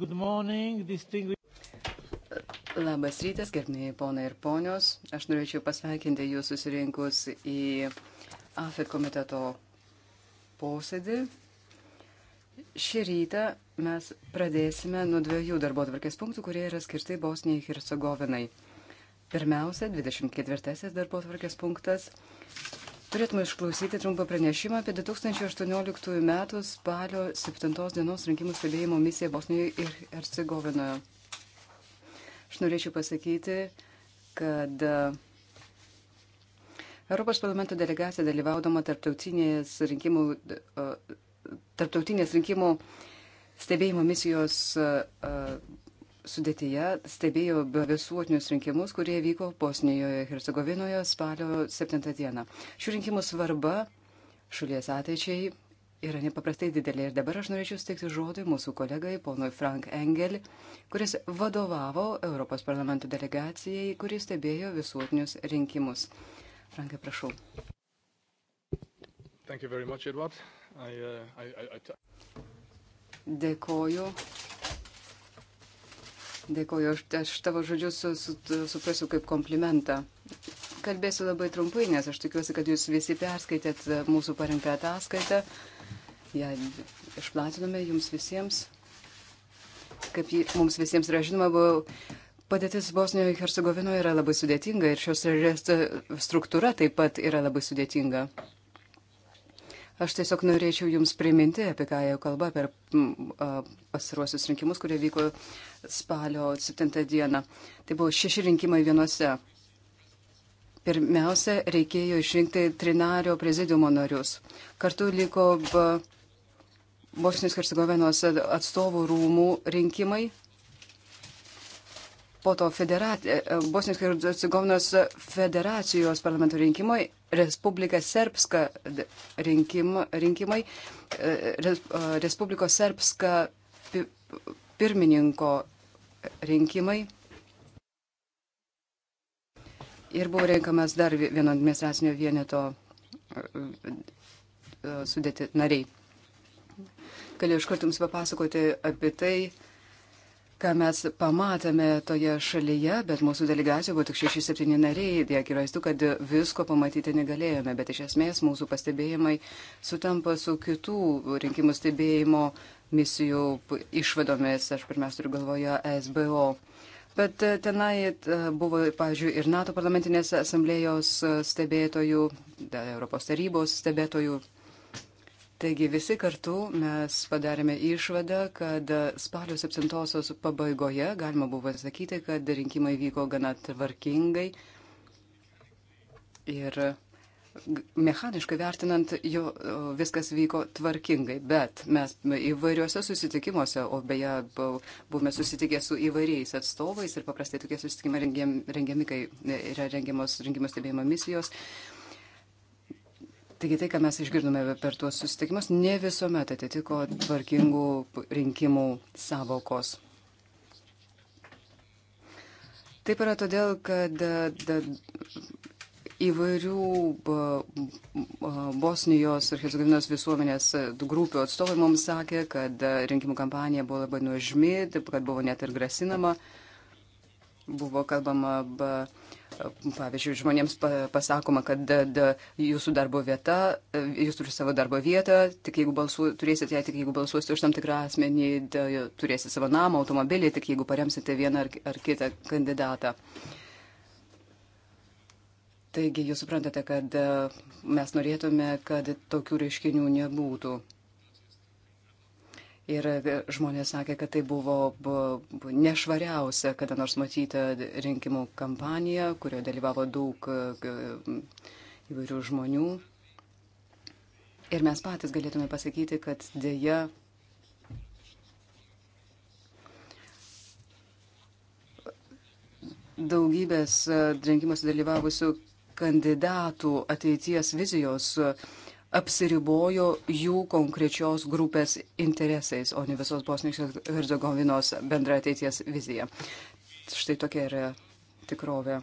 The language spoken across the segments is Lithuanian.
Good morning, distinguished. Labas rytas, gerbėjai ponai ir ponios. Aš norėčiau pasveikinti jūs susirinkus į AFE komiteto posėdį. Šį rytą mes pradėsime nuo dviejų darbo tvarkės punktų, kurie yra skirti Bosnijai ir Hercegovinai. Pirmiausia, 24 darbo tvarkės punktas Turėtume išklausyti trumpą pranešimą apie 2018 m. spalio 7 dienos rinkimų stebėjimo misiją Bosnijoje ir Hercegovinoje. Aš norėčiau pasakyti, kad e, Europos parlamento delegacija dalyvaudama tarptautinės rinkimų, e, tarptautinės rinkimų stebėjimo misijos e, sudėtyje stebėjo visuotinius rinkimus, kurie vyko Bosnijoje, Hercegovinoje spalio 7 dieną. Šių rinkimų svarba šalies ateičiai yra nepaprastai didelė. Ir dabar aš norėčiau steigti žodį mūsų kolegai, ponui Frank Engel, kuris vadovavo Europos parlamento delegacijai, kuris stebėjo visuotinius rinkimus. Frankai, prašau. Much, I, uh, I, I, Dėkoju. Dėkuoju, aš, aš tavo žodžius su, su, suprasiu kaip komplimentą. Kalbėsiu labai trumpai, nes aš tikiuosi, kad jūs visi perskaitėt mūsų parinktą ataskaitą. Ja išplatinome jums visiems. Kaip jį, mums visiems yra žinoma, buvo, padėtis Bosnijoje ir Hercegovinoje yra labai sudėtinga ir šios struktūra taip pat yra labai sudėtinga. Aš tiesiog norėčiau Jums priminti, apie ką jau kalba per pasiruosius rinkimus, kurie vyko spalio 7 dieną. Tai buvo šeši rinkimai vienose. Pirmiausia, reikėjo išrinkti trinario prezidiumo narius. Kartu liko Bosnijos Hercegovinos atstovų rūmų rinkimai. Po to federat... E, Bosnijos Hercegovinos federacijos parlamento rinkimai Respublika Serbska rinkim, rinkimai, e, e, Respubliko Serbska pirmininko rinkimai. Ir buvo renkamas dar vieno administracinio vieneto e, sudėti nariai. Galiu iš karto jums papasakoti apie tai, ką mes pamatėme toje šalyje, bet mūsų delegacijoje buvo tik 6-7 nariai, tai akivaizdu, kad visko pamatyti negalėjome, bet iš esmės mūsų pastebėjimai sutampa su kitų rinkimų stebėjimo misijų išvadomis, aš pirmiausia turiu galvoje SBO. Bet tenai e, buvo, pavyzdžiui, ir NATO parlamentinės asamblėjos stebėtojų, Europos tarybos stebėtojų Taigi visi kartu mes padarėme išvadą, kad spalio 7 pabaigoje galima buvo sakyti, kad rinkimai vyko gana tvarkingai ir mechaniškai vertinant, jo viskas vyko tvarkingai, bet mes įvairiuose susitikimuose, o beje buvome susitikę su įvairiais atstovais ir paprastai tokie susitikimai rengiami, kai yra rengiamos rinkimų stebėjimo misijos. Uh, Taigi tai, ką mes išgirdome per tuos susitikimus, ne visuomet atitiko tvarkingų rinkimų savokos. Taip yra todėl, kad da, įvairių Bosnijos ir Hercegovinos visuomenės grupių atstovai mums sakė, kad rinkimų kampanija buvo labai nuožmi, kad buvo net ir grasinama, buvo kalbama. Ba, Pavyzdžiui, žmonėms pasakoma, kad da, da, jūsų darbo vieta, e, jūs turite savo darbo vietą, tik jeigu balsu, turėsite ją, tik jeigu balsuosite už tam tikrą asmenį, da, turėsite savo namą, automobilį, tik jeigu paremsite vieną ar, ar kitą kandidatą. Taigi, jūs suprantate, kad e, mes norėtume, kad tokių reiškinių nebūtų. Ir e, žmonės sakė, kad tai buvo nešvariausia, kada nors matyta rinkimų kampanija, kurioje dalyvavo daug e, e, įvairių žmonių. Ir mes patys galėtume pasakyti, kad dėja daugybės rinkimuose dalyvavusių kandidatų ateities vizijos uh, apsiribojo jų konkrečios grupės interesais, o ne visos Bosnijos ir Herzegovinos bendra ateities vizija. Štai tokia yra tikrovė.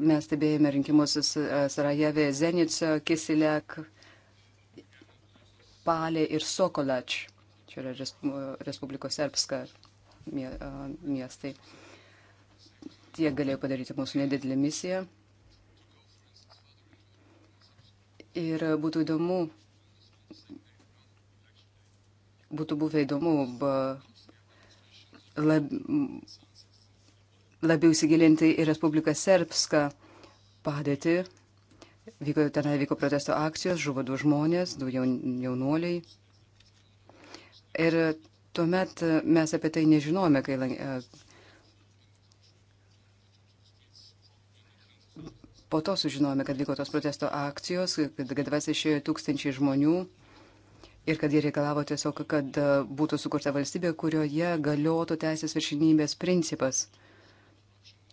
Mes stebėjome rinkimus Sarajeve, Zenice, Kisilek, Palė ir Sokolač. Čia yra Respublikos Serbska miestai. Tiek galėjo padaryti mūsų nedidelė misija. Ir būtų įdomu, būtų buvę įdomu lab, labiau įsigilinti į Respubliką Serbską padėtį. Vyko, tenai vyko protesto akcijos, žuvo du žmonės, du jaun, jaunuoliai. Ir tuomet mes apie tai nežinome, kai po to sužinojome, kad vyko tos protesto akcijos, kad gatves išėjo tūkstančiai žmonių ir kad jie reikalavo tiesiog, kad e, būtų sukurta valstybė, kurioje galiotų teisės viršinybės principas.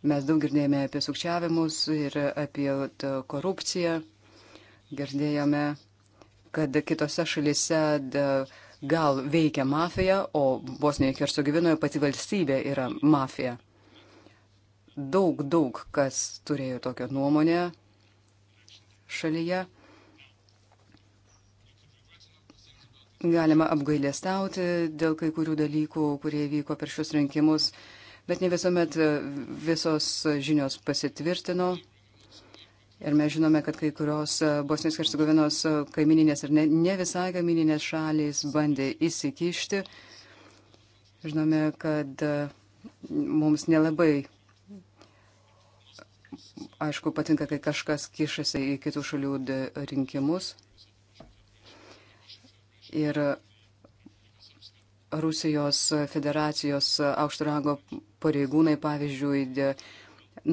Mes daug girdėjome apie sukčiavimus ir apie e, korupciją. Girdėjome, kad kitose šalise gal veikia mafija, o Bosnijoje ir Hercegovinoje pati valstybė yra mafija daug, daug kas turėjo tokią nuomonę šalyje. Galima apgailėstauti dėl kai kurių dalykų, kurie vyko per šios rinkimus, bet ne visuomet visos žinios pasitvirtino. Ir mes žinome, kad kai kurios Bosnijos Hercegovinos kaimininės ir ne, ne visai kaimininės šalys bandė įsikišti. Žinome, kad mums nelabai aišku, patinka, kai kažkas kišasi į kitų šalių rinkimus. Ir Rusijos federacijos aukštrango pareigūnai, pavyzdžiui,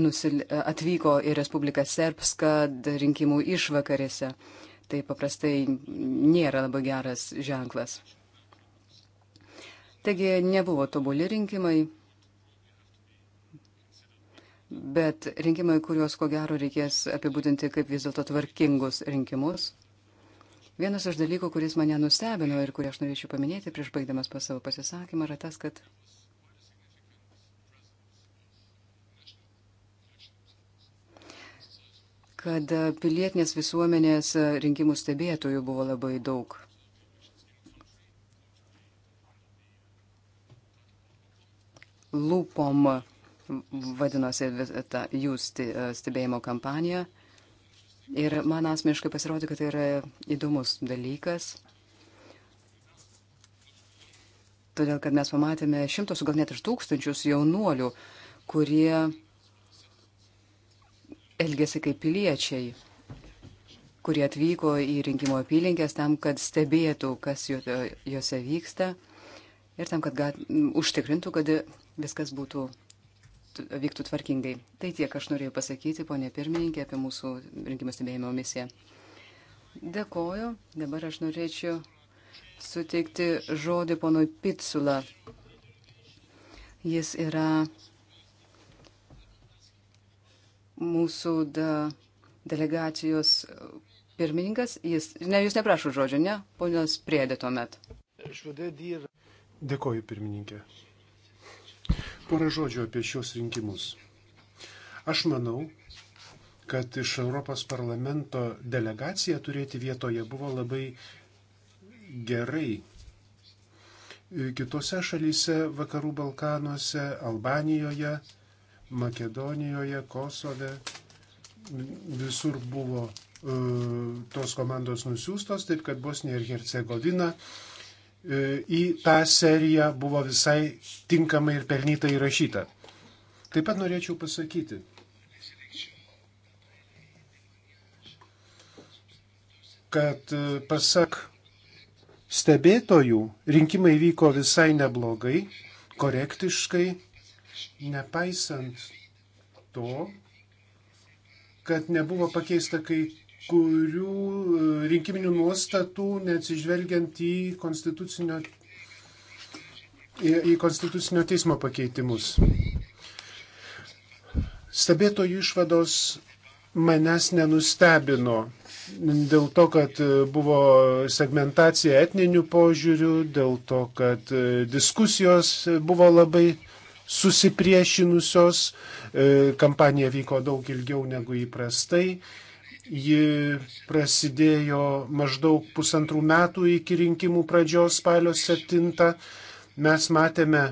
nusil... atvyko į Respubliką Serbską rinkimų išvakarėse. Tai paprastai nėra labai geras ženklas. Taigi nebuvo tobuli rinkimai bet rinkimai, kuriuos ko gero reikės apibūdinti kaip vis dėlto tvarkingus rinkimus. Vienas iš dalykų, kuris mane nustebino ir kurį aš norėčiau paminėti prieš baigdamas pas savo pasisakymą, yra tas, kad kad pilietinės visuomenės rinkimų stebėtojų buvo labai daug. Lūpom vadinosi ta jų e, stebėjimo kampanija. Ir man asmeniškai pasirodė, kad tai yra įdomus dalykas. Todėl, kad mes pamatėme šimtus, gal net ir tūkstančius jaunuolių, kurie elgėsi kaip piliečiai, kurie atvyko į rinkimo apylinkės tam, kad stebėtų, kas juose e, vyksta ir tam, kad gal, užtikrintų, kad viskas būtų vyktų tvarkingai. Tai tiek aš norėjau pasakyti, ponė pirmininkė, apie mūsų rinkimų stebėjimo misiją. Dėkoju. Dabar aš norėčiau suteikti žodį ponui Pitsula. Jis yra mūsų da, delegacijos pirmininkas. Jis, ne, jūs neprašau žodžio, ne? Ponios priedė tuomet. Dėkoju, pirmininkė. Porą žodžių apie šios rinkimus. Aš manau, kad iš Europos parlamento delegacija turėti vietoje buvo labai gerai. Kitose šalyse, vakarų Balkanuose, Albanijoje, Makedonijoje, Kosove, visur buvo e, tos komandos nusiųstos, taip kad Bosnija ir Hercegovina e, E, į tą seriją buvo visai tinkamai ir pelnytai įrašyta. Taip pat norėčiau pasakyti, kad e, pasak stebėtojų rinkimai vyko visai neblogai, korektiškai, nepaisant to, kad nebuvo pakeista kai kurių e, rinkiminių nuostatų, neatsižvelgiant į konstitucinio, į, į konstitucinio teismo pakeitimus. Stebėtojų išvados manęs nenustebino dėl to, kad buvo segmentacija etninių požiūrių, dėl to, kad diskusijos buvo labai susipriešinusios, e, kampanija vyko daug ilgiau negu įprastai Ji prasidėjo maždaug pusantrų metų iki rinkimų pradžios spalio 7. Mes matėme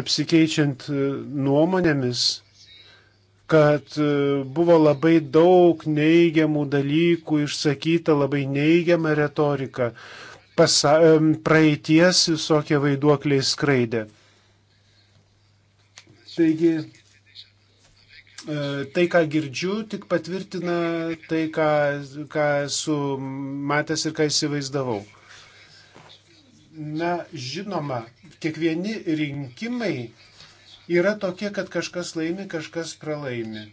apsikeičiant e, nuomonėmis, kad e, buvo labai daug neigiamų dalykų išsakyta, labai neigiama retorika. Pasa, praeities visokie vaiduokliai skraidė. Taigi E, tai, ką girdžiu, tik patvirtina tai, ką, ką esu matęs ir ką įsivaizdavau. Na, žinoma, kiekvieni rinkimai yra tokie, kad kažkas laimi, kažkas pralaimi.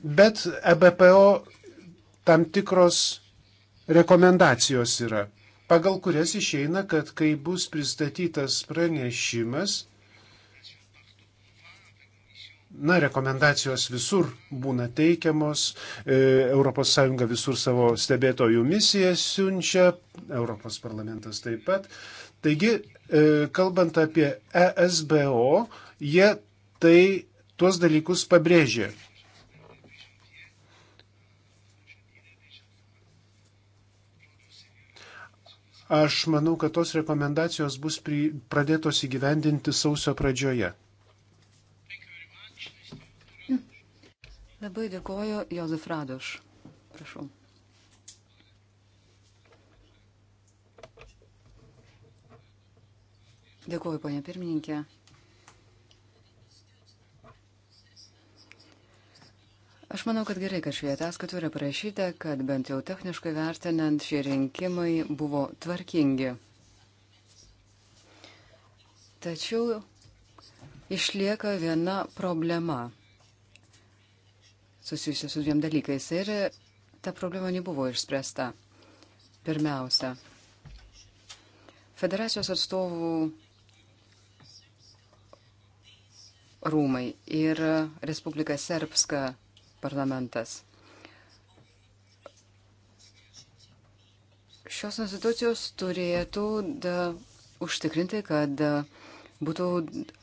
Bet EBPO tam tikros rekomendacijos yra, pagal kurias išeina, kad kai bus pristatytas pranešimas, Na, rekomendacijos visur būna teikiamos, ES visur savo stebėtojų misiją siunčia, Europos parlamentas taip pat. Taigi, e, kalbant apie ESBO, jie tai tuos dalykus pabrėžė. Aš manau, kad tos rekomendacijos bus pradėtos įgyvendinti sausio pradžioje. Labai dėkoju Jozef Radoš. Prašau. Dėkuoju, ponia pirmininkė. Aš manau, kad gerai, kad šioje ataskaitoje yra parašyta, kad bent jau techniškai vertinant šie rinkimai buvo tvarkingi. Tačiau išlieka viena problema susijusi su dviem dalykais ir ta problema nebuvo išspręsta. Pirmiausia, federacijos atstovų rūmai ir Respublika Serbska parlamentas. Šios institucijos turėtų da, užtikrinti, kad da, būtų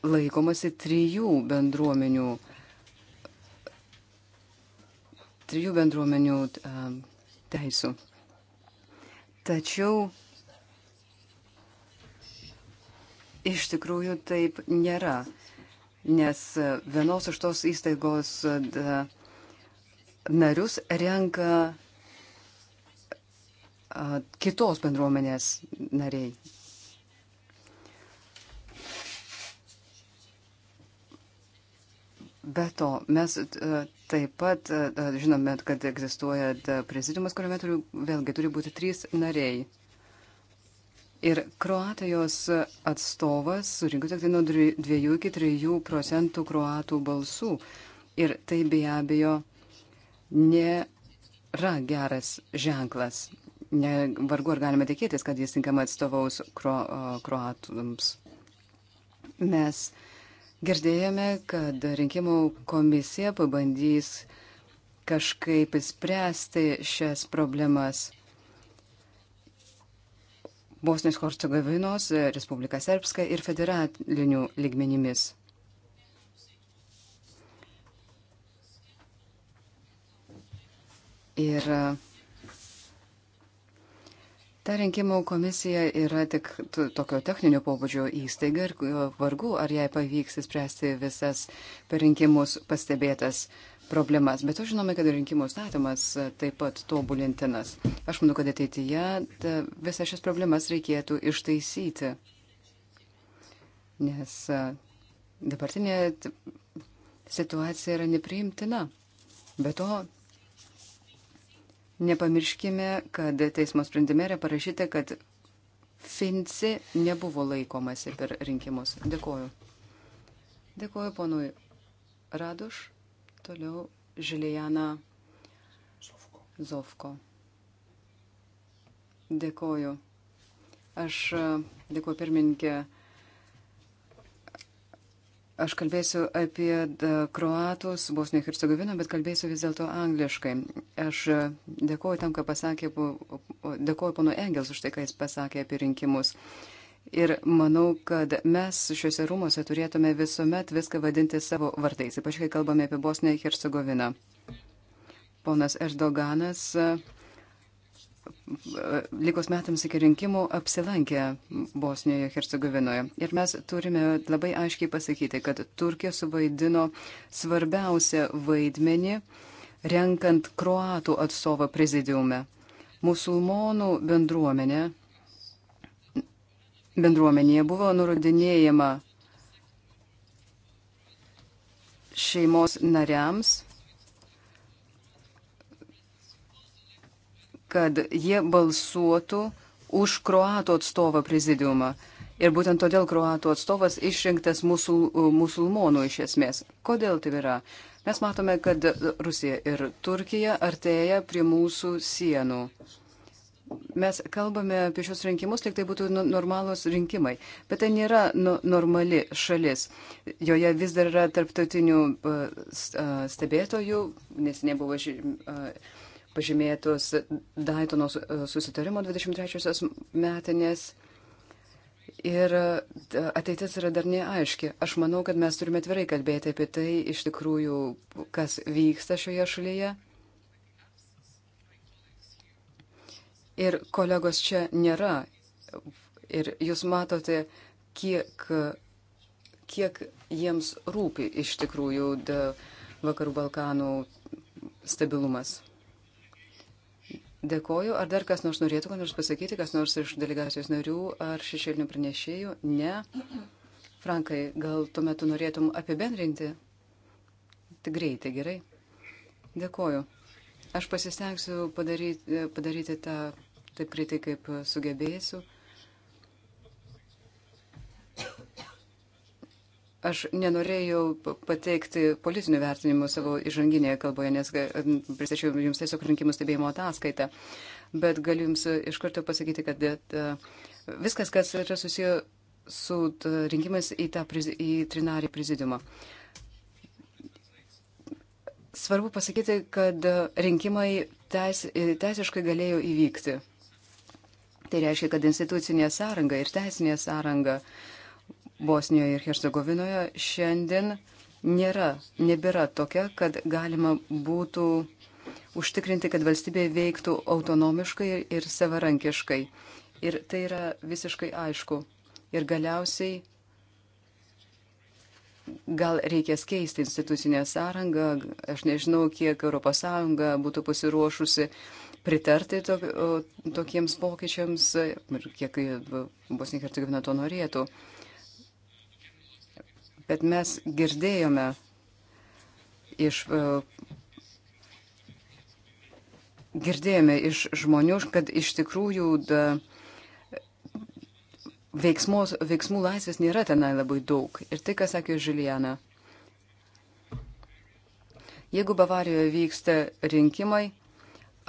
laikomasi trijų bendruomenių uh, trijų bendruomenių teisų. Tačiau iš tikrųjų taip nėra, nes vienos iš tos įstaigos narius renka kitos bendruomenės nariai. Be to, mes Taip pat e, e, žinome, kad egzistuoja e, prezidiumas, kuriame turi, vėlgi turi būti trys nariai. Ir Kroatijos atstovas surinko tik tai nuo 2 iki 3 procentų kroatų balsų. Ir tai be abejo nėra geras ženklas. Ne, vargu ar galime tikėtis, kad jis tinkamai atstovaus kro, kroatams. Mes uh, Girdėjome, kad rinkimų komisija pabandys kažkaip įspręsti šias problemas. Bosnijos Hercegovinos, e, Respublika Serbska ir federalinių lygmenimis. Ir uh, Ta rinkimų komisija yra tik tokio techninio pobūdžio įstaiga ir vargu, ar jai pavyks įspręsti visas per rinkimus pastebėtas problemas. Bet to žinome, kad rinkimų statymas taip pat tobulintinas. Aš manau, kad ateityje visas šias problemas reikėtų ištaisyti. Nes dabartinė situacija yra nepriimtina. Be to, Nepamirškime, kad teismo sprendime yra parašyta, kad Finci nebuvo laikomasi per rinkimus. Dėkoju. Dėkoju ponui Raduš, toliau Žilijana Zovko. Dėkoju. Aš e, dėkoju pirmininkė Aš kalbėsiu apie kroatus, Bosnių ir Hercegoviną, bet kalbėsiu vis dėlto angliškai. Aš e, dėkoju tam, ką pasakė, dėkoju pono Engels už tai, ką jis pasakė apie rinkimus. Ir manau, kad mes šiuose rūmose turėtume visuomet viską vadinti savo vardais, ypač kai kalbame apie Bosniją ir Hercegoviną. Ponas Erdoganas. Uh, likus metams iki rinkimų apsilankė Bosnijoje, Hercegovinoje. Ir mes turime labai aiškiai pasakyti, kad Turkija suvaidino svarbiausią vaidmenį renkant kroatų atstovą prezidiume. Musulmonų bendruomenė, bendruomenėje buvo nurodinėjama šeimos nariams kad jie balsuotų už kroatų atstovą prezidiumą. Ir būtent todėl kroatų atstovas išrinktas musul, musulmonų iš esmės. Kodėl tai yra? Mes matome, kad Rusija ir Turkija artėja prie mūsų sienų. Mes kalbame apie šios rinkimus, tik tai būtų nu, normalūs rinkimai. Bet tai nėra nu, normali šalis. Joje vis dar yra tarptautinių uh, uh, stebėtojų, nes nebuvo ži... Uh, pažymėtos Daitono e, susitarimo 23-osios metinės. Ir e, ateitis yra dar neaiški. Aš manau, kad mes turime atvirai kalbėti apie tai, iš tikrųjų, kas vyksta šioje šalyje. Ir kolegos čia nėra. Ir jūs matote, kiek, kiek jiems rūpi iš tikrųjų vakarų Balkanų stabilumas. Dėkoju. Ar dar kas nors norėtų, ką nors pasakyti, kas nors iš delegacijos narių ar šešėlinių pranešėjų? Ne. Frankai, gal tuo metu norėtum apibendrinti? Tik greitai, gerai. Dėkoju. Aš pasistengsiu padaryti, padaryti tą taip greitai, kaip sugebėsiu. Aš nenorėjau pateikti politinių vertinimų savo įžanginėje kalboje, nes pristačiau jums tiesiog rinkimų stebėjimo ataskaitą. Bet galiu jums iš karto pasakyti, kad e, viskas, kas yra susiję su rinkimais į, tą, į trinarį prezidiumą. Svarbu pasakyti, kad rinkimai teis, teisiškai galėjo įvykti. Tai reiškia, kad institucinė sąranga ir teisinė sąranga uh, Bosnijoje ir Hercegovinoje šiandien nėra, nebėra tokia, kad galima būtų užtikrinti, kad valstybė veiktų autonomiškai ir savarankiškai. Ir tai yra visiškai aišku. Ir galiausiai gal reikės keisti institucinę sąrangą, aš nežinau, kiek ES būtų pasiruošusi pritarti tok, tokiems pokyčiams ir kiek Bosnija ir Hercegovina to norėtų bet mes girdėjome iš, e, girdėjome iš žmonių, kad iš tikrųjų da, veiksmos, veiksmų laisvės nėra tenai labai daug. Ir tai, ką sakė Žilijana. Jeigu Bavarijoje vyksta rinkimai,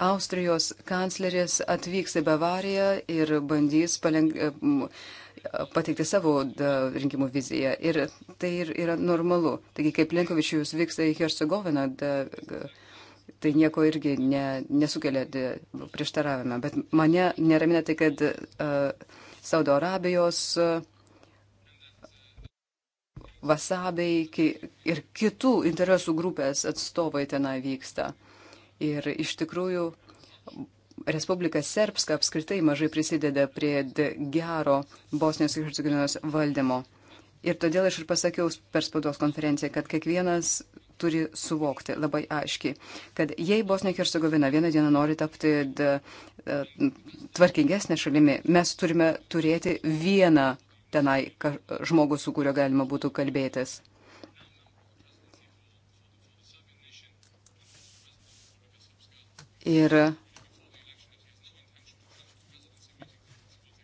Austrijos kancleris atvyks į Bavariją ir bandys paleng pateikti savo rinkimų viziją. Ir tai ir yra normalu. Taigi, kaip Lenkovičius vyksta į Hercegoviną, tai nieko irgi ne, nesukelia prieštaravimą. Bet mane neramina tai, kad uh, Saudo Arabijos. Uh, Vasabiai ir kitų interesų grupės atstovai tenai vyksta. Ir iš tikrųjų Respublika Serbska apskritai mažai prisideda prie gero Bosnijos ir Hercegovinos valdymo. Ir todėl aš ir pasakiau per spaudos konferenciją, kad kiekvienas turi suvokti labai aiškiai, kad jei Bosnija ir Hercegovina vieną dieną nori tapti da, da, e, tvarkingesnė šalimi, mes turime turėti vieną tenai žmogų, su kuriuo galima būtų kalbėtis. Ir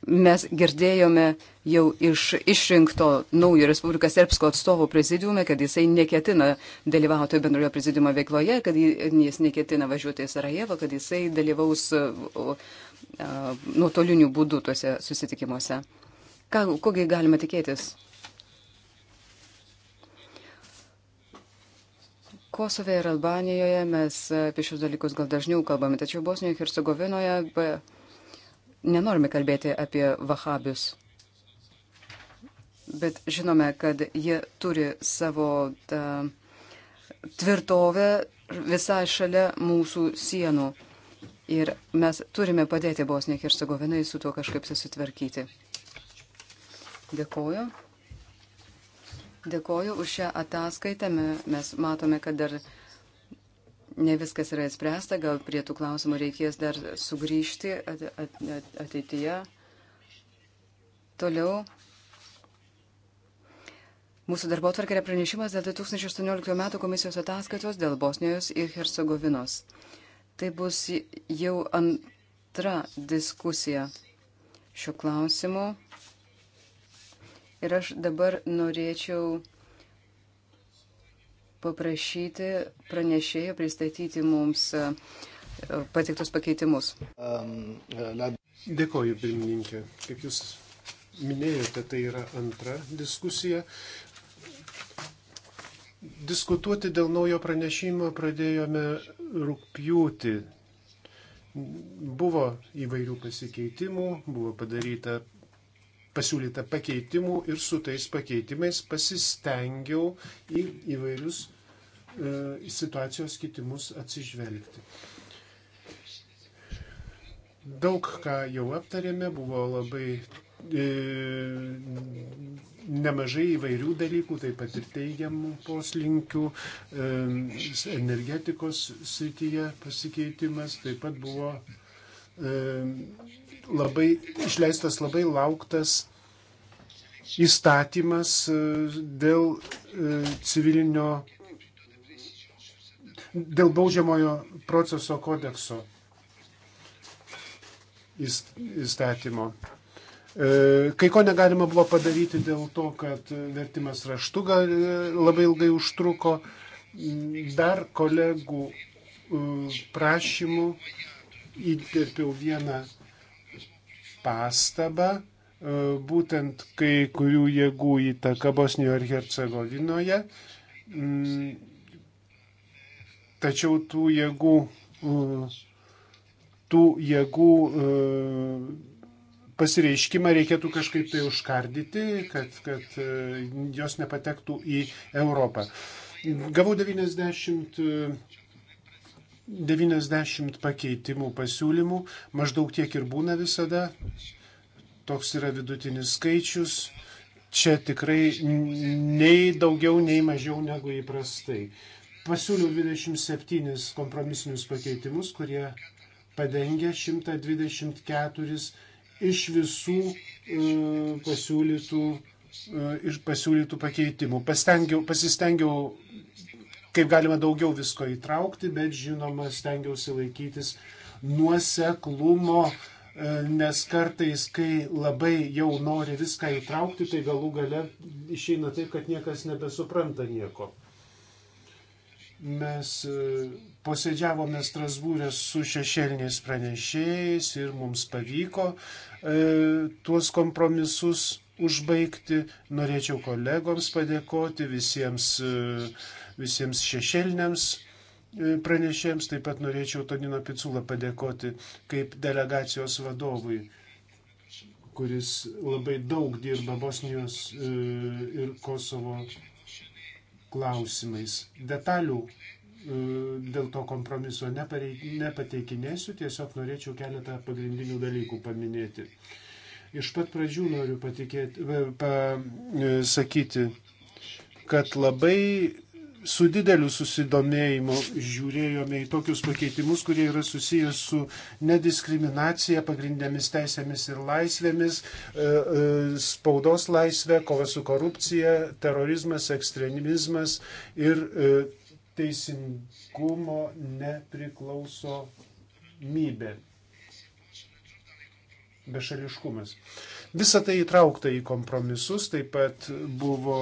Mes girdėjome jau iš išrinkto naujo Respublikos Serbsko atstovo prezidiume, kad jisai neketina dalyvauti bendrojo prezidiumo veikloje, kad jis neketina važiuoti į Sarajevą, kad jisai dalyvaus e, e, nuotoliniu būdu tuose susitikimuose. Ką, kogi galima tikėtis? Kosove ir Albanijoje mes apie šios dalykus gal dažniau kalbame, tačiau Bosnijoje ir Hercegovinoje nenorime kalbėti apie vahabius. Bet žinome, kad jie turi savo ta, tvirtovę visai šalia mūsų sienų. Ir mes turime padėti Bosnijai Hercegovinai su tuo kažkaip susitvarkyti. Dėkoju. Dėkoju už šią ataskaitą. Mes matome, kad dar ne viskas yra įspręsta, gal prie tų klausimų reikės dar sugrįžti at, at, at, ateityje. Toliau. Mūsų darbo tvarkė yra pranešimas dėl 2018 m. komisijos ataskaitos dėl Bosnijos ir Hercegovinos. Tai bus jau antra diskusija šiuo klausimu. Ir aš dabar norėčiau paprašyti pranešėjo pristatyti mums e, patiktus pakeitimus. Um, e, Dėkoju, pirmininkė. Kaip jūs minėjote, tai yra antra diskusija. Diskutuoti dėl naujo pranešimo pradėjome rugpjūtį. Buvo įvairių pasikeitimų, buvo padaryta pasiūlyta pakeitimų ir su tais pakeitimais pasistengiau į įvairius e, situacijos kitimus atsižvelgti. Daug ką jau aptarėme, buvo labai e, nemažai įvairių dalykų, taip pat ir teigiamų poslinkių, e, energetikos srityje pasikeitimas, taip pat buvo e, labai išleistas labai lauktas įstatymas e, dėl e, civilinio, dėl baudžiamojo proceso kodekso įstatymo. E, kai ko negalima buvo padaryti dėl to, kad vertimas raštu labai ilgai užtruko, dar kolegų prašymų įterpiau vieną pastabą E, būtent kai kurių jėgų įtaka Bosnijoje ir Hercegovinoje. Mm, tačiau tų jėgų, e, tų jėgų e, pasireiškimą reikėtų kažkaip tai užkardyti, kad, kad jos nepatektų į Europą. Gavau 90 90 pakeitimų pasiūlymų, maždaug tiek ir būna visada, Toks yra vidutinis skaičius. Čia tikrai nei daugiau, nei mažiau negu įprastai. Pasiūliau 27 kompromisinius pakeitimus, kurie padengia 124 iš visų e, pasiūlytų, e, iš pasiūlytų pakeitimų. Pastengiau, pasistengiau kaip galima daugiau visko įtraukti, bet žinoma, stengiausi laikytis nuoseklumo nes kartais, kai labai jau nori viską įtraukti, tai galų gale išeina taip, kad niekas nebesupranta nieko. Mes e, posėdžiavome Strasbūrė su šešėliniais pranešėjais ir mums pavyko e, tuos kompromisus užbaigti. Norėčiau kolegoms padėkoti, visiems, e, visiems šešėliniams pranešėjams, taip pat norėčiau Tonino Piculą padėkoti kaip delegacijos vadovui, kuris labai daug dirba Bosnijos e, ir Kosovo klausimais. Detalių e, dėl to kompromiso nepateikinėsiu, tiesiog norėčiau keletą pagrindinių dalykų paminėti. Iš pat pradžių noriu patikėti, pasakyti, e, kad labai su dideliu susidomėjimu žiūrėjome į tokius pakeitimus, kurie yra susijęs su nediskriminacija, pagrindėmis teisėmis ir laisvėmis, e, e, spaudos laisvė, kova su korupcija, terorizmas, ekstremizmas ir e, teisingumo nepriklausomybė, bešališkumas. Visą tai įtraukta į kompromisus, taip pat buvo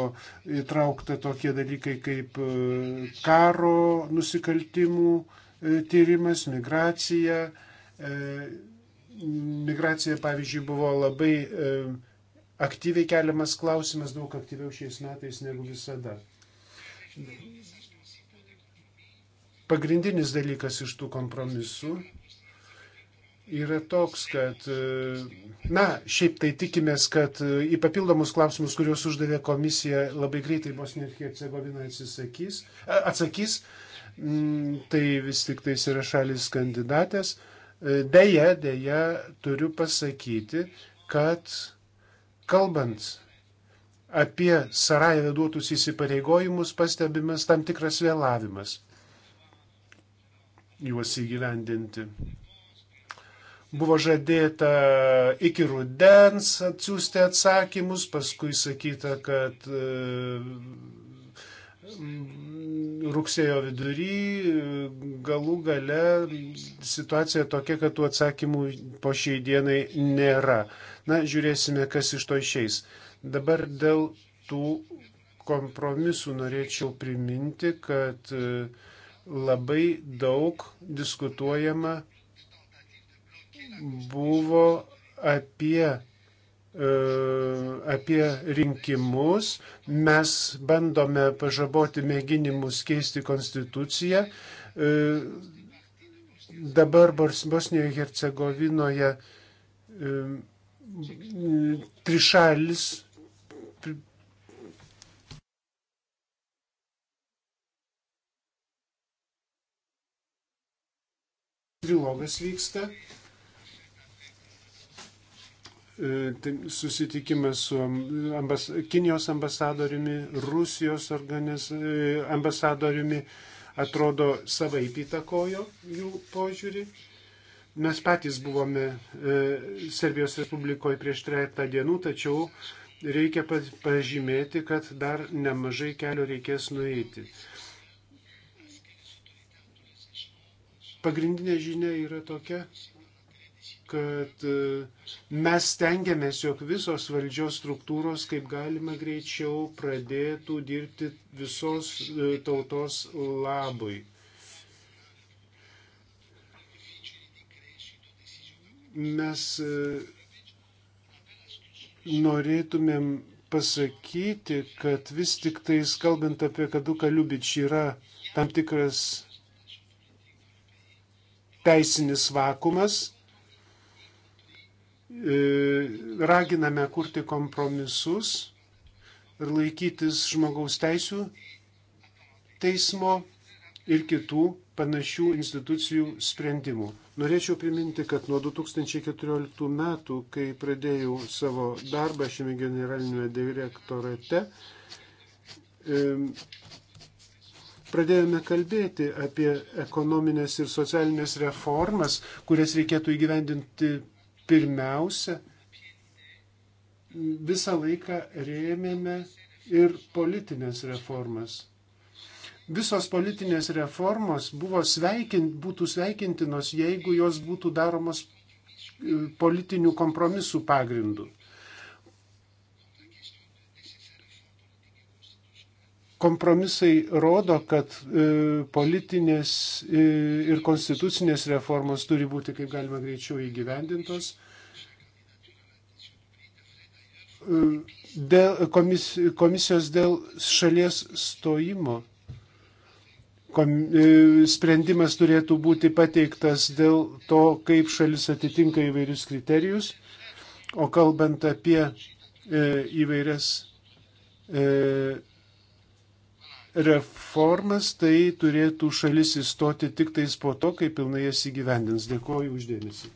įtraukta tokie dalykai kaip e, karo nusikaltimų e, tyrimas, migracija. E, migracija, pavyzdžiui, buvo labai aktyviai keliamas klausimas, daug aktyviau šiais metais negu visada. Pagrindinis dalykas iš tų kompromisų yra toks, kad, e, na, šiaip tai tikimės, kad e, į papildomus klausimus, kuriuos uždavė komisija, labai greitai Bosnija ir Hercegovina atsisakys, atsakys. Mm, tai vis tik tais yra šalis kandidatės. E, deja, deja, turiu pasakyti, kad kalbant apie Sarajeve duotus įsipareigojimus, pastebimas tam tikras vėlavimas juos įgyvendinti. Buvo žadėta iki rudens atsiųsti atsakymus, paskui sakyta, kad e, rugsėjo vidury e, galų gale situacija tokia, kad tų atsakymų po šiai dienai nėra. Na, žiūrėsime, kas iš to išeis. Dabar dėl tų kompromisų norėčiau priminti, kad e, labai daug diskutuojama buvo apie, e, apie rinkimus. Mes bandome pažaboti mėginimus keisti konstituciją. E, dabar Bosnijoje ir Hercegovinoje e, trišalis trilogas vyksta E, tai susitikimas su ambas, Kinijos ambasadoriumi, Rusijos organiz, e, ambasadoriumi, atrodo savaip įtakojo jų požiūrį. Mes patys buvome e, Serbijos Respublikoje prieš trejata dienų, tačiau reikia pažymėti, kad dar nemažai kelio reikės nueiti. Pagrindinė žinia yra tokia, kad e, mes stengiamės, jog visos valdžios struktūros kaip galima greičiau pradėtų dirbti visos e, tautos labui. Mes e, norėtumėm pasakyti, kad vis tik tais, kalbant apie Kaduką Liubič, yra tam tikras teisinis vakumas, E, raginame kurti kompromisus ir laikytis žmogaus teisų teismo ir kitų panašių institucijų sprendimų. Norėčiau priminti, kad nuo 2014 metų, kai pradėjau savo darbą šiame generalinėme direktorate, e, pradėjome kalbėti apie ekonominės ir socialinės reformas, kurias reikėtų įgyvendinti pirmiausia, visą laiką rėmėme ir politinės reformas. Visos politinės reformos buvo sveikint, būtų sveikintinos, jeigu jos būtų daromos e, politinių kompromisų pagrindų. Kompromisai rodo, kad e, politinės e, ir konstitucinės reformos turi būti kaip galima greičiau įgyvendintos. E, dėl komis, komisijos dėl šalies stojimo kom, sprendimas turėtų būti pateiktas dėl to, kaip šalis atitinka įvairius kriterijus. O kalbant apie e, įvairias e, reformas, tai turėtų šalis įstoti tik tais po to, kai pilnai jas įgyvendins. Dėkuoju uždėmesi.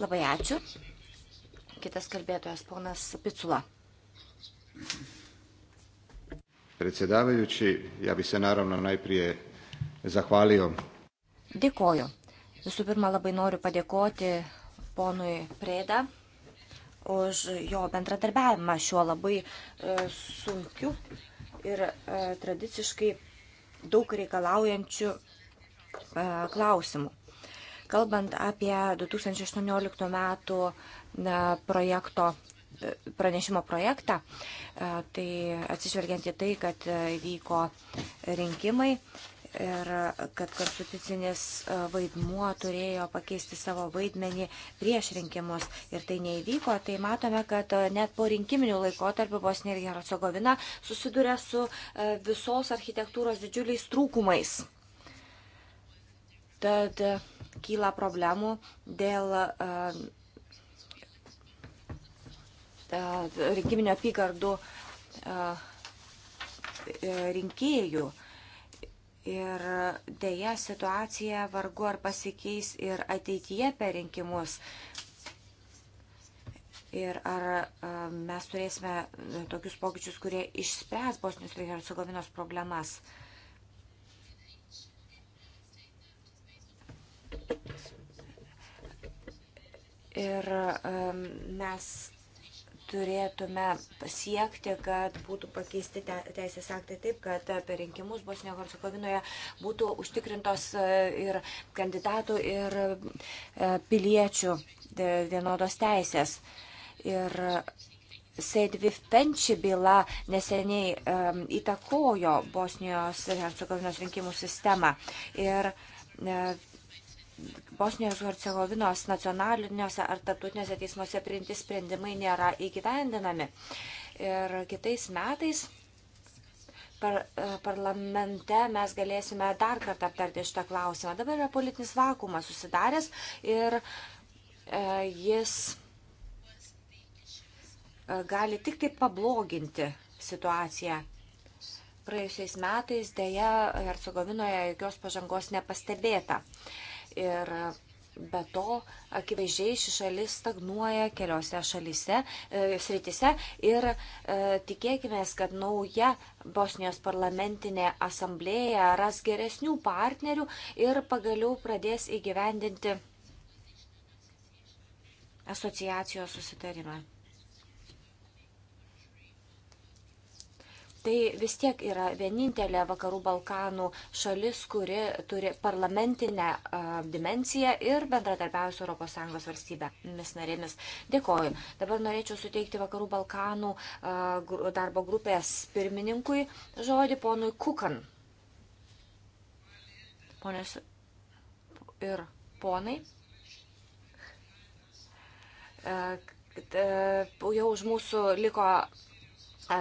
Labai ačiū. Kitas kalbėtojas, ponas Picula. Predsjedavajući, ja bi se naravno najprije zahvalio. Dėkoju. Visų pirma, labai noriu padėkoti ponui Prėda už jo bendradarbiavimą šiuo labai e, sunkiu ir e, tradiciškai daug reikalaujančiu e, klausimu. Kalbant apie 2018 metų projekto pranešimo projektą, tai atsižvelgiant į tai, kad vyko rinkimai ir kad konstitucinis e, vaidmuo turėjo pakeisti savo vaidmenį prieš rinkimus ir tai neįvyko, tai matome, kad e, net po rinkiminių laikotarpių Bosnija ir Hercegovina susiduria su e, visos architektūros didžiuliais trūkumais. Tad kyla problemų dėl rinkiminio apygardų rinkėjų Ir dėja situacija vargu ar pasikeis ir ateityje per rinkimus. Ir ar mes turėsime tokius pokyčius, kurie išspręs Bosnius ir Hercegovinos problemas. Ir mes turėtume pasiekti, kad būtų pakeisti teisės aktai taip, kad per rinkimus Bosnijoje Hercegovinoje būtų užtikrintos e, ir kandidatų, ir e, piliečių e, vienodos teisės. Ir Seidvif Penči byla neseniai um, įtakojo Bosnijos ir Hercegovinos rinkimų sistemą. Ir uh, Bosnijos Hercegovinos nacionaliniuose ar tarptautiniuose teismuose priimti sprendimai nėra įgyvendinami. Ir kitais metais par, e, parlamente mes galėsime dar kartą aptarti šitą klausimą. Dabar yra politinis vakumas susidaręs ir e, jis e, gali tik tai pabloginti situaciją. Praėjusiais metais dėja Hercegovinoje jokios pažangos nepastebėta. E, Ir be to, akivaizdžiai ši šalis stagnuoja keliose šalyse, e, sritise ir e, tikėkime, kad nauja Bosnijos parlamentinė asamblėja ras geresnių partnerių ir pagaliau pradės įgyvendinti asociacijos susitarimą. tai vis tiek yra vienintelė Vakarų Balkanų šalis, kuri turi parlamentinę uh, dimenciją ir bendradarbiauja su ES valstybėmis narėmis. Dėkoju. Dabar norėčiau suteikti Vakarų Balkanų uh, darbo grupės pirmininkui žodį ponui Kukan. Ponės ir ponai. Uh, jau už mūsų liko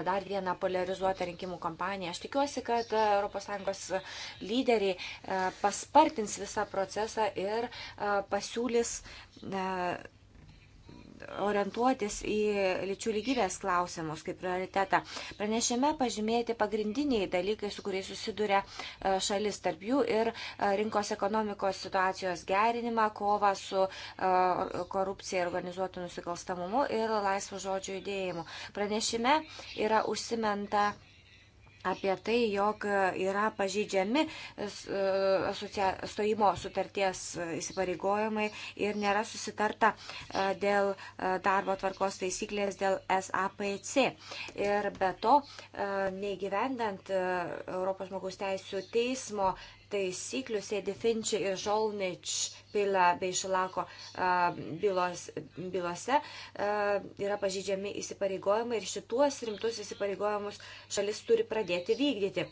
dar vieną polarizuotą rinkimų kampaniją. Aš tikiuosi, kad ES lyderiai paspartins visą procesą ir pasiūlys orientuotis į lyčių lygybės klausimus kaip prioritetą. Pranešime pažymėti pagrindiniai dalykai, su kuriais susiduria e, šalis tarp jų ir e, rinkos ekonomikos situacijos gerinimą, kovą su e, korupcija ir organizuotų nusikalstamumu ir laisvo žodžio judėjimu. Pranešime yra užsimenta apie tai, jog yra pažydžiami e, stojimo sutarties įsipareigojimai ir nėra susitarta e, dėl e, darbo tvarkos taisyklės dėl SAPC. Ir be to, neįgyvendant Europos žmogaus teisų teismo taisyklių sėdi Finči ir Žolnič pila bei Šilako bylos, bylose yra pažydžiami įsipareigojimai ir šituos rimtus įsipareigojimus šalis turi pradėti vykdyti.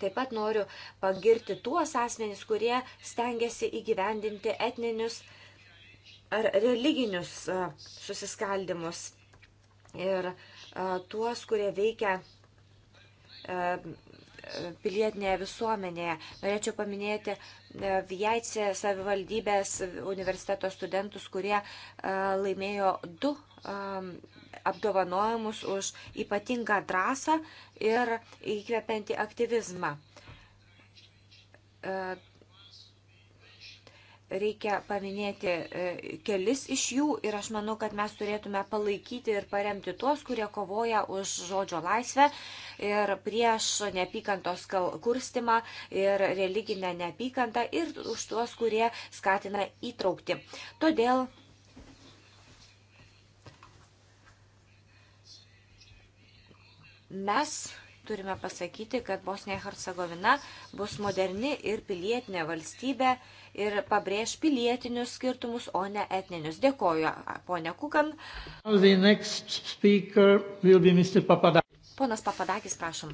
Taip pat noriu pagirti tuos asmenys, kurie stengiasi įgyvendinti etninius ar religinius susiskaldimus ir tuos, kurie veikia pilietinėje visuomenėje. Norėčiau paminėti e, Vijaice savivaldybės universiteto studentus, kurie e, laimėjo du e, apdovanojimus už ypatingą drąsą ir įkvepiantį aktyvizmą reikia paminėti e, kelis iš jų ir aš manau, kad mes turėtume palaikyti ir paremti tuos, kurie kovoja už žodžio laisvę ir prieš neapykantos kurstimą ir religinę neapykantą ir už tuos, kurie skatina įtraukti. Todėl mes turime pasakyti, kad Bosnija Hercegovina bus moderni ir pilietinė valstybė ir pabrėž pilietinius skirtumus, o ne etninius. Dėkoju, ponė Kukan. Papadakis. Ponas Papadakis, prašom.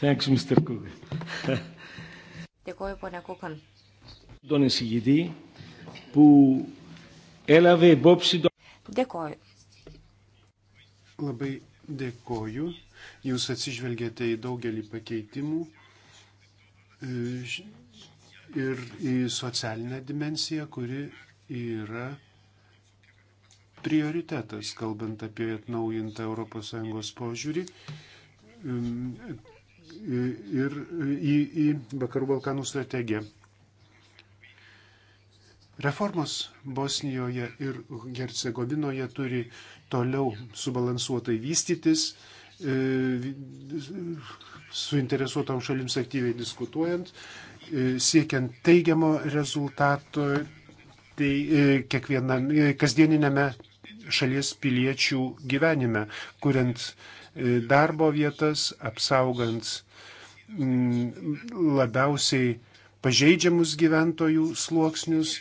Thanks, Mr. Kukan. Dėkoju, ponė Kukan. Dėkoju. Labai dėkoju Jūs atsižvelgėte į daugelį pakeitimų e, ir į socialinę dimensiją, kuri yra prioritetas, kalbant apie atnaujintą ES požiūrį ir į, į Vakarų Balkanų strategiją. Reformos Bosnijoje ir Hercegovinoje turi toliau subalansuotai vystytis, E, suinteresuotam šalims aktyviai diskutuojant, e, siekiant teigiamo rezultato tai e, kiekvienam kasdieninėme šalies piliečių gyvenime, kuriant darbo vietas, apsaugant mm, labiausiai pažeidžiamus gyventojų sluoksnius.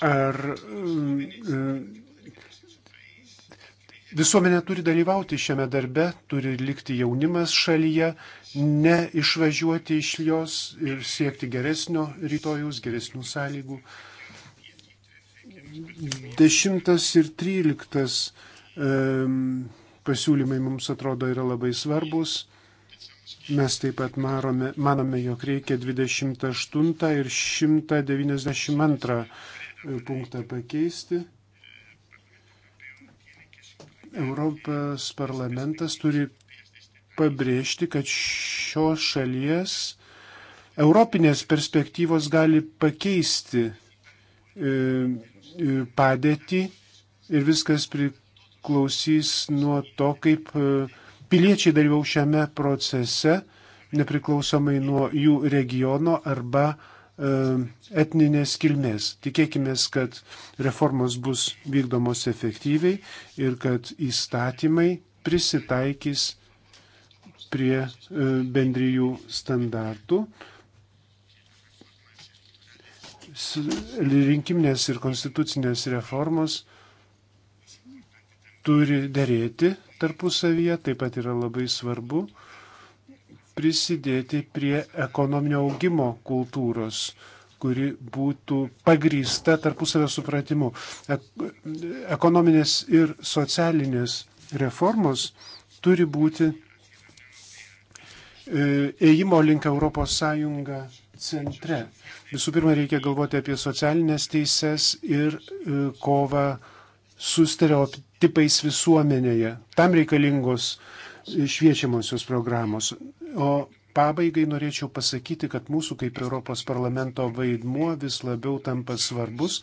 Ar mm, Visuomenė turi dalyvauti šiame darbe, turi likti jaunimas šalyje, neišvažiuoti iš jos ir siekti geresnio rytojus, geresnių sąlygų. Dešimtas ir tryliktas um, pasiūlymai mums atrodo yra labai svarbus. Mes taip pat marome, manome, jog reikia 28 ir 192 e, punktą pakeisti. Europos parlamentas turi pabrėžti, kad šios šalies europinės perspektyvos gali pakeisti e, e, padėtį ir viskas priklausys nuo to, kaip e, piliečiai dalyvau šiame procese, nepriklausomai nuo jų regiono arba uh, E, etninės kilmės. Tikėkime, kad reformos bus vykdomos efektyviai ir kad įstatymai prisitaikys prie e, bendrijų standartų. Rinkiminės ir konstitucinės reformos turi dėrėti tarpusavyje, taip pat yra labai svarbu, prisidėti prie ekonominio augimo kultūros kuri būtų pagrįsta tarpusavio supratimu. Ekonominės ir socialinės reformos turi būti e, ėjimo link Europos Sąjungą centre. Visų pirma, reikia galvoti apie socialinės teises ir e, kovą su stereotipais visuomenėje. Tam reikalingos uh, šviečiamosios programos. O pabaigai norėčiau pasakyti, kad mūsų kaip Europos parlamento vaidmuo vis labiau tampa svarbus,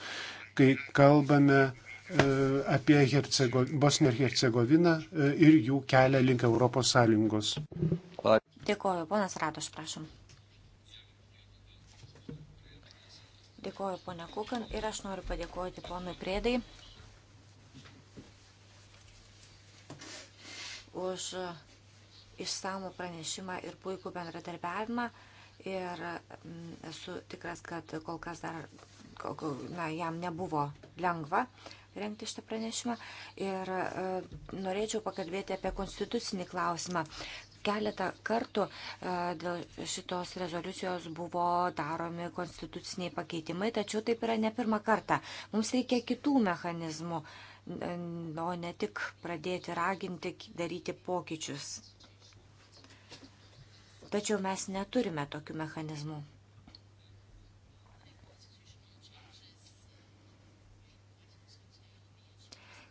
kai kalbame e, apie Hercego, Bosnę ir Hercegoviną e, ir jų kelią link Europos Sąjungos. Dėkuoju, ponas Ratos, prašom. Dėkuoju, ponia Kukan, ir aš noriu padėkoti ponui Priedai už išsamų pranešimą ir puikų bendradarbiavimą. Ir mm, esu tikras, kad kol kas dar na, jam nebuvo lengva rengti šitą pranešimą. Ir e, norėčiau pakalbėti apie konstitucinį klausimą. Keletą kartų e, dėl šitos rezoliucijos buvo daromi konstituciniai pakeitimai, tačiau taip yra ne pirmą kartą. Mums reikia kitų mechanizmų. E, no, ne tik pradėti raginti daryti pokyčius. Tačiau mes neturime tokių mechanizmų.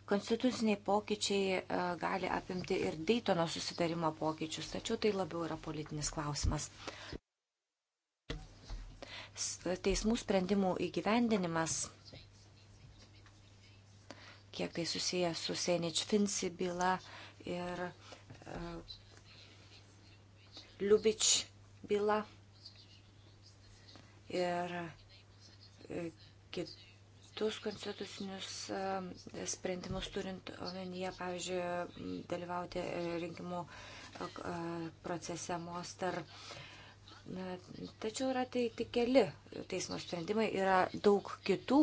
Konstituciniai pokyčiai e, gali apimti ir Daytono susitarimo pokyčius, tačiau tai labiau yra politinis klausimas. Teismų sprendimų įgyvendinimas kiek tai susiję su Senič Finsi byla ir uh, e, Liubič byla ir uh, e, kitų kitus konstitucinius e, sprendimus turint omenyje, pavyzdžiui, dalyvauti rinkimų procese Mostar. Uh, Tačiau yra tai tik keli teismo sprendimai, yra daug kitų,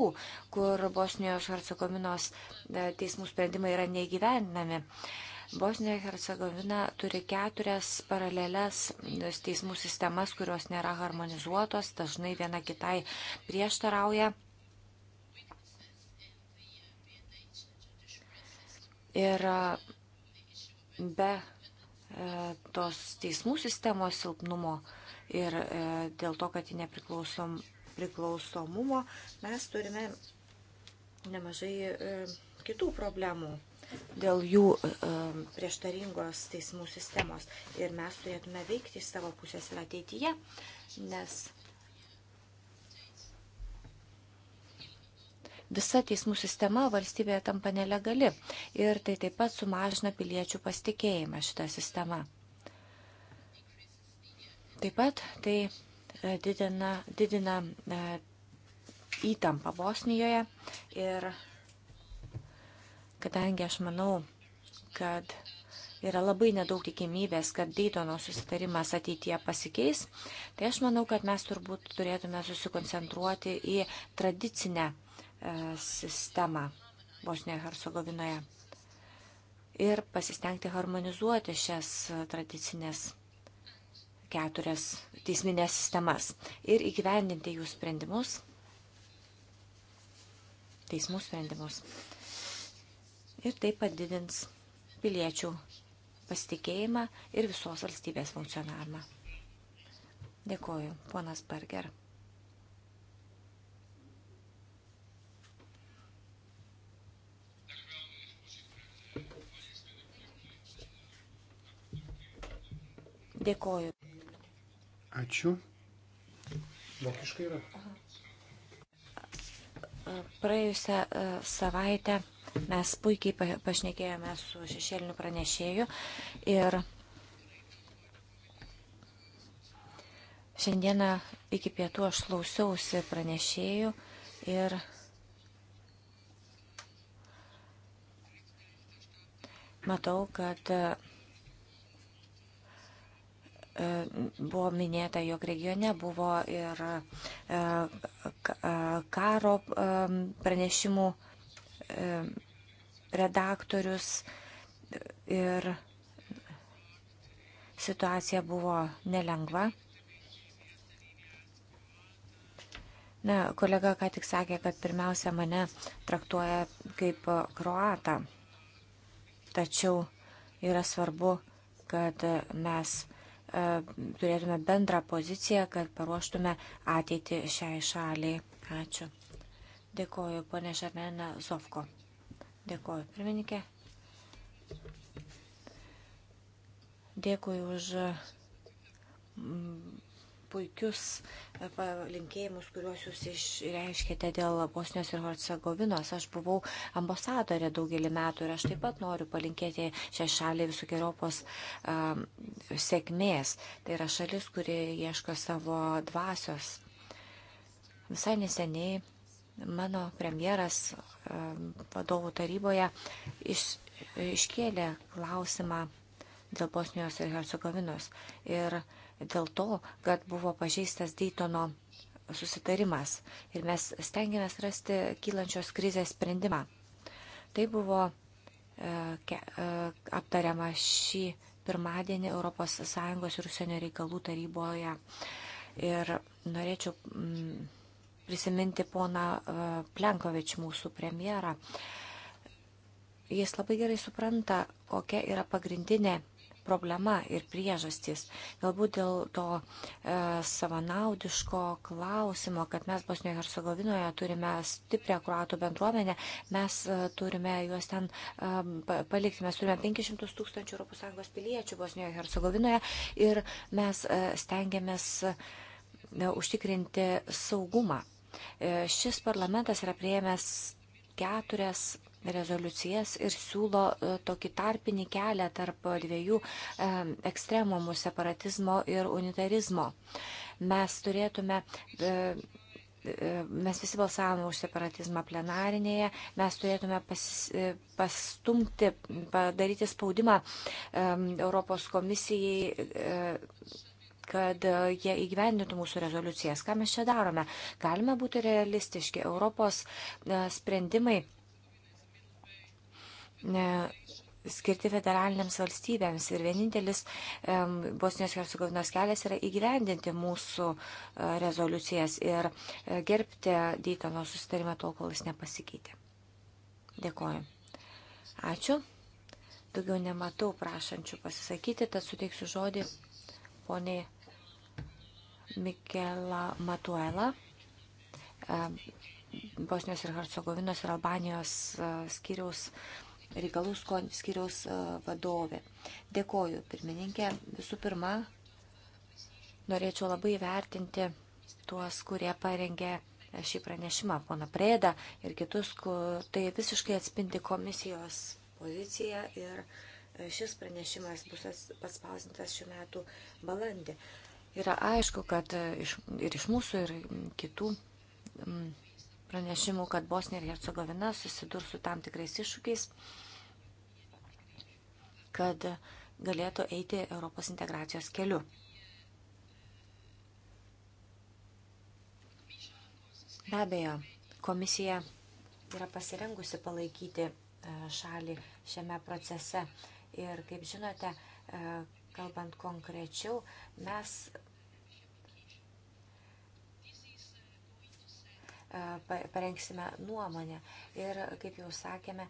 kur Bosnijos Hercegovinos teismų sprendimai yra neįgyvendinami. Bosnija ir Hercegovina turi keturias paralelias teismų sistemas, kurios nėra harmonizuotos, dažnai viena kitai prieštarauja. Ir e, be e, tos teismų sistemos silpnumo ir e, dėl to, kad į nepriklausomumo mes turime nemažai e, kitų problemų dėl jų e, prieštaringos teismų sistemos. Ir mes turėtume veikti iš savo pusės ir ateityje, nes visa teismų sistema valstybėje tampa nelegali. Ir tai taip pat sumažina piliečių pasitikėjimą šitą sistemą. Taip pat tai e, didina, didina e, įtampą Bosnijoje ir kadangi aš manau, kad yra labai nedaug tikimybės, kad Daytono susitarimas ateityje pasikeis, tai aš manau, kad mes turbūt turėtume susikoncentruoti į tradicinę e, sistemą Bosnijoje Hercegovinoje ir pasistengti harmonizuoti šias tradicinės sistemas keturias teisminės sistemas ir įgyvendinti jų sprendimus, teismų sprendimus. Ir tai padidins piliečių pasitikėjimą ir visos valstybės funkcionavimą. Dėkoju, ponas Berger. Dėkoju. Ačiū. Vokiškai yra. Praėjusią e, savaitę mes puikiai pašnekėjome su šešėliniu pranešėju ir šiandieną iki pietų aš klausiausi pranešėjų ir matau, kad e, E, buvo minėta, jog regione buvo ir e, e, karo pranešimų redaktorius ir situacija buvo nelengva. Na, kolega ką tik sakė, kad pirmiausia mane traktuoja kaip kroatą. Tačiau yra svarbu, kad mes E, turėtume bendrą poziciją, kad paruoštume ateitį šiai šaliai. Ačiū. Dėkoju, ponė Šarnena Zovko. Dėkoju, pirmininkė. Dėkui už puikius e, palinkėjimus, kuriuos jūs išreiškite dėl Bosnijos ir Hercegovinos. Aš buvau ambasadorė daugelį metų ir aš taip pat noriu palinkėti šią šalį visokiojopos um, sėkmės. Tai yra šalis, kuri ieško savo dvasios. Visai neseniai mano premjeras um, vadovų taryboje iš, iškėlė klausimą dėl Bosnijos ir Hercegovinos. Ir uh, dėl to, kad buvo pažeistas Daytono susitarimas ir mes stengiamės rasti kylančios krizės sprendimą. Tai buvo e, e, aptariama šį pirmadienį ES ir užsienio reikalų taryboje. Ir norėčiau mm, prisiminti poną e, Plenkovič, mūsų premjerą. Jis labai gerai supranta, kokia yra pagrindinė problema ir priežastys. Galbūt dėl to e, savanaudiško klausimo, kad mes Bosnijoje ir Hercegovinoje turime stiprią kruatų bendruomenę, mes e, turime juos ten e, palikti. Mes turime 500 tūkstančių ES piliečių Bosnijoje ir Hercegovinoje ir mes e, stengiamės e, užtikrinti saugumą. E, šis parlamentas yra prieėmęs keturias rezoliucijas ir siūlo e, tokį tarpinį kelią tarp dviejų e, ekstremumų - separatizmo ir unitarizmo. Mes turėtume e, mes visi balsavome už separatizmą plenarinėje, mes turėtume pas, pastumti, padaryti spaudimą um, Europos komisijai, um, kad jie įgyvendintų mūsų rezoliucijas. Ką mes čia darome? Galime būti realistiški. Europos uh, sprendimai skirti federaliniams valstybėms ir vienintelis Bosnijos Hercegovinos kelias yra įgyvendinti mūsų e, rezoliucijas ir e, gerbti Deitono susitarimą tol, kol jis nepasikeitė. Dėkoju. Ačiū. Daugiau nematau prašančių pasisakyti, tad suteiksiu žodį poniai Mikela Matuela. Bosnijos ir Hercegovinos ir Albanijos e, skyriaus reikalus skiriaus e, vadovė. Dėkoju, pirmininkė. Visų pirma, norėčiau labai vertinti tuos, kurie parengė šį pranešimą, pona Prėdą ir kitus, kur tai visiškai atspindi komisijos poziciją ir e, šis pranešimas bus paspausintas šiuo metu balandį. Yra aišku, kad e, iš, ir iš mūsų, ir kitų pranešimų, kad Bosnija ir Hercegovina susidurs su tam tikrais iššūkiais kad galėtų eiti Europos integracijos keliu. Be abejo, komisija yra pasirengusi palaikyti e, šalį šiame procese. Ir kaip žinote, e, kalbant konkrečiau, mes e, parengsime nuomonę. Ir kaip jau sakėme,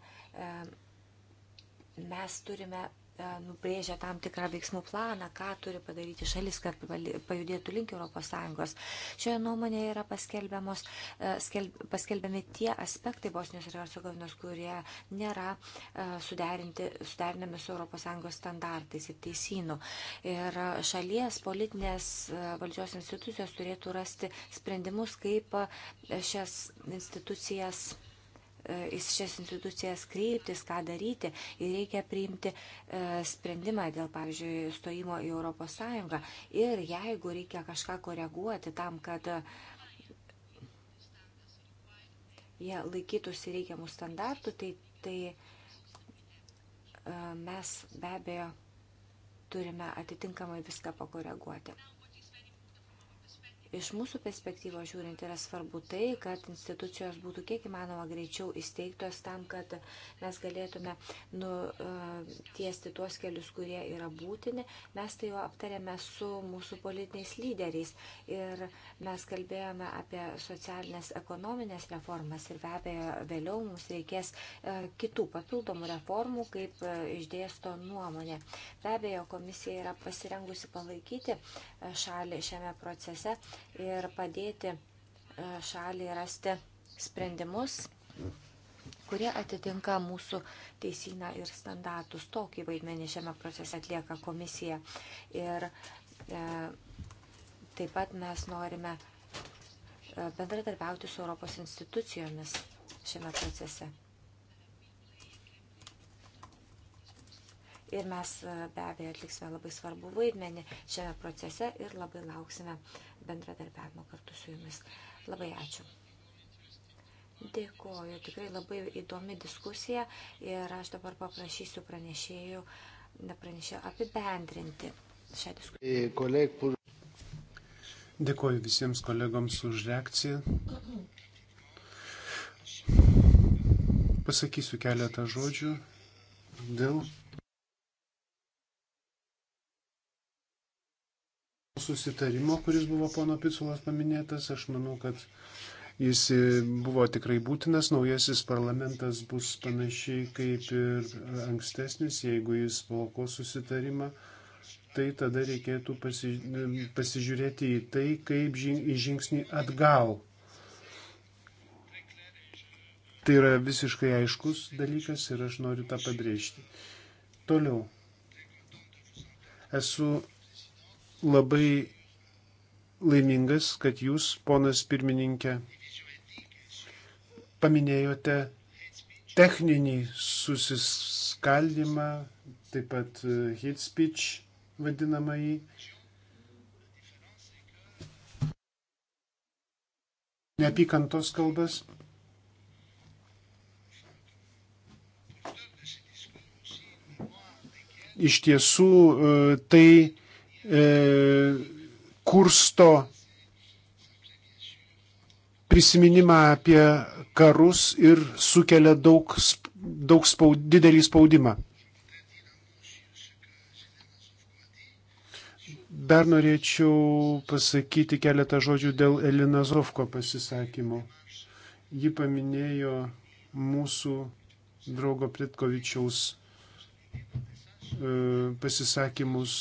mes turime e, nubrėžę tam tikrą veiksmų planą, ką turi padaryti šalis, kad pajudėtų link ES. Šioje nuomonėje yra e, skelb, paskelbiami tie aspektai Bosnijos ir Hercegovinos, kurie nėra e, suderinami su ES standartais ir teisynu. Ir šalies politinės valdžios institucijos turėtų rasti sprendimus, kaip šias institucijas E, į šias institucijas kreiptis, ką daryti ir reikia priimti e, sprendimą dėl, pavyzdžiui, stojimo į Europos Sąjungą. Ir jeigu reikia kažką koreguoti tam, kad e, jie laikytųsi reikiamų standartų, tai, tai mes be abejo turime atitinkamai viską pakoreguoti. Iš mūsų perspektyvos žiūrint yra svarbu tai, kad institucijos būtų kiek įmanoma greičiau įsteigtos tam, kad mes galėtume nutiesti e, tuos kelius, kurie yra būtini. Mes tai jau aptarėme su mūsų politiniais lyderiais ir mes kalbėjome apie socialinės ekonominės reformas ir be abejo vėliau mums reikės e, kitų papildomų reformų, kaip e, išdėsto nuomonė. Be abejo, komisija yra pasirengusi palaikyti šalį šiame procese ir padėti e, šaliai rasti sprendimus, kurie atitinka mūsų teisiną ir standartus. Tokį vaidmenį šiame procese atlieka komisija. Ir e, taip pat mes norime e, bendradarbiauti su Europos institucijomis šiame procese. ir mes e, be abejo atliksime labai svarbų vaidmenį šiame procese ir labai lauksime bendradarbiavimo kartu su jumis. Labai ačiū. Dėkoju, tikrai labai įdomi diskusija ir aš dabar paprašysiu pranešėjų, pranešėjų apibendrinti šią diskusiją. E, Dėkoju visiems kolegoms už reakciją. Pasakysiu keletą žodžių dėl susitarimo, kuris buvo pono Pitsulos paminėtas, aš manau, kad jis buvo tikrai būtinas. Naujasis parlamentas bus panašiai kaip ir ankstesnis, jeigu jis bloko susitarimą. Tai tada reikėtų pasi, pasižiūrėti į tai, kaip žin, į žingsnį atgal. Tai yra visiškai aiškus dalykas ir aš noriu tą pabrėžti. Toliau. Esu labai laimingas, kad jūs, ponas pirmininkė, paminėjote techninį susiskaldimą, taip pat e, hate speech vadinamąjį. Neapykantos kalbas. Iš tiesų e, tai E, kursto prisiminimą apie karus ir sukelia daug, daug spaud, didelį spaudimą. Dar norėčiau pasakyti keletą žodžių dėl Elina Zovko pasisakymo. Ji paminėjo mūsų draugo Pritkovičiaus e, pasisakymus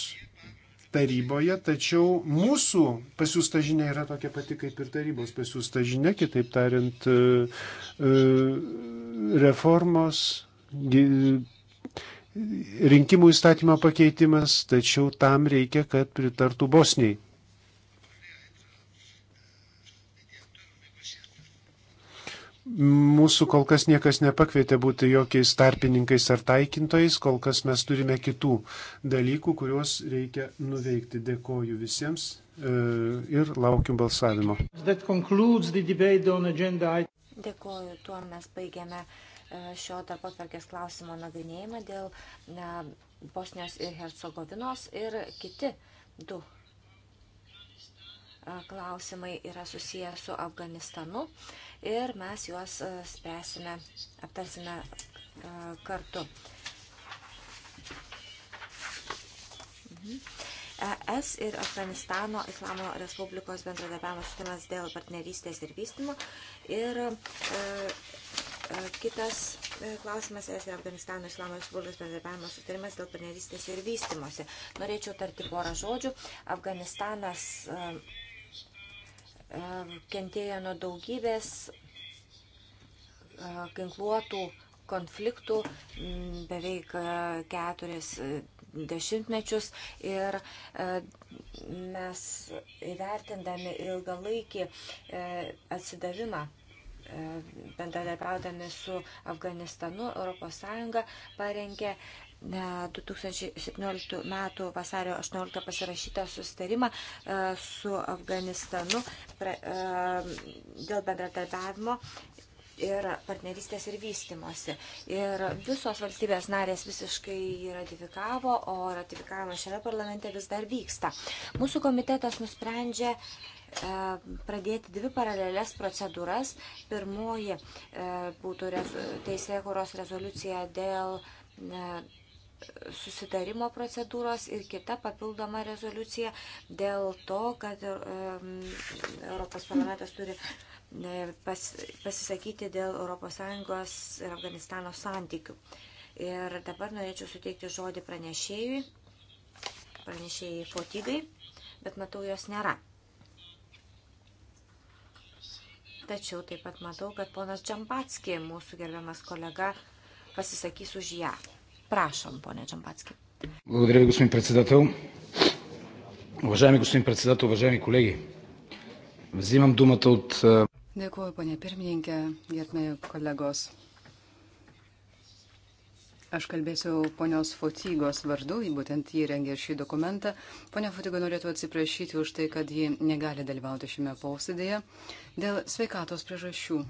taryboje, tačiau mūsų pasiūsta žinia yra tokia pati kaip ir tarybos pasiūsta žinia, kitaip tariant, e, e, reformos, rinkimų įstatymo pakeitimas, tačiau tam reikia, kad pritartų Bosniai. Mūsų kol kas niekas nepakvietė būti jokiais tarpininkais ar taikintojais, kol kas mes turime kitų dalykų, kuriuos reikia nuveikti. Dėkoju visiems e, ir laukiu balsavimo. Dėkoju, tuo mes baigėme e, šio darbo tvarkės klausimo nagrinėjimą dėl Bosnijos ir Hercegovinos ir kiti du e, klausimai yra susiję su Afganistanu ir mes juos e, spręsime, aptarsime e, kartu. Mhm. ES ir Afganistano Islamo Respublikos bendradarbiavimo sutimas dėl partnerystės ir vystymo. Ir e, e, kitas e, klausimas ES ir Afganistano Islamo Respublikos bendradarbiavimo sutimas dėl partnerystės ir vystimosi. Norėčiau tarti porą žodžių. Afganistanas. E, kentėjo nuo daugybės ginkluotų konfliktų beveik e, keturis e, dešimtmečius ir e, mes įvertindami ilgalaikį atsidavimą bendradarbiaudami su Afganistanu, ES parengė 2017 m. vasario 18 pasirašytą sustarimą e, su Afganistanu e, dėl bendradarbiavimo ir partnerystės ir vystimosi. Ir visos valstybės narės visiškai jį ratifikavo, o ratifikavimas šiame parlamente vis dar vyksta. Mūsų komitetas nusprendžia e, pradėti dvi paralelės procedūras. Pirmoji būtų teisėkuros rezoliucija dėl susitarimo procedūros ir kita papildoma rezoliucija dėl to, kad Europos parlamentas turi e, pas, pasisakyti dėl ES ir Afganistano santykių. Ir dabar norėčiau suteikti žodį pranešėjui, pranešėjai fotygai, bet matau, jos nėra. Tačiau taip pat matau, kad ponas Džambatski, mūsų gerbiamas kolega, pasisakys už ją. Prašom, ponė Čampatski. Благодаря ви, господин председател. Уважаеми господин председател, уважаеми колеги, взимам думата от... Dėkuoju, ponė pirmininkė, gerbėjai kolegos. Aš kalbėsiu ponios Fotygos vardu, būtent jį rengė šį dokumentą. Pone Fotygo norėtų atsiprašyti už tai, kad ji negali dalyvauti šiame posėdėje dėl sveikatos priežasčių.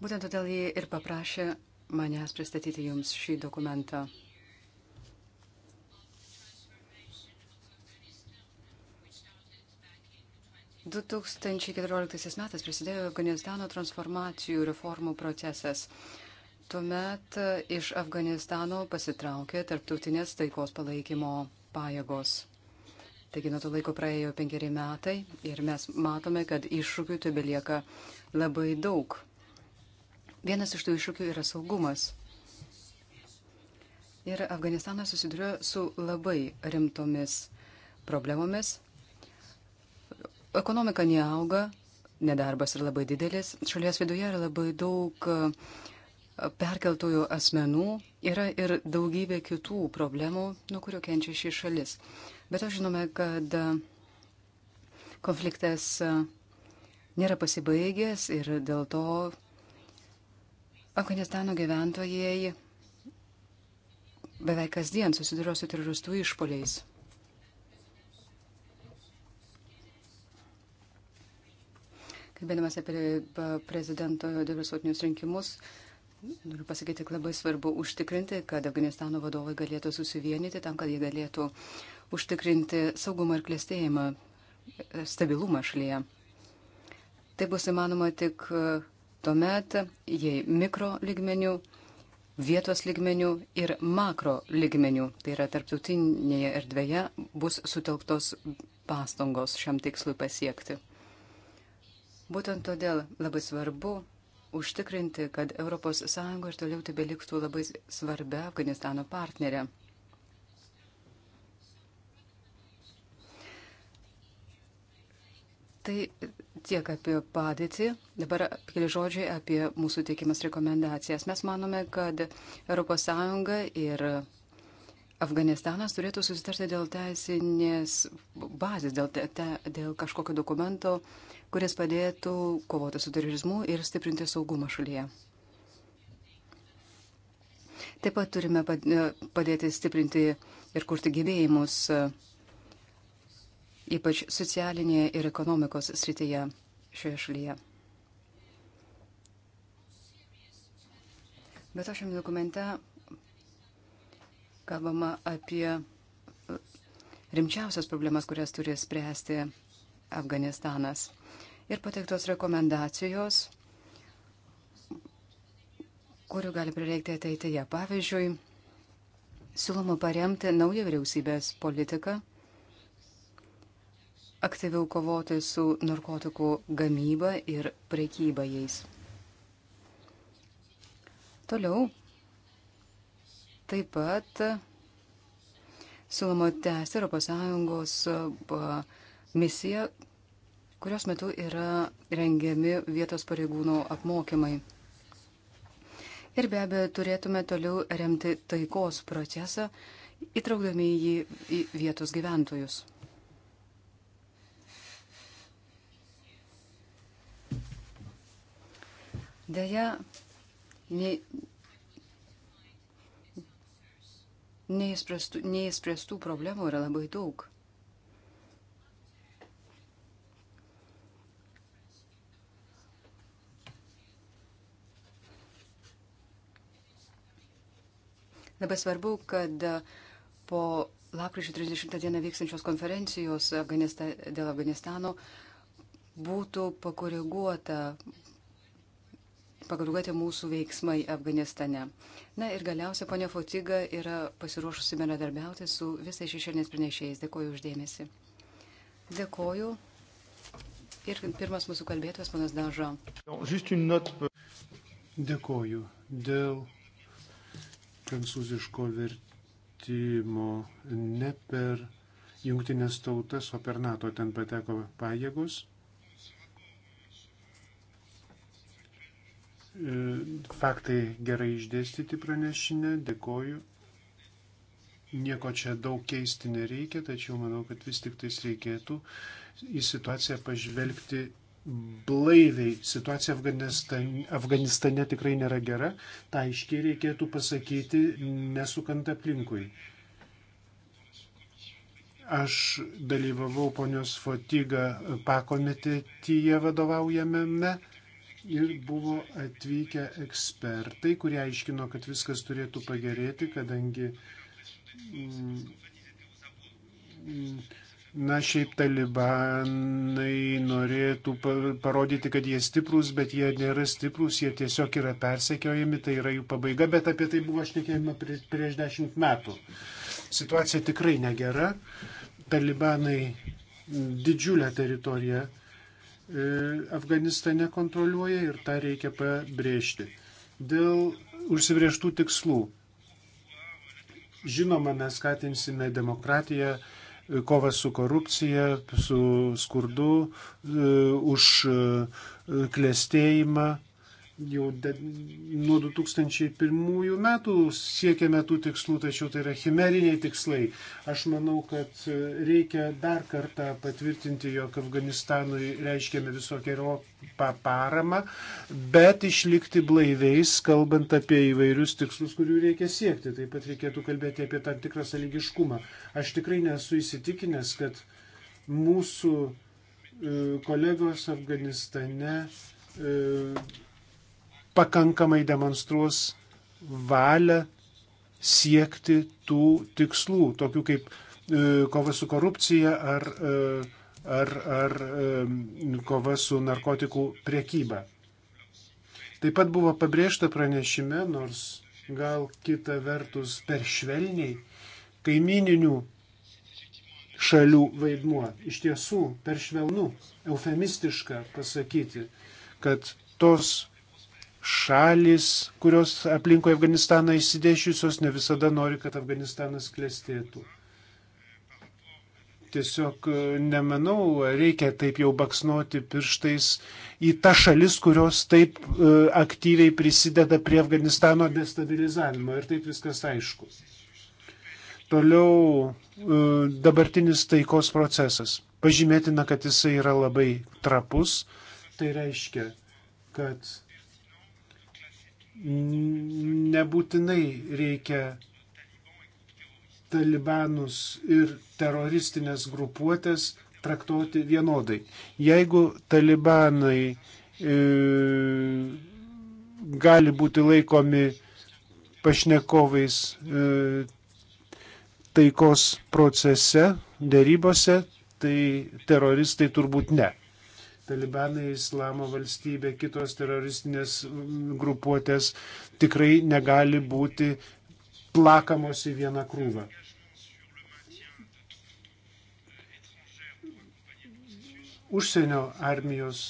Būtent todėl jie ir paprašė manęs pristatyti Jums šį dokumentą. – 2014 metais prasidėjo Afganistano transformacijų reformų procesas. Tuomet iš Afganistano pasitraukė tarptautinės taikos palaikymo pajėgos. Taigi nuo to laiko praėjo penkeri metai ir mes matome, kad iššūkių tebelieka labai daug. Vienas iš tų iššūkių yra saugumas. Ir Afganistanas susiduria su labai rimtomis problemomis. Ekonomika neauga, nedarbas yra labai didelis, šalies viduje yra labai daug e, perkeltųjų asmenų, yra ir daugybė kitų problemų, nuo kurių kenčia ši šalis. Bet aš žinome, kad e, konfliktas e, nėra pasibaigęs ir dėl to Afganistano gyventojai beveik kasdien susiduria su teroristų išpoliais. Kalbėdamas apie prezidento visuotinius rinkimus, noriu pasakyti, kad labai svarbu užtikrinti, kad Afganistano vadovai galėtų susivienyti tam, kad jie galėtų užtikrinti saugumą ir klėstėjimą, stabilumą šalyje. Tai bus įmanoma tik tuomet, jei mikro ligmenių, vietos ligmenių ir makro ligmenių, tai yra tarptautinėje erdvėje, bus sutelktos pastangos šiam tikslui pasiekti. Būtent todėl labai svarbu užtikrinti, kad ES ir toliau tai beliktų labai svarbia Afganistano partnerė. Tai tiek apie padėtį. Dabar keli žodžiai apie mūsų teikiamas rekomendacijas. Mes manome, kad ES ir Afganistanas turėtų susitarti dėl teisinės bazės, dėl, te, te, dėl kažkokio dokumento, kuris padėtų kovoti su terorizmu ir stiprinti saugumą šalyje. Taip pat turime padėti stiprinti ir kurti gyvėjimus ypač socialinėje ir ekonomikos srityje šioje šalyje. Bet aš šiame dokumente kalbama apie e, rimčiausias problemas, kurias turi spręsti Afganistanas. Ir pateiktos rekomendacijos, kurių gali prireikti ateityje. Pavyzdžiui, siūloma paremti naują vyriausybės politiką aktyviau kovoti su narkotikų gamyba ir prekyba jais. Toliau taip pat siūloma tęsti Europos Sąjungos misiją, kurios metu yra rengiami vietos pareigūnų apmokymai. Ir be abejo, turėtume toliau remti taikos procesą, įtraukdami jį į vietos gyventojus. Deja, neįspręstų, neįspręstų problemų yra labai daug. Labai svarbu, kad po lapkričio 30 dieną vykstančios konferencijos Afganista, dėl Afganistano būtų pakoreguota pagalvoti mūsų veiksmai Afganistane. Na ir galiausia, ponia Fotiga yra pasiruošusi bendradarbiauti su visais šešėlinės pranešėjais. Dėkoju uždėmesi. Dėkoju. Ir pirmas mūsų kalbėtojas, panas Danžo. Dėkoju dėl prancūziško vertimo ne per jungtinės tautas, o per NATO ten pateko pajėgus. E, faktai gerai išdėstyti pranešinę, dėkoju. Nieko čia daug keisti nereikia, tačiau manau, kad vis tik tais reikėtų į situaciją pažvelgti blaiviai. Situacija Afganistane, Afganistane tikrai nėra gera, tą aiškiai reikėtų pasakyti, nesukant aplinkui. Aš dalyvavau ponios Fotyga pakomitetyje vadovaujamame ir buvo atvykę ekspertai, kurie aiškino, kad viskas turėtų pagerėti, kadangi mm, Na, šiaip talibanai norėtų parodyti, kad jie stiprūs, bet jie nėra stiprūs, jie tiesiog yra persekiojami, tai yra jų pabaiga, bet apie tai buvo šnekėjama prieš dešimt metų. Situacija tikrai negera. Talibanai didžiulę teritoriją E, Afganistane kontroliuoja ir tą reikia pabrėžti. Dėl užsibrieštų tikslų. Žinoma, mes skatinsime demokratiją, e, kovą su korupcija, su skurdu, e, už klėstėjimą, jau de, nuo 2001 metų siekiame tų tikslų, tačiau tai yra chimeriniai tikslai. Aš manau, kad reikia dar kartą patvirtinti, jog Afganistanui reiškiame visokiojopą paramą, bet išlikti blaiviais, kalbant apie įvairius tikslus, kurių reikia siekti. Taip pat reikėtų kalbėti apie tam tikrą sąlygiškumą. Aš tikrai nesu įsitikinęs, kad mūsų e, kolegos Afganistane e, pakankamai demonstruos valią siekti tų tikslų, tokių kaip e, kova su korupcija ar, e, ar, ar e, kova su narkotikų priekyba. Taip pat buvo pabrėžta pranešime, nors gal kita vertus per švelniai, kaimininių šalių vaidmuo. Iš tiesų, per švelnu, eufemistiška pasakyti, kad tos šalis, kurios aplinko Afganistaną įsidėšiusios, ne visada nori, kad Afganistanas klestėtų. Tiesiog e, nemanau, reikia taip jau baksnuoti pirštais į tą šalis, kurios taip e, aktyviai prisideda prie Afganistano destabilizavimo. Ir taip viskas aišku. Toliau e, dabartinis taikos procesas. Pažymėtina, kad jisai yra labai trapus. Tai reiškia, kad nebūtinai reikia talibanus ir teroristinės grupuotės traktuoti vienodai. Jeigu talibanai e, gali būti laikomi pašnekovais e, taikos procese, dėrybose, tai teroristai turbūt ne talibanai, islamo valstybė, kitos teroristinės grupuotės tikrai negali būti plakamos į vieną krūvą. Užsienio armijos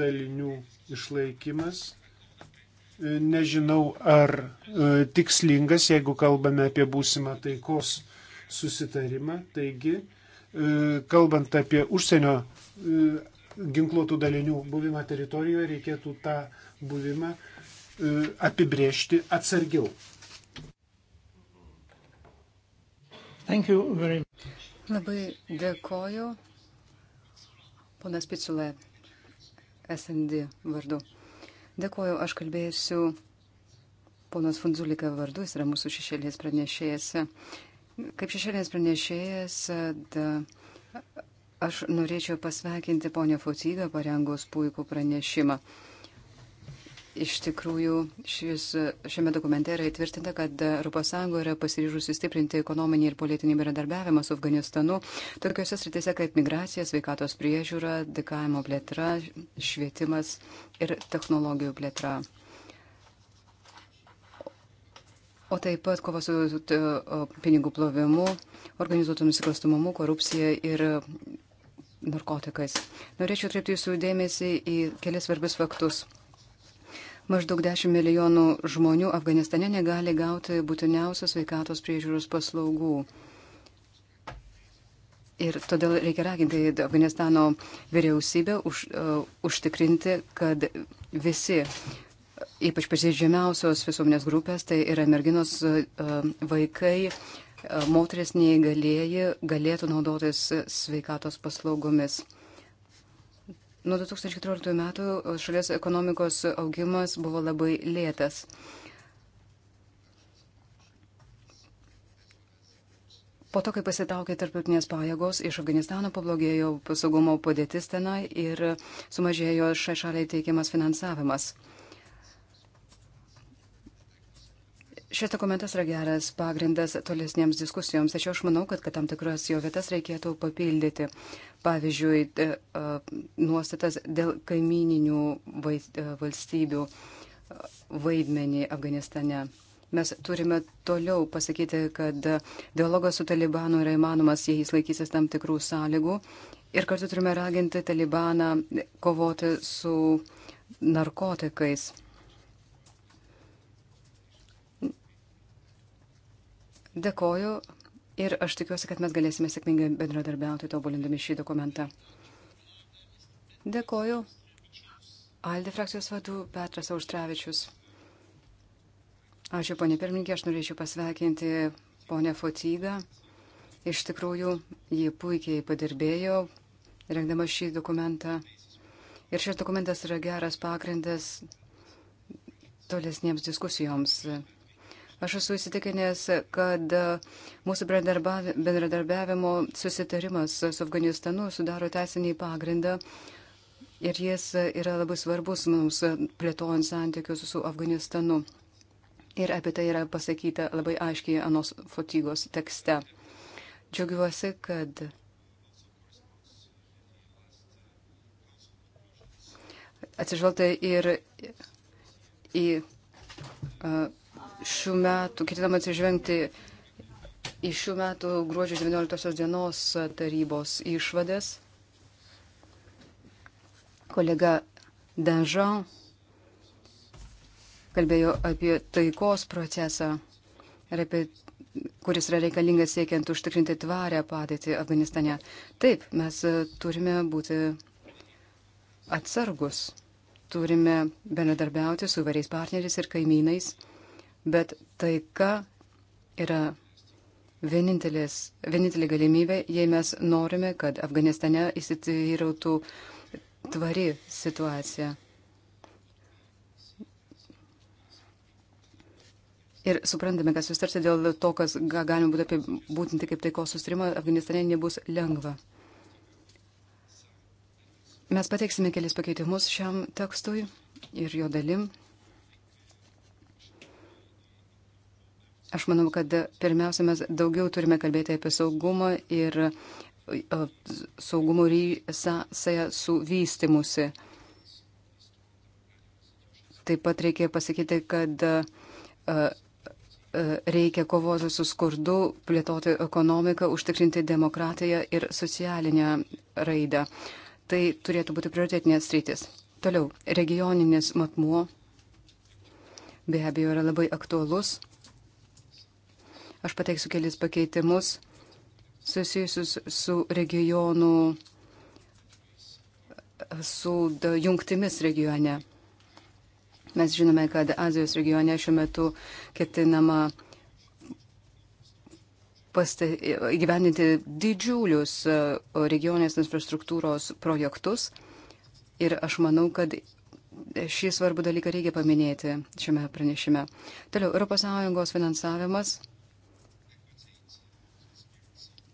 dalinių išlaikymas nežinau, ar e, tikslingas, jeigu kalbame apie būsimą taikos susitarimą. Taigi, e, kalbant apie užsienio e, ginkluotų dalinių buvimą teritorijoje, reikėtų tą buvimą e, apibriežti atsargiau. Labai dėkoju, ponas Piculė, SND vardu. Dėkoju, aš kalbėsiu ponas Fundzulika vardu, jis yra mūsų šešėlės pranešėjas. Kaip šešėlės pranešėjas, da, Aš norėčiau pasveikinti ponę Focygą parengus puikų pranešimą. Iš tikrųjų, šis, šiame dokumente yra įtvirtinta, kad ES yra pasiryžusi stiprinti ekonominį ir politinį bendradarbiavimą su Afganistanu tokiuose sritise kaip migracija, sveikatos priežiūra, dikavimo plėtra, švietimas ir technologijų plėtra. O taip pat kova su pinigų plovimu, organizuotų nusikalstumumu, korupcija ir narkotikais. Norėčiau atkreipti jūsų dėmesį į kelias svarbius faktus. Maždaug 10 milijonų žmonių Afganistane negali gauti būtiniausios sveikatos priežiūros paslaugų. Ir todėl reikia raginti Afganistano vyriausybę už, uh, užtikrinti, kad visi, ypač pažeidžiamiausios visuomenės grupės, tai yra merginos uh, vaikai, uh, moteris neįgalėjai galėtų naudotis sveikatos paslaugomis. Nuo 2014 metų šalies ekonomikos augimas buvo labai lėtas. Po to, kai pasitaukė tarptautinės pajėgos, iš Afganistano pablogėjo saugumo padėtis tenai ir sumažėjo šiai šaliai teikiamas finansavimas. Šis dokumentas yra geras pagrindas tolesniems diskusijoms, tačiau aš manau, kad, kad tam tikras jo vietas reikėtų papildyti. Pavyzdžiui, nuostatas dėl kaimininių valstybių vaidmenį Afganistane. Mes turime toliau pasakyti, kad dialogas su Talibanu yra įmanomas, jei jis laikysis tam tikrų sąlygų. Ir kartu turime raginti Talibaną kovoti su narkotikais. Dėkoju ir aš tikiuosi, kad mes galėsime sėkmingai bendradarbiauti, tobulindami šį dokumentą. Dėkoju. Aldi frakcijos vadų Petras Auštrevičius. Ačiū, ponė pirmininkė, aš norėčiau pasveikinti ponę Fotygą. Iš tikrųjų, ji puikiai padirbėjo, rengdama šį dokumentą. Ir šis dokumentas yra geras pagrindas tolesniems diskusijoms Aš esu įsitikinęs, kad e, mūsų bendradarbiavimo susitarimas su Afganistanu sudaro teisinį pagrindą ir jis yra labai svarbus mums plėtojant santykius su Afganistanu. Ir apie tai yra pasakyta labai aiškiai Anos Fotygos tekste. Džiaugiuosi, kad atsižvelgta ir į uh, šių metų, ketinama atsižvengti į šių metų gruodžio 19 dienos tarybos išvadas. Kolega Danžan kalbėjo apie taikos procesą ir apie kuris yra reikalingas siekiant užtikrinti tvarę padėtį Afganistane. Taip, mes turime būti atsargus, turime bendradarbiauti su variais partneriais ir kaimynais bet taika yra vienintelė galimybė, jei mes norime, kad Afganistane įsitvyrautų tvari situacija. Ir suprantame, kad sustarti dėl to, kas galima būtų apibūtinti kaip taikos sustarimą, Afganistane nebus lengva. Mes pateiksime kelis pakeitimus šiam tekstui ir jo dalim. Aš manau, kad pirmiausia, mes daugiau turime kalbėti apie saugumą ir saugumo sąsają su vystimusi. Taip pat reikia pasakyti, kad reikia kovoti su skurdu, plėtoti ekonomiką, užtikrinti demokratiją ir socialinę raidą. Tai turėtų būti prioritetinės rytis. Toliau, regioninis matmuo be abejo yra labai aktuolus. Aš pateiksiu kelis pakeitimus susijusius su regionu, su jungtimis regione. Mes žinome, kad Azijos regione šiuo metu ketinama įgyvendinti didžiulius e, regionės infrastruktūros projektus. Ir aš manau, kad šį svarbų dalyką reikia paminėti šiame pranešime. Toliau, ES finansavimas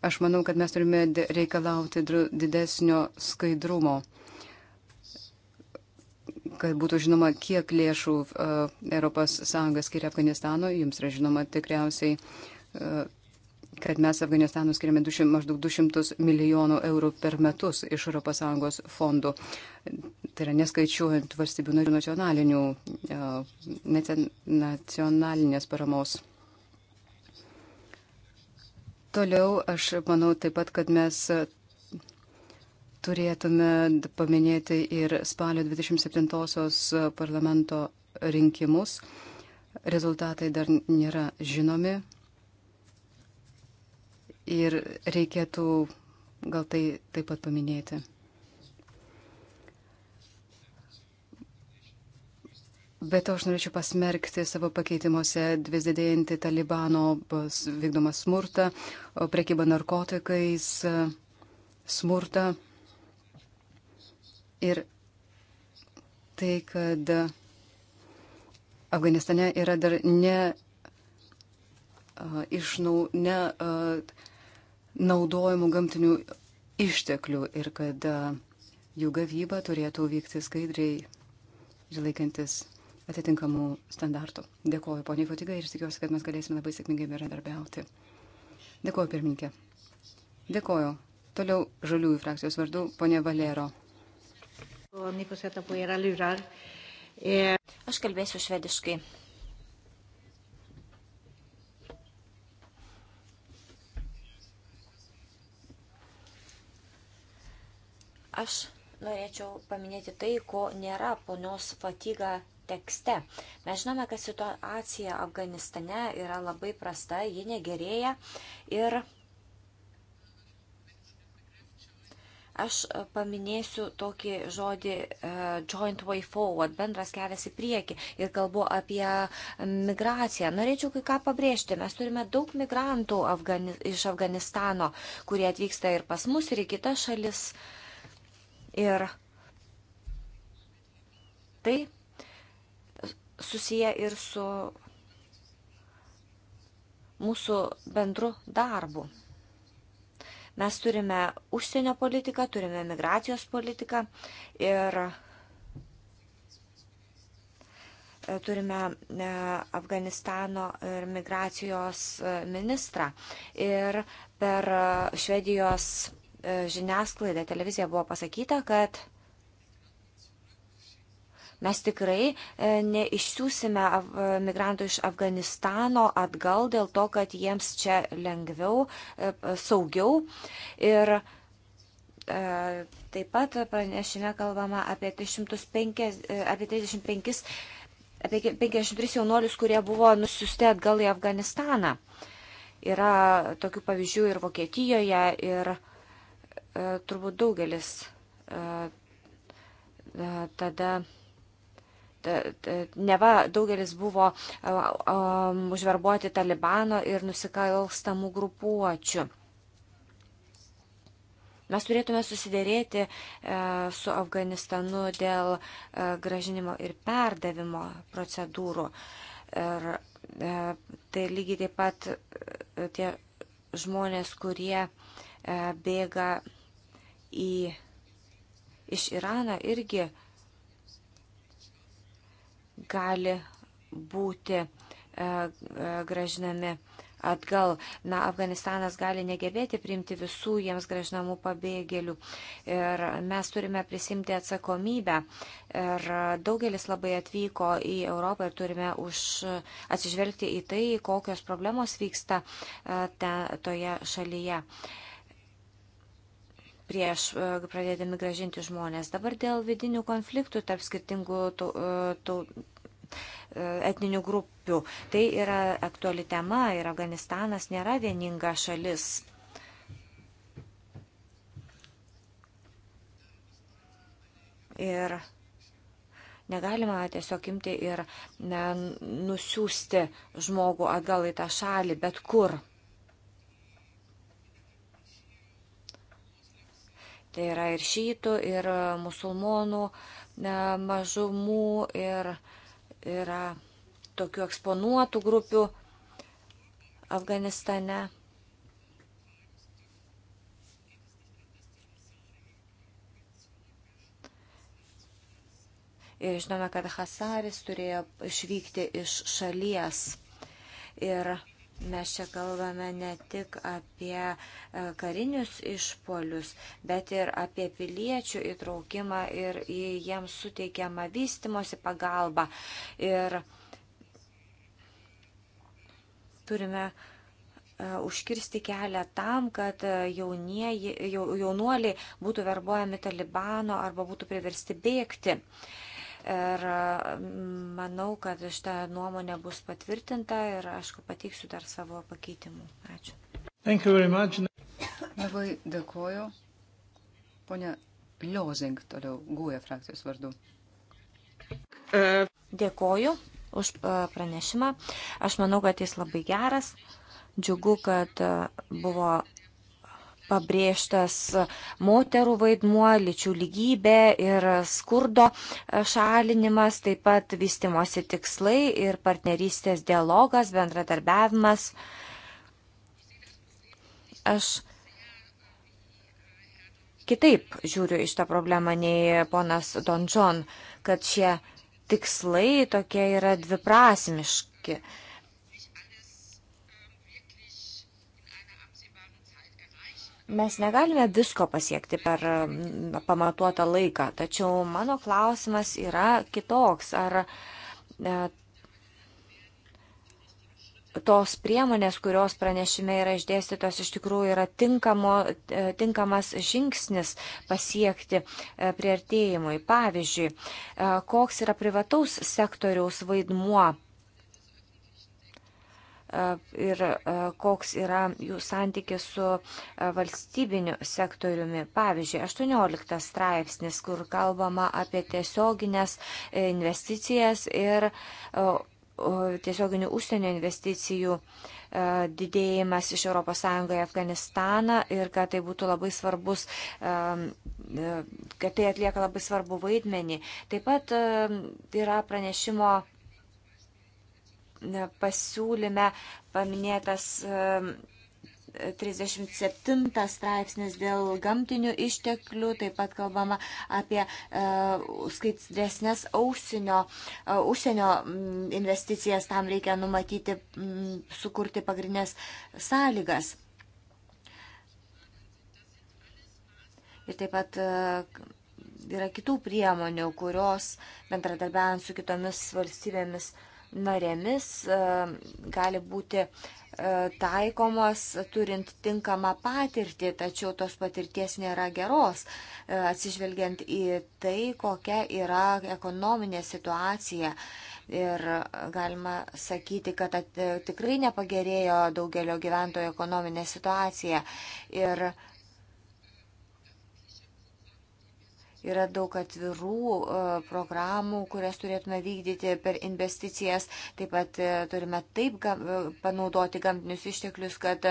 Aš manau, kad mes turime reikalauti didesnio skaidrumo, kad būtų žinoma, kiek lėšų ES skiria Afganistano. Jums yra žinoma tikriausiai, e, kad mes Afganistanu skiriame maždaug 200 milijonų eurų per metus iš ES fondų. Tai yra neskaičiuojant valstybių narių nacionalinių, e, nacionalinės paramos. Toliau aš manau taip pat, kad mes turėtume paminėti ir spalio 27-osios parlamento rinkimus. Rezultatai dar nėra žinomi. Ir reikėtų gal tai taip pat paminėti. Bet aš norėčiau pasmerkti savo pakeitimuose vis didėjantį Talibano vykdomą smurtą, prekybą narkotikais, smurtą. Ir tai, kad Afganistane yra dar ne, išnau, ne naudojimų gamtinių išteklių ir kad jų gavyba turėtų vykti skaidriai ir laikantis atitinkamų standartų. Dėkuoju, poniai Fotiga, ir tikiuosi, kad mes galėsime labai sėkmingai bendradarbiauti. Dėkuoju, pirmininkė. Dėkuoju. Toliau žaliųjų frakcijos vardu, ponė Valero. Aš kalbėsiu švediškai. Aš norėčiau paminėti tai, ko nėra ponios fatiga kontekste. Mes žinome, kad situacija Afganistane yra labai prasta, ji negerėja ir aš paminėsiu tokį žodį uh, joint way forward, bendras kelias į priekį ir kalbu apie migraciją. Norėčiau kai ką pabrėžti. Mes turime daug migrantų Afgani iš Afganistano, kurie atvyksta ir pas mus, ir į kitas šalis. Ir tai susiję ir su mūsų bendru darbu. Mes turime užsienio politiką, turime migracijos politiką ir e, turime e, Afganistano ir migracijos e, ministrą. Ir per Švedijos žiniasklaidą televiziją buvo pasakyta, kad Mes tikrai e, neišsiųsime e, migrantų iš Afganistano atgal dėl to, kad jiems čia lengviau, e, saugiau. Ir taip pat pranešime kalbama apie 305, apie 35 apie 53 jaunolius, kurie buvo nusiusti atgal į Afganistaną. Yra tokių pavyzdžių ir Vokietijoje, ir e, turbūt daugelis e, e, tada neva daugelis buvo užverbuoti Talibano ir nusikalstamų grupuočių. Mes turėtume susidėrėti e, su Afganistanu dėl e, gražinimo ir perdavimo procedūrų. Ir e, tai lygiai taip pat e, tie žmonės, kurie e, bėga į, iš Irano, irgi e, gali būti e, e, gražinami atgal. Na, Afganistanas gali negebėti priimti visų jiems gražinamų pabėgėlių. Ir mes turime prisimti atsakomybę. Ir daugelis labai atvyko į Europą ir turime už, atsižvelgti į tai, kokios problemos vyksta e, te, toje šalyje prieš pradėdami gražinti žmonės. Dabar dėl vidinių konfliktų tarp skirtingų tautų. Tau, etninių grupių. Tai yra aktuali tema ir Afganistanas nėra vieninga šalis. Ir negalima tiesiog imti ir ne, nusiųsti žmogų atgal į tą šalį, bet kur. Tai yra ir šytų, ir musulmonų mažumų, ir uh, yra tokių eksponuotų grupių Afganistane. Ir žinome, kad Hasaris turėjo išvykti iš šalies. Ir Mes čia kalbame ne tik apie e, karinius išpolius, bet ir apie piliečių įtraukimą ir jiems suteikiamą vystimosi pagalbą. Ir turime e, užkirsti kelią tam, kad e, jaunieji, jaunuoliai būtų verbuojami talibano arba būtų priversti bėgti. Uh, Ir mm, manau, kad šitą nuomonę bus patvirtinta ir aš pateiksiu dar savo pakeitimų. Ačiū. Labai dėkoju. Pone Liozing toliau guoja e frakcijos vardu. Dėkoju už e, pranešimą. Aš manau, kad jis labai geras. Džiugu, kad e, buvo pabrėžtas moterų vaidmuo, lyčių lygybė ir skurdo šalinimas, taip pat vystimosi tikslai ir partnerystės dialogas, bendradarbiavimas. Aš kitaip žiūriu iš tą problemą nei ponas Donžon, kad šie tikslai tokie yra dviprasmiški. Mes negalime visko pasiekti per pamatuotą laiką, tačiau mano klausimas yra kitoks. Ar e, tos priemonės, kurios pranešime yra išdėstytos, iš tikrųjų yra tinkamo, e, tinkamas žingsnis pasiekti e, prieartėjimui. Pavyzdžiui, koks yra privataus sektoriaus vaidmuo E, ir e, koks yra jų santykis su e, valstybiniu sektoriumi. Pavyzdžiui, 18 straipsnis, kur kalbama apie tiesioginės investicijas ir tiesioginių užsienio investicijų didėjimas iš ES į Afganistaną ir kad tai būtų labai svarbus, kad tai atlieka labai svarbu vaidmenį. Taip pat yra pranešimo pasiūlyme paminėtas 37 straipsnis dėl gamtinių išteklių, taip pat kalbama apie e, skaitresnės ausinio, e, užsienio investicijas, tam reikia numatyti, sukurti pagrindinės sąlygas. Ir taip pat e, yra kitų priemonių, kurios bendradarbiavant su kitomis valstybėmis uh, narėmis e, gali būti e, taikomos turint tinkamą patirtį, tačiau tos patirties nėra geros, e, atsižvelgiant į tai, kokia yra ekonominė situacija. Ir galima sakyti, kad at, tikrai nepagerėjo daugelio gyventojų ekonominė situacija. Ir Yra daug atvirų e, programų, kurias turėtume vykdyti per investicijas. Taip pat e, turime taip e, panaudoti gamtinius išteklius, kad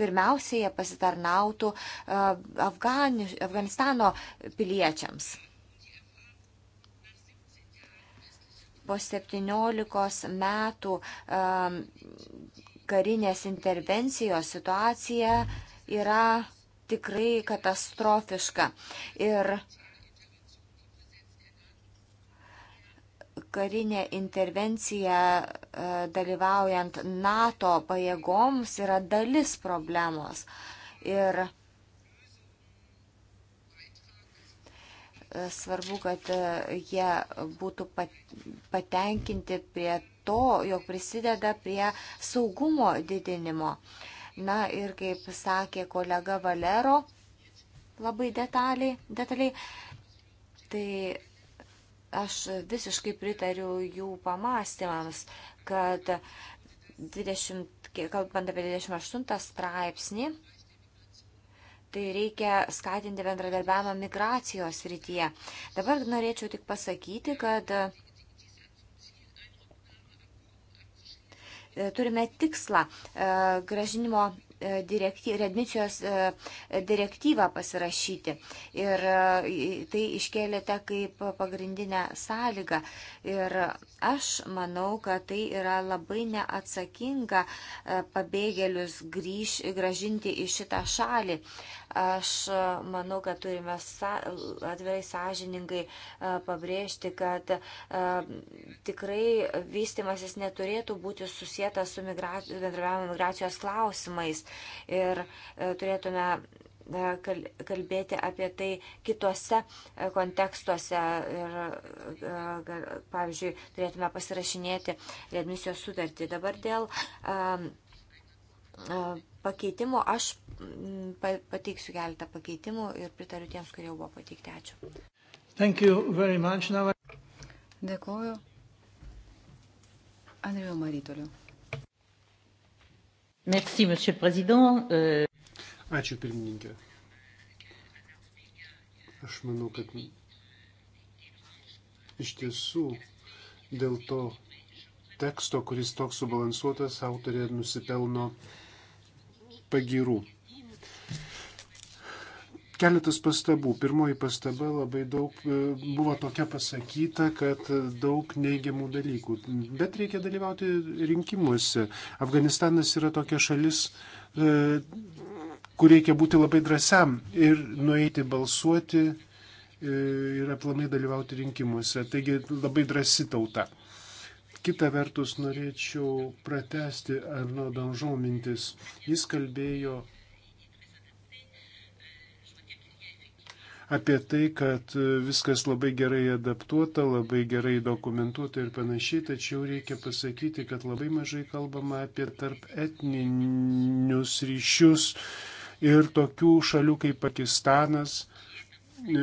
pirmiausiai jie pasitarnautų Afgani, Afganistano piliečiams. Po 17 metų karinės intervencijos situacija yra tikrai katastrofiška. Ir karinė intervencija e, dalyvaujant NATO pajėgoms yra dalis problemos. Ir e, svarbu, kad e, jie būtų patenkinti prie to, jog prisideda prie saugumo didinimo. Na ir kaip sakė kolega Valero, labai detaliai, detaliai tai Aš visiškai pritariu jų pamastymams, kad 20, kalbant apie 28 straipsnį, tai reikia skatinti bendradarbiavimą migracijos rytyje. Dabar norėčiau tik pasakyti, kad e, turime tikslą e, gražinimo E, direkty, redmicijos e, direktyvą pasirašyti. Ir e, tai iškėlėte kaip pagrindinę sąlygą. Ir aš manau, kad tai yra labai neatsakinga pabėgėlius grįž, gražinti į šitą šalį. Aš e, manau, kad turime atvirai sąžiningai e, pabrėžti, kad e, tikrai vystimasis neturėtų būti susijęs su bendravimo migracijos klausimais. Ir turėtume kalbėti apie tai kitose kontekstuose ir, pavyzdžiui, turėtume pasirašinėti readmisijos sutartį. Dabar dėl E, pakeitimų. Aš pateiksiu keletą pakeitimų ir pritariu tiems, kurie jau buvo pateikti. Ačiū. Dėkuoju. Andriu Marytoliu. Merci, monsieur le président. Euh, Ačiū, pirmininkė. Aš manau, kad iš tiesų dėl to teksto, kuris toks subalansuotas, autorė nusipelno uh, pagirų. Keletas pastabų. Pirmoji pastaba labai daug e, buvo tokia pasakyta, kad daug neigiamų dalykų. Bet reikia dalyvauti rinkimuose. Afganistanas yra tokia šalis, e, kur reikia būti labai drąsiam ir nueiti balsuoti e, ir aplamai dalyvauti rinkimuose. Taigi labai drąsi tauta. Kita vertus norėčiau pratesti Arno Danžo mintis. Jis kalbėjo apie tai, kad viskas labai gerai adaptuota, labai gerai dokumentuota ir panašiai, tačiau reikia pasakyti, kad labai mažai kalbama apie tarp etninius ryšius ir tokių šalių kaip Pakistanas e,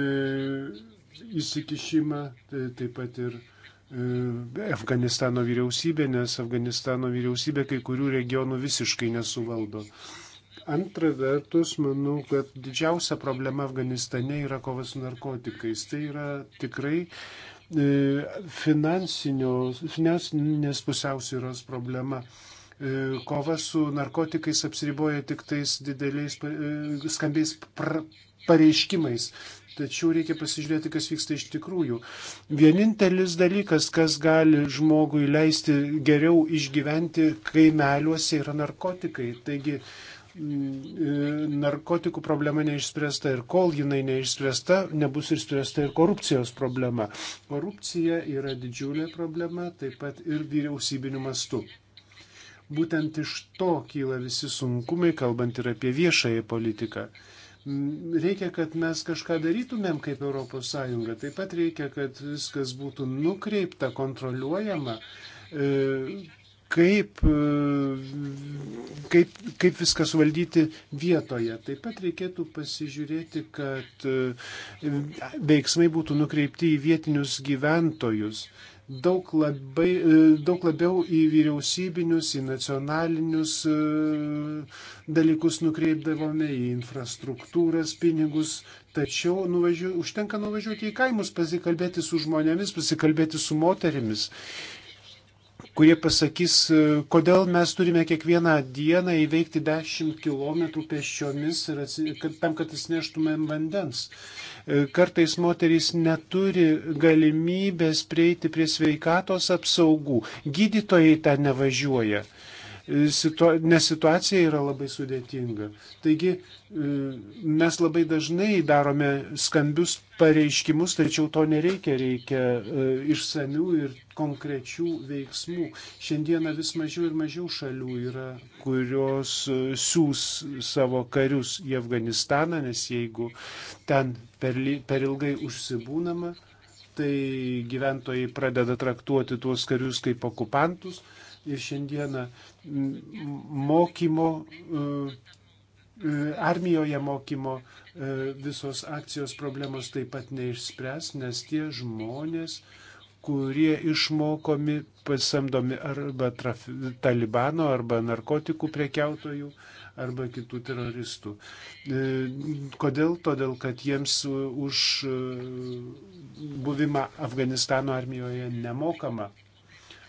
įsikišimą, tai taip pat ir e, E, Afganistano vyriausybė, nes Afganistano vyriausybė kai kurių regionų visiškai nesuvaldo. Antra vertus, manau, kad didžiausia problema Afganistane yra kova su narkotikais. Tai yra tikrai e, finansinės pusiausvyros problema. E, kova su narkotikais apsiriboja tik tais dideliais skambiais pareiškimais. Tačiau reikia pasižiūrėti, kas vyksta iš tikrųjų. Vienintelis dalykas, kas gali žmogui leisti geriau išgyventi kaimeliuose, yra narkotikai. Taigi mm, e, narkotikų problema neišspręsta ir kol jinai neišspręsta, nebus išspręsta ir korupcijos problema. Korupcija yra didžiulė problema, taip pat ir vyriausybiniu mastu. Būtent iš to kyla visi sunkumai, kalbant ir apie viešąją politiką. Reikia, kad mes kažką darytumėm kaip ES. Taip pat reikia, kad viskas būtų nukreipta, kontroliuojama, e, kaip, e, kaip, kaip viską suvaldyti vietoje. Taip pat reikėtų pasižiūrėti, kad e, veiksmai būtų nukreipti į vietinius gyventojus daug, labai, e, daug labiau į vyriausybinius, į nacionalinius e, dalykus nukreipdavome, į infrastruktūras, pinigus. Tačiau nuvažiu, užtenka nuvažiuoti į kaimus, pasikalbėti su žmonėmis, pasikalbėti su moterimis. Uh, kurie pasakys, e, kodėl mes turime kiekvieną dieną įveikti 10 km pėsčiomis atsi... kad, tam, kad atsineštumėm vandens. E, kartais moterys neturi galimybės prieiti prie sveikatos apsaugų. Gydytojai ten nevažiuoja situa nes situacija yra labai sudėtinga. Taigi e, mes labai dažnai darome skambius pareiškimus, tačiau to nereikia, reikia e, išsamių ir konkrečių veiksmų. Šiandieną vis mažiau ir mažiau šalių yra, kurios e, siūs savo karius į Afganistaną, nes jeigu ten per, per ilgai užsibūnama, tai gyventojai pradeda traktuoti tuos karius kaip okupantus ir šiandieną mokymo, e, e, armijoje mokymo e, visos akcijos problemos taip pat neišspręs, nes tie žmonės, kurie išmokomi, pasamdomi arba traf, talibano, arba narkotikų prekiautojų, arba kitų teroristų. Kodėl? Todėl, kad jiems už buvimą Afganistano armijoje nemokama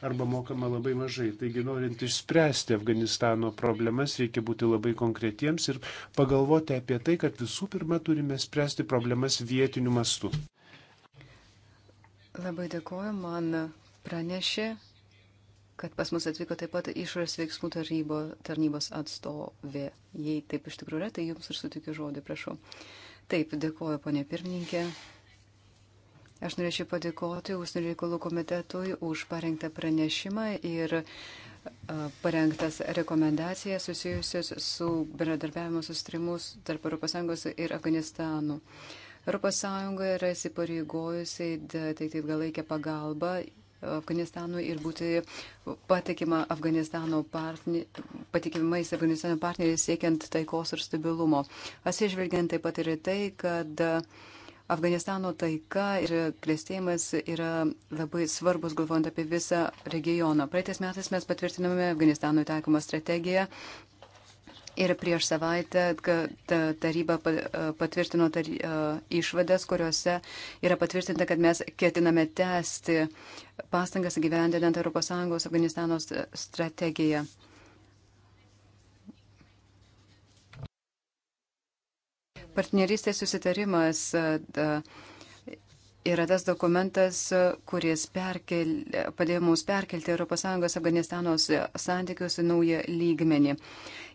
arba mokama labai mažai. Taigi, norint išspręsti Afganistano problemas, reikia būti labai konkretiems ir pagalvoti apie tai, kad visų pirma turime spręsti problemas vietiniu mastu. Labai dėkoju, man pranešė, kad pas mus atvyko taip pat išorės veiksmų tarybo, tarnybos atstovė. Jei taip iš tikrųjų yra, tai jums ir sutikiu žodį, prašau. Taip, dėkoju, ponė pirmininkė. Aš norėčiau padėkoti Užsienio reikalų komitetui už parengtą pranešimą ir parengtas rekomendacijas susijusios su bendradarbiavimo sustrimus tarp ES ir Afganistanu. ES yra įsipareigojusi teikti ilgalaikę pagalbą Afganistanui ir būti patikima Afganistano partneri, patikimais Afganistano partneriais siekiant taikos ir stabilumo. Atsižvelgiant taip pat ir tai, kad uh, Afganistano taika ir klėstėjimas yra labai svarbus, galvojant apie visą regioną. Praeitais metais mes patvirtinome Afganistano taikomą strategiją. Ir prieš savaitę taryba patvirtino tar, išvadas, kuriuose yra patvirtinta, kad mes ketiname tęsti pastangas gyvendinant ES Afganistano strategiją. Partnerystės susitarimas yra tas dokumentas, kuris perkel, padėjo mums perkelti ES Afganistano santykius į naują lygmenį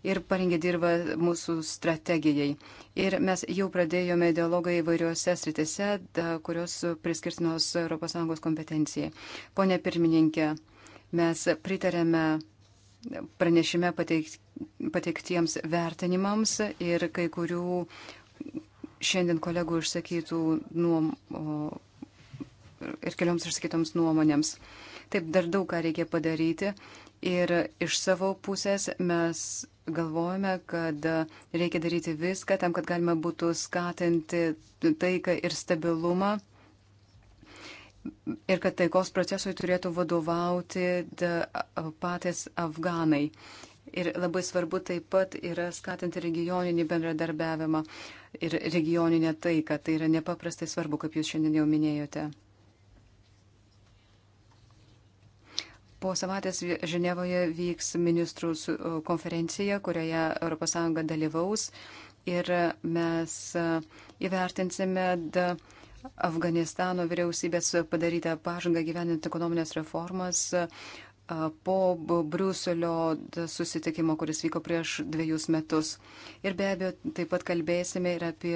ir parengė dirbą mūsų strategijai. Ir mes jau pradėjome dialogą įvairiuose sritise, kurios priskirtinos ES kompetencijai. Pone pirmininkė, mes pritarėme pranešime pateik, pateiktiems vertinimams ir kai kurių šiandien kolegų išsakytų nuom, o, ir kelioms išsakytoms nuomonėms. Taip, dar daug ką reikia padaryti ir iš savo pusės mes galvojame, kad reikia daryti viską tam, kad galima būtų skatinti taiką ir stabilumą ir kad taikos procesui turėtų vadovauti patys afganai. Ir labai svarbu taip pat yra skatinti regioninį bendradarbiavimą. Uh, ir regioninę taiką. Tai yra nepaprastai svarbu, kaip jūs šiandien jau minėjote. Po savaitės Ženevoje vyks ministrų konferencija, kurioje ES dalyvaus ir mes įvertinsime Afganistano vyriausybės padarytą pažangą gyveninti ekonominės reformas, po Briuselio susitikimo, kuris vyko prieš dviejus metus. Ir be abejo, taip pat kalbėsime ir apie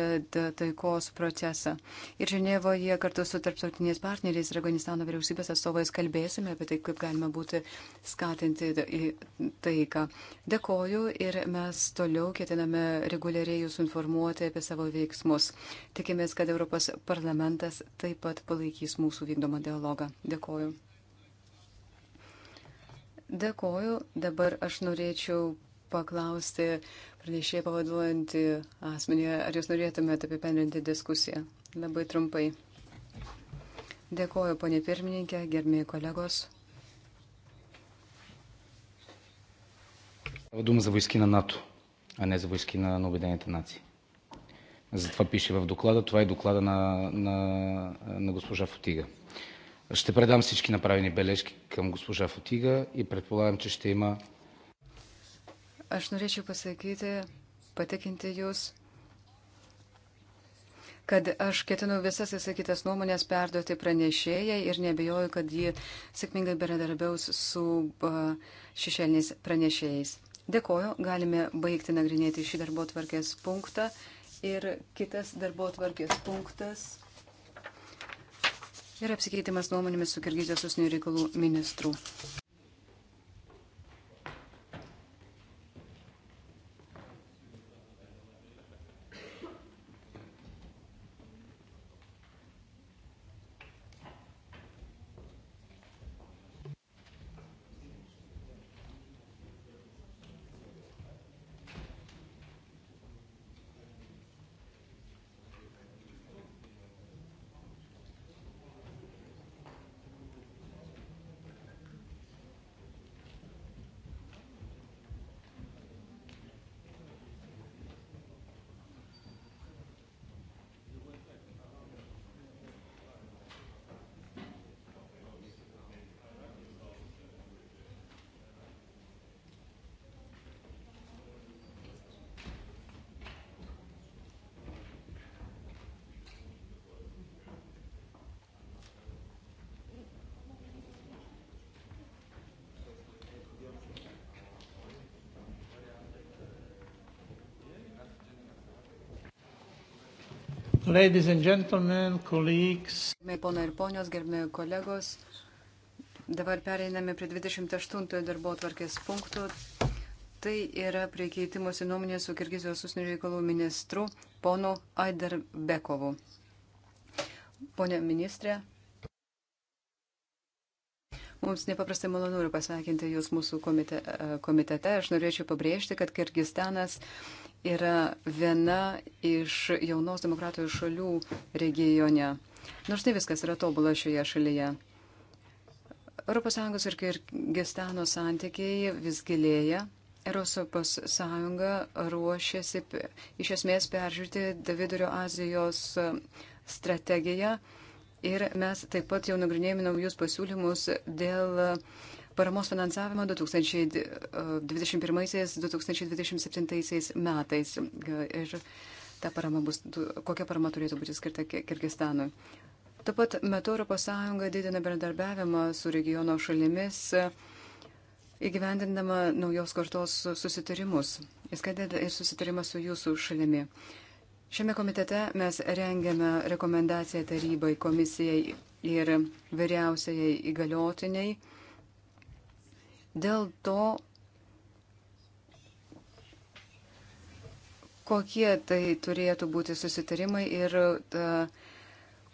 taikos procesą. Ir Ženevoje kartu su tarptautiniais partneriais ir Afganistano vyriausybės atstovais kalbėsime apie tai, kaip galima būti skatinti taiką. Dėkoju ir mes toliau ketiname reguliariai jūs informuoti apie savo veiksmus. Tikimės, kad Europos parlamentas taip pat palaikys mūsų vykdomą dialogą. Dėkoju. Dėkoju. Dabar aš norėčiau paklausti pranešėjai pavaduojantį asmenį, ar jūs norėtumėte apipendrinti diskusiją. Labai trumpai. Dėkoju, ponė pirmininkė, gerbėjai kolegos. Става дума за войски на НАТО, а не за войски на, на Обединените нации. Затова пише в доклада. Това е доклада на, на, на госпожа Фотига. Ще предам всички направени бележки към госпожа Фотига и предполагам, че ще има. Aš norėčiau pasakyti, patikinti Jūs, kad aš ketinu visas įsakytas nuomonės perduoti pranešėjai ir nebejoju, kad ji sėkmingai bendradarbiaus su šešėliniais pranešėjais. Dėkoju, galime baigti nagrinėti šį darbo tvarkės punktą ir kitas darbo tvarkės punktas ir apsikeitimas nuomonėmis su Kirgizijos užsienio reikalų ministru. Ladies and gentlemen, colleagues. Gerbėjai ponai ir ponios, gerbėjai kolegos. Dabar pereiname prie 28 darbo atvarkės punktų. Tai yra prie keitimosi nuomonės su Kirgizijos užsienio reikalų ministru ponu Aidarbekovu. Pone ministrė, Mums nepaprastai malonu ir pasveikinti Jūs mūsų komite, komitete. Aš norėčiau pabrėžti, kad Kirgistanas yra viena iš jaunos demokratijos šalių regione. Nors ne viskas yra tobula šioje šalyje. ES ir Kirgistano santykiai vis gilėja. Europos Sąjunga ruošiasi iš esmės peržiūrėti Vidurio Azijos e, strategiją ir mes taip pat jau nagrinėjame naujus pasiūlymus dėl uh, paramos finansavimą 2021-2027 e, metais. Ir ta parama bus, kokia parama turėtų būti skirta Kirgistanui. Taip pat metu ES didina bendradarbiavimą su regiono šalimis, e, įgyvendindama naujos kartos susitarimus, įskaitant ir susitarimą su jūsų šalimi. Šiame komitete mes rengiame rekomendaciją tarybai, komisijai ir vyriausiai įgaliotiniai dėl to, kokie tai turėtų būti susitarimai ir ta,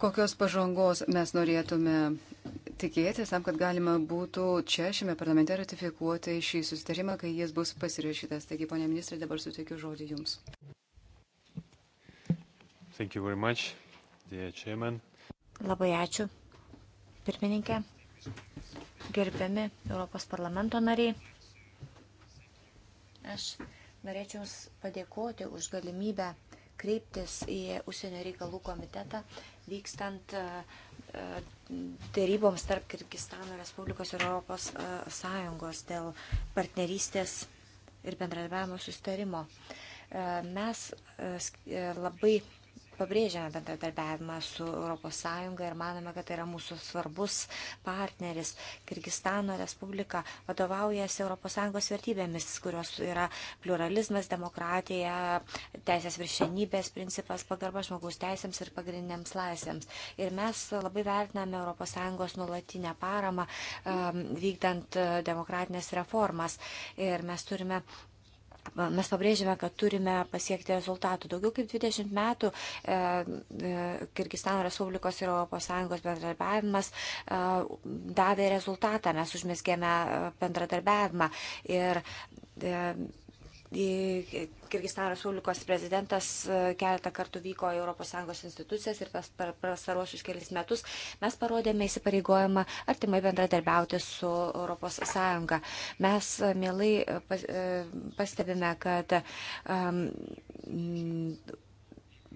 kokios pažangos mes norėtume tikėtis tam, kad galima būtų čia šiame parlamente ratifikuoti šį susitarimą, kai jis bus pasirašytas. Taigi, ponė ministrė, dabar suteikiu žodį Jums. Much, Labai ačiū, pirmininkė gerbiami Europos parlamento nariai. Aš norėčiau Jums padėkoti už galimybę kreiptis į Užsienio reikalų komitetą vykstant e, e, dėryboms tarp Kirgistano Respublikos ir Europos e, Sąjungos dėl partnerystės ir bendradarbiavimo sustarimo. Mes labai pabrėžiame bendradarbiavimą su ES ir manome, kad tai yra mūsų svarbus partneris. Kirgistano Respublika vadovaujasi ES vertybėmis, kurios yra pluralizmas, demokratija, teisės viršenybės principas, pagarba žmogaus teisėms ir pagrindiniams laisvėms. Ir mes labai vertiname ES nulatinę paramą ehm, vykdant e, demokratinės reformas. Ir mes turime Mes pabrėžėme, kad turime pasiekti rezultatų. Daugiau kaip 20 metų e, e, Kirgistano Respublikos ir ES bendradarbiavimas e, davė rezultatą. Mes užmėsgėme e, bendradarbiavimą ir e, Kirgistano Respublikos prezidentas e, keletą kartų vyko į ES institucijas ir pas pasarosius kelis metus mes parodėme įsipareigojimą artimai bendradarbiauti su ES. Mes e, mielai e, pastebime, kad um,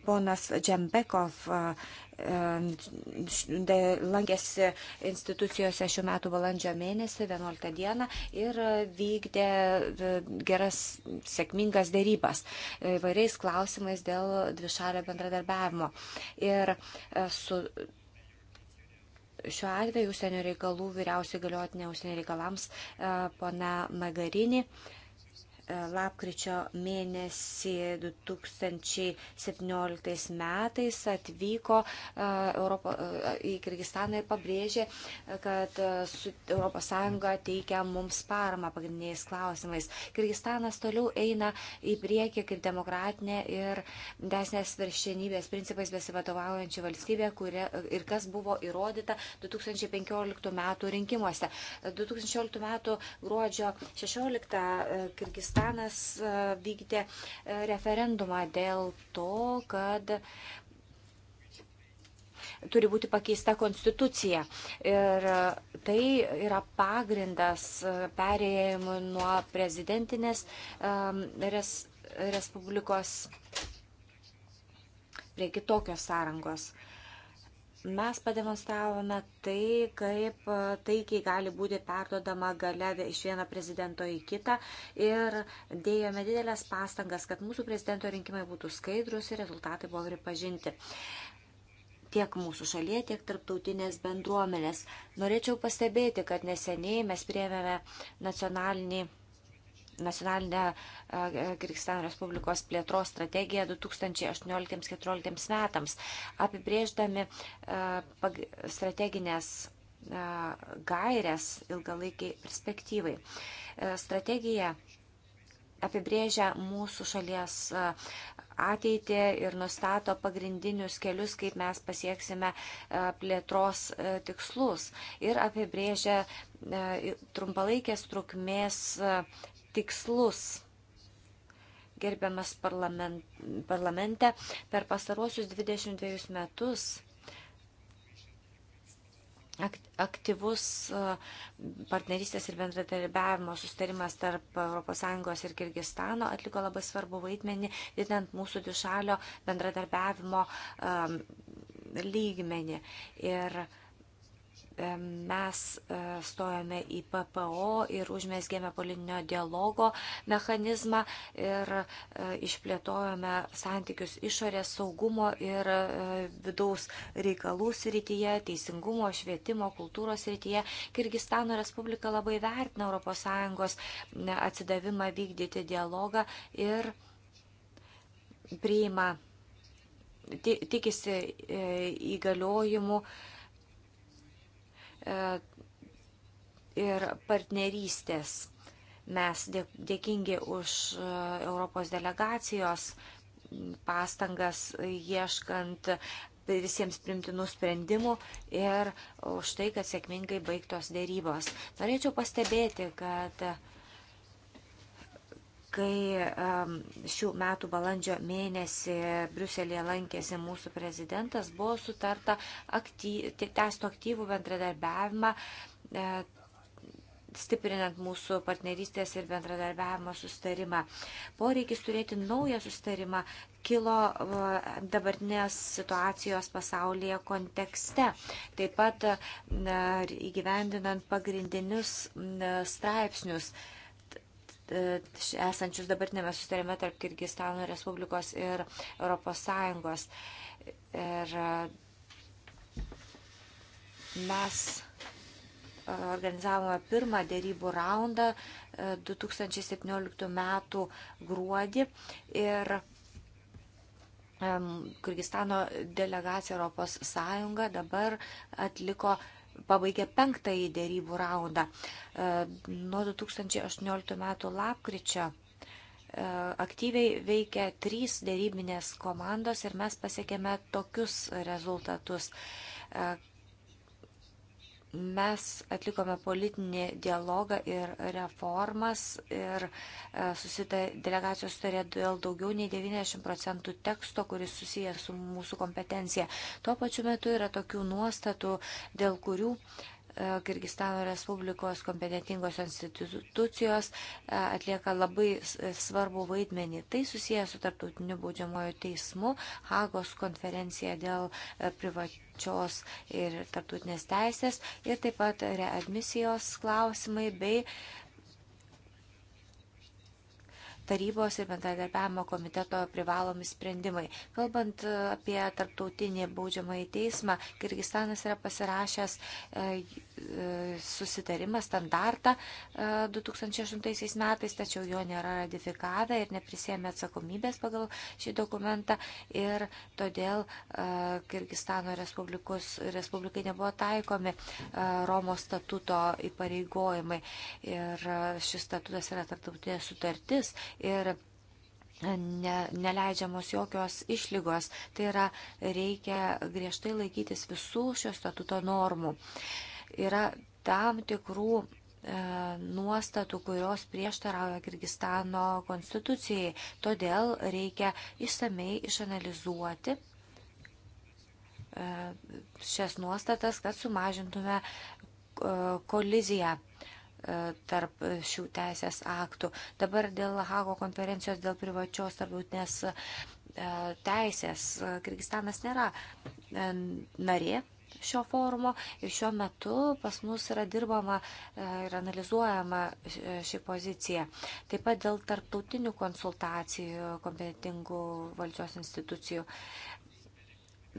ponas Džembekov lankėsi institucijose šių metų balandžio mėnesį, 11 dieną ir vykdė geras, sėkmingas dėrybas įvairiais klausimais dėl dvišalio bendradarbiavimo. Ir su šiuo atveju užsienio reikalų vyriausiai galiotinė užsienio reikalams pana Magarinį E, lapkričio mėnesį 2017 metais atvyko e, Europo, e, į Kirgistaną ir pabrėžė, kad ES teikia mums paramą pagrindiniais klausimais. Kirgistanas toliau eina į priekį kaip demokratinė ir desnės viršienybės principais besivadovaujančia valstybė kuria, ir kas buvo įrodyta 2015 metų rinkimuose. 2016 metų gruodžio 16 Kirgistanas Kazakstanas e, vykdė e, referendumą dėl to, kad turi būti pakeista konstitucija. Ir e, tai yra pagrindas perėjimui nuo prezidentinės res, respublikos prie kitokios sąrangos. Mes pademonstravome tai, kaip e, taikiai gali būti perdodama gale iš vieno prezidento į kitą ir dėjome didelės pastangas, kad mūsų prezidento rinkimai būtų skaidrus ir rezultatai buvo pripažinti tiek mūsų šalyje, tiek tarptautinės bendruomenės. Norėčiau pastebėti, kad neseniai mes priemėme nacionalinį nacionalinę Kirgistano Respublikos plėtros strategiją 2018-2014 metams, apibrėždami strateginės gairias ilgalaikiai perspektyvai. Strategija apibrėžia mūsų šalies ateitį ir nustato pagrindinius kelius, kaip mes pasieksime plėtros tikslus ir apibrėžia trumpalaikės trukmės tikslus. Gerbiamas parlamente, per pastaruosius 22 metus aktyvus partnerystės ir bendradarbiavimo sustarimas tarp ES ir Kirgistano atliko labai svarbu vaidmenį, didinant mūsų dvišalio bendradarbiavimo lygmenį. Ir E, mes e, stojame į PPO ir užmėsgėme politinio dialogo mechanizmą ir e, išplėtojame santykius išorės saugumo ir vidaus reikalų srityje, teisingumo, švietimo, kultūros srityje. Kirgistano Respublika labai vertina ES atsidavimą vykdyti dialogą ir priima, tikisi įgaliojimų E, ir partnerystės. Mes dėkingi už e, Europos delegacijos pastangas ieškant visiems primtinų sprendimų ir už tai, kad sėkmingai baigtos dėrybos. Norėčiau pastebėti, kad kai šių metų balandžio mėnesį Briuselėje lankėsi mūsų prezidentas, buvo sutarta tęsti aktyvų bendradarbiavimą e, stiprinant mūsų partnerystės ir bendradarbiavimo sustarimą. Poreikis turėti naują sustarimą kilo e, dabartinės situacijos pasaulyje kontekste. Taip pat e, įgyvendinant pagrindinius straipsnius esančius dabartinėme sustarime tarp Kirgistano Respublikos ir ES. Ir e, mes e, organizavome pirmą dėrybų raundą 2017 e, m. gruodį ir Kirgistano delegacija Europos Sąjunga dabar atliko pabaigė penktąjį dėrybų raundą. E, nuo 2018 metų lapkričio e, aktyviai veikia trys dėrybinės komandos ir mes pasiekėme tokius rezultatus e, Mes atlikome politinį dialogą ir reformas ir e, susita, delegacijos sutarė dėl daugiau nei 90 procentų teksto, kuris susijęs su mūsų kompetencija. Tuo pačiu metu yra tokių nuostatų, dėl kurių uh, E, Kirgistano Respublikos kompetentingos institucijos e, atlieka labai e, svarbų vaidmenį. Tai susijęs su tarptautiniu baudžiamojo teismu, Hagos konferencija dėl privačios ir tarptautinės teisės ir taip pat readmisijos klausimai bei uh, tarybos ir bendradarbiavimo komiteto privalomi sprendimai. Kalbant e, apie tarptautinį baudžiamąjį teismą, Kirgistanas yra pasirašęs e, e, susitarimą standartą 2008 metais, tačiau jo nėra ratifikavę ir neprisėmė atsakomybės pagal šį dokumentą ir todėl Kirgistano Respublikai nebuvo taikomi Romos statuto įpareigojimai. Ir šis statutas yra tarptautinė sutartis ir ne, neleidžiamos jokios išlygos. Tai yra, reikia griežtai laikytis visų šio statuto normų. Yra tam tikrų e, nuostatų, kurios prieštarauja Kirgistano konstitucijai. Todėl reikia išsamei išanalizuoti e, šias nuostatas, kad sumažintume e, koliziją tarp šių teisės aktų. Dabar dėl Hago konferencijos dėl privačios tarptautinės e, teisės e, Kirgistanas nėra e, narė šio forumo ir šiuo metu pas mus yra dirbama ir analizuojama ši pozicija. Taip pat dėl tarptautinių konsultacijų kompetingų valdžios institucijų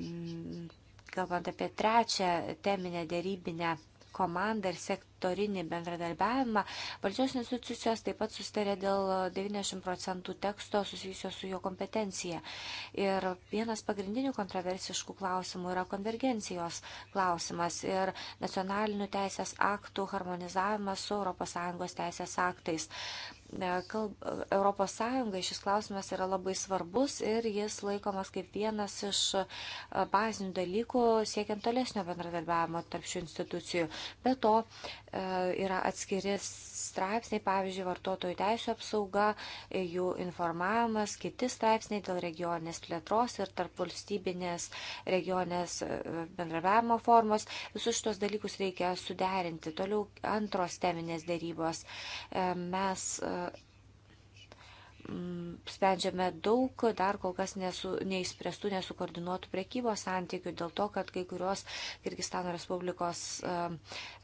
mm, kalbant apie trečią teminę dėrybinę komandą ir sekt, sektorinį bendradarbiavimą, valdžios institucijos taip pat sustarė dėl 90 procentų teksto susijusio su jo kompetencija. Ir vienas pagrindinių kontroversiškų klausimų yra konvergencijos klausimas ir nacionalinių teisės aktų harmonizavimas su ES teisės aktais. Europos Sąjungai šis klausimas yra labai svarbus ir jis laikomas kaip vienas iš e, bazinių dalykų siekiant tolesnio bendradarbiavimo tarp šių institucijų. Be to, e, E, yra atskiri straipsniai, pavyzdžiui, vartotojų teisų apsauga, e, jų informavimas, kiti straipsniai dėl regioninės plėtros ir tarp valstybinės regioninės e, bendravimo formos. Visus šitos dalykus reikia suderinti. Toliau antros teminės dėrybos. Mes Mm, sprendžiame daug dar kol kas nesu, neįspręstų, nesukoordinuotų prekybos santykių dėl to, kad kai kurios Kirgistano Respublikos e,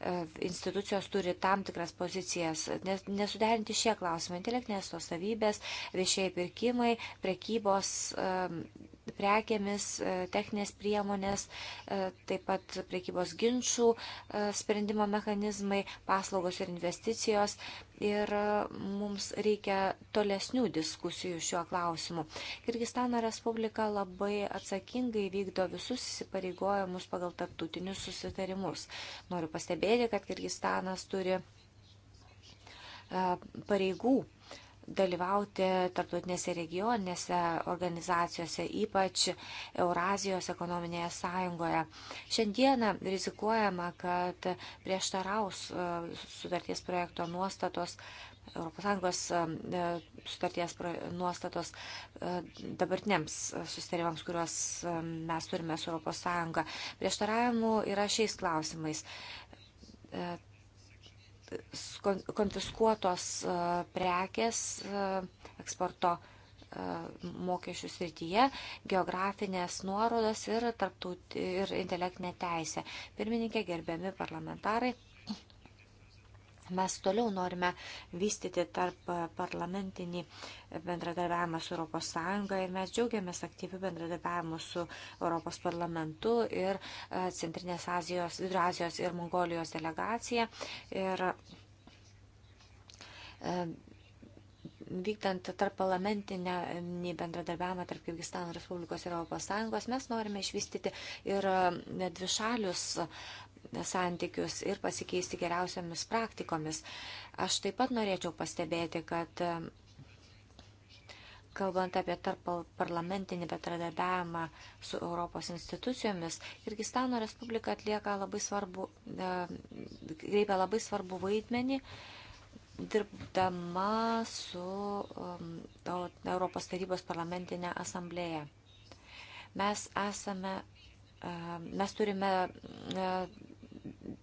e, institucijos turi tam tikras pozicijas. Nesuderinti šie klausimai - intelektinės tos savybės, viešieji pirkimai, prekybos e, prekėmis, e, techninės priemonės, e, taip pat prekybos ginčių e, sprendimo mechanizmai, paslaugos ir investicijos. Ir mums reikia tolesnių diskusijų šiuo klausimu. Kirgistano Respublika labai atsakingai vykdo visus įsipareigojimus pagal tarptautinius susitarimus. Noriu pastebėti, kad Kirgistanas turi pareigų dalyvauti tarptautinėse regioninėse organizacijose, ypač Eurazijos ekonominėje sąjungoje. Šiandieną rizikuojama, kad prieštaraus e, sutarties projekto nuostatos ES e, sutarties nuostatos e, dabartiniams susitarimams, kuriuos mes turime su ES. Prieštaravimų yra šiais klausimais konfiskuotos e, prekės e, eksporto e, mokesčių srityje, geografinės nuorodos ir, tarptaut, ir intelektinė teisė. Pirmininkė, gerbiami parlamentarai, Mes toliau norime vystyti tarp parlamentinį bendradarbiavimą su ES ir mes džiaugiamės aktyviu bendradarbiavimu su Europos parlamentu ir e, Centrinės Azijos, Vidurazijos ir Mongolijos delegacija. Ir e, vykdant tarp parlamentinę bendradarbiavimą tarp Kirgistano Respublikos ir ES, mes norime išvystyti ir e, dvišalius santykius ir pasikeisti geriausiamis praktikomis. Aš taip pat norėčiau pastebėti, kad kalbant apie tarp parlamentinį betradarbiavimą su Europos institucijomis, Kirgistano Respublika atlieka labai svarbu, greipia labai svarbu vaidmenį, dirbdama su Europos tarybos parlamentinė asamblėja. Mes esame, mes turime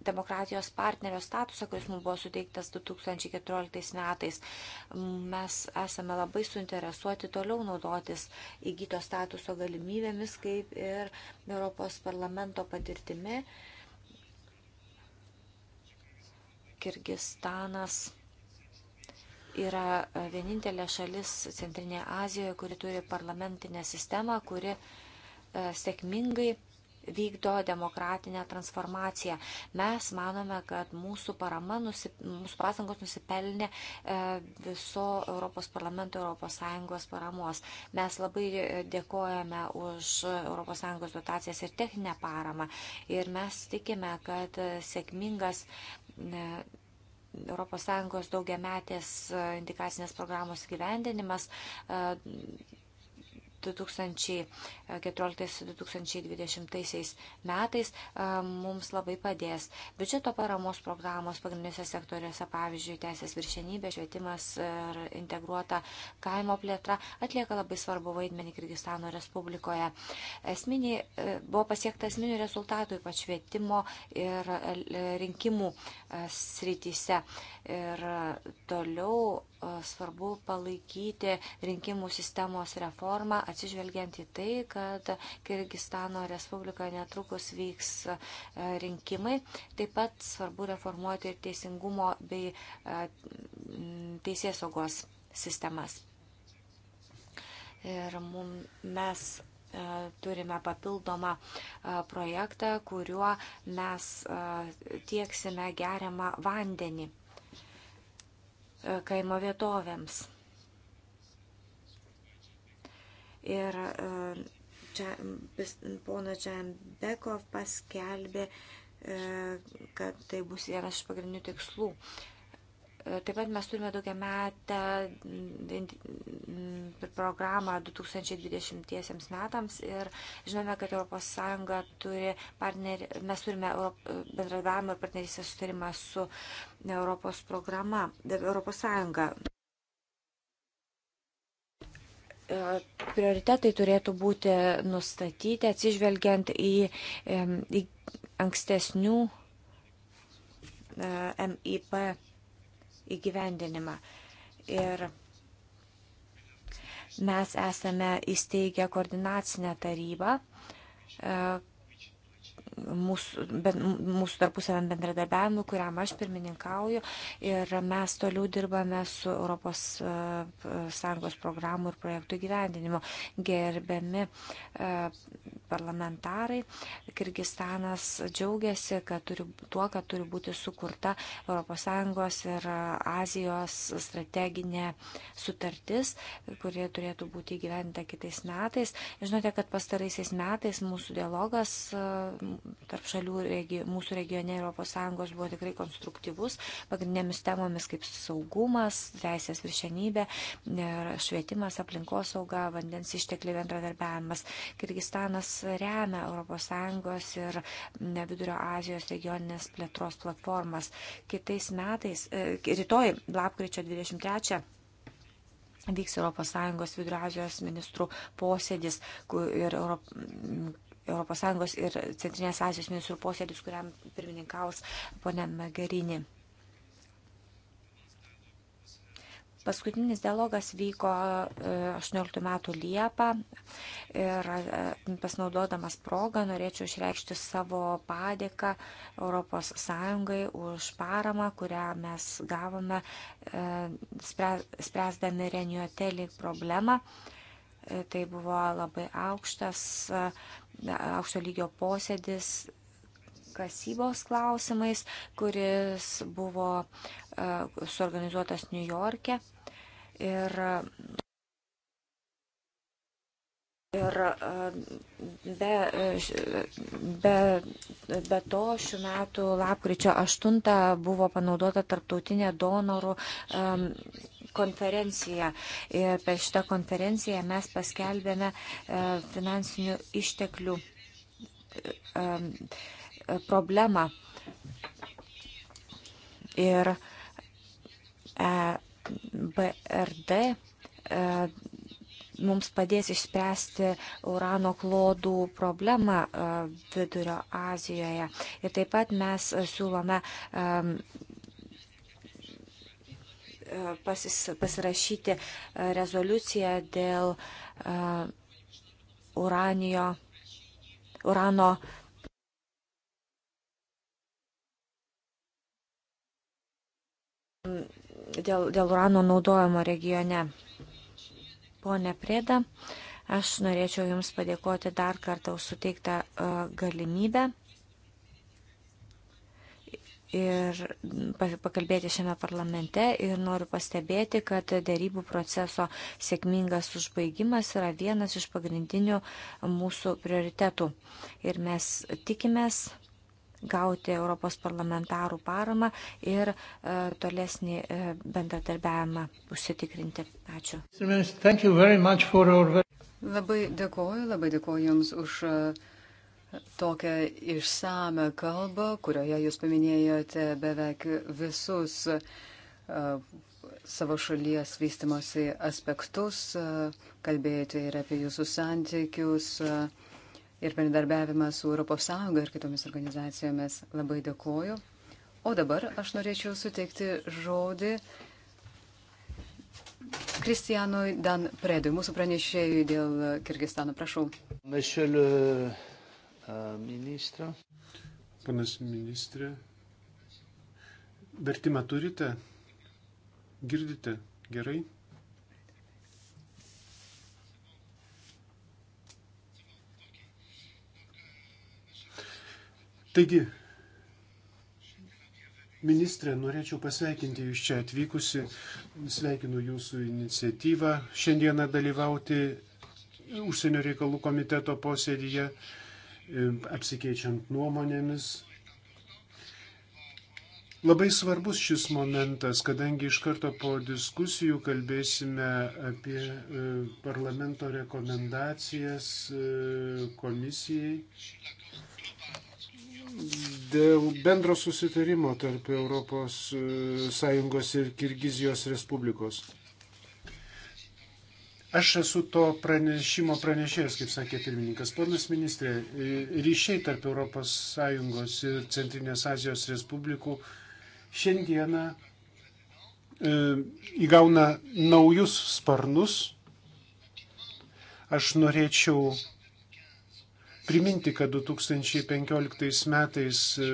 demokratijos partnerio statusą, kuris mums buvo suteiktas 2014 metais. Mes esame labai suinteresuoti toliau naudotis įgyto statuso galimybėmis, kaip ir Europos parlamento patirtimi. Kirgistanas yra vienintelė šalis Centrinėje Azijoje, kuri turi parlamentinę sistemą, kuri e, sėkmingai uh, vykdo demokratinę transformaciją. Mes manome, kad mūsų parama, nusip, mūsų pasangos nusipelnė e, viso Europos parlamento, ES paramos. Mes labai dėkojame už ES dotacijas ir techninę paramą. Ir mes tikime, kad sėkmingas. ES daugiametės e, indikacinės programos gyvendinimas e, 2014-2020 metais e, mums labai padės. Biudžeto paramos programos pagrindinėse sektoriuose, pavyzdžiui, teisės viršenybė, švietimas ir integruota kaimo plėtra atlieka labai svarbu vaidmenį Kirgistano Respublikoje. Esminiai, e, buvo pasiekta esminių rezultatų, ypač švietimo ir e, rinkimų srityse. Ir toliau svarbu palaikyti rinkimų sistemos reformą, atsižvelgiant į tai, kad Kirgistano Respublikoje netrukus vyks rinkimai. Taip pat svarbu reformuoti ir teisingumo bei teisėsaugos sistemas. Ir mum, mes turime papildomą projektą, kuriuo mes tieksime geriamą vandenį. E, kaimo vietovėms. Ir e, čia, pono Čembekov paskelbė, e, kad tai bus vienas iš pagrindinių tikslų. Taip pat mes turime daugia metę programą 2020 metams ir žinome, kad ES turi partnerį, mes turime bendradavimo ir partnerystės sutarimą su Europos programa, ES. E, prioritetai turėtų būti nustatyti atsižvelgiant į, į ankstesnių e, MIP įgyvendinimą. Ir mes esame įsteigę koordinacinę tarybą, mūsų, ben, mūsų tarpusavėm bendradarbiavimu, kuriam aš pirmininkauju. Ir mes toliau dirbame su ES e, programų ir projektų gyvendinimu. Gerbiami e, parlamentarai, Kirgistanas džiaugiasi kad turi, tuo, kad turi būti sukurta ES ir Azijos strateginė sutartis, kurie turėtų būti įgyvendinta kitais metais. Žinote, kad pastaraisiais metais mūsų dialogas tarp šalių regi, mūsų regione Europos Sąjungos buvo tikrai konstruktyvus, pagrindinėmis temomis kaip saugumas, teisės viršenybė, e, švietimas, aplinkosauga, vandens ištekliai bendradarbiavimas. Kirgistanas remia Europos Sąjungos ir Vidurio Azijos regioninės plėtros platformas. Kitais metais, e, rytoj, lapkričio 23 vyks ES Vidurio Azijos ministrų posėdis ir Europ... ES ir Centrinės Azijos ministrų posėdis, kuriam pirmininkaus ponė Magarinė. Paskutinis dialogas vyko 18 e, metų Liepą ir e, pasinaudodamas progą norėčiau išreikšti savo padėką ES už paramą, kurią mes gavome e, spręsdami Reniotelį problemą. E, tai buvo labai aukštas, e, aukšto lygio posėdis kasybos klausimais, kuris buvo e, suorganizuotas New York'e. Ir Ir be, be, be to šių metų lapkričio 8 buvo panaudota tarptautinė donorų um, konferenciją. Ir per šitą konferenciją mes paskelbėme e, finansinių išteklių e, e, problemą. Ir BRD mums padės išspręsti urano klodų problemą Vidurio Azijoje. Ir taip pat mes siūlome pasis, pasirašyti e, rezoliuciją dėl e, uranio, urano dėl, dėl urano naudojimo regione. Pone Prėda, aš norėčiau Jums padėkoti dar kartą už suteiktą e, galimybę ir pakalbėti šiame parlamente ir noriu pastebėti, kad dėrybų proceso sėkmingas užbaigimas yra vienas iš pagrindinių mūsų prioritetų. Ir mes tikimės gauti Europos parlamentarų paramą ir e, tolesnį e, bendradarbiavimą užsitikrinti. Ačiū. Labai dėkoju, labai dėkoju Jums už uh, tokią išsame kalbą, kurioje jūs paminėjote beveik visus e, savo šalies vystimosi aspektus, e, kalbėjote ir apie jūsų santykius e, ir bendradarbiavimą su ES ir kitomis organizacijomis. Labai dėkoju. O dabar aš norėčiau suteikti žodį Kristijanui Dan Predui, mūsų pranešėjui dėl Kirgistano. Prašau. Monsieur le ministro. Panas ministrė, vertimą turite? Girdite gerai? Taigi, Ministrė, norėčiau pasveikinti Jūs čia atvykusi, sveikinu Jūsų iniciatyvą šiandieną dalyvauti užsienio reikalų komiteto posėdėje apsikeičiant nuomonėmis. Labai svarbus šis momentas, kadangi iš karto po diskusijų kalbėsime apie e, parlamento rekomendacijas e, komisijai dėl bendro susitarimo tarp ES e, ir Kirgizijos Respublikos. Aš esu to pranešimo pranešėjas, kaip sakė pirmininkas. Ponas ministrė, e, ryšiai tarp ES ir Centrinės Azijos Respublikų šiandieną e, įgauna naujus sparnus. Aš norėčiau priminti, kad 2015 metais e,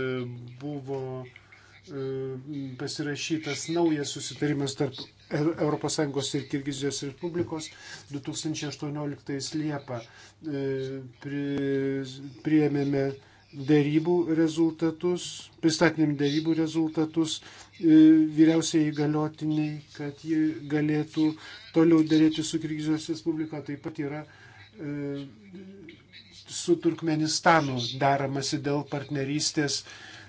buvo e, pasirašytas naujas susitarimas tarp ES ir Kirgizijos Respublikos 2018 Liepą e, priėmėme dėrybų rezultatus, pristatėm dėrybų rezultatus e, vyriausiai įgaliotiniai, kad ji galėtų toliau dėrėti su Kirgizijos Respublika, taip pat yra e, su Turkmenistanu deramasi dėl partnerystės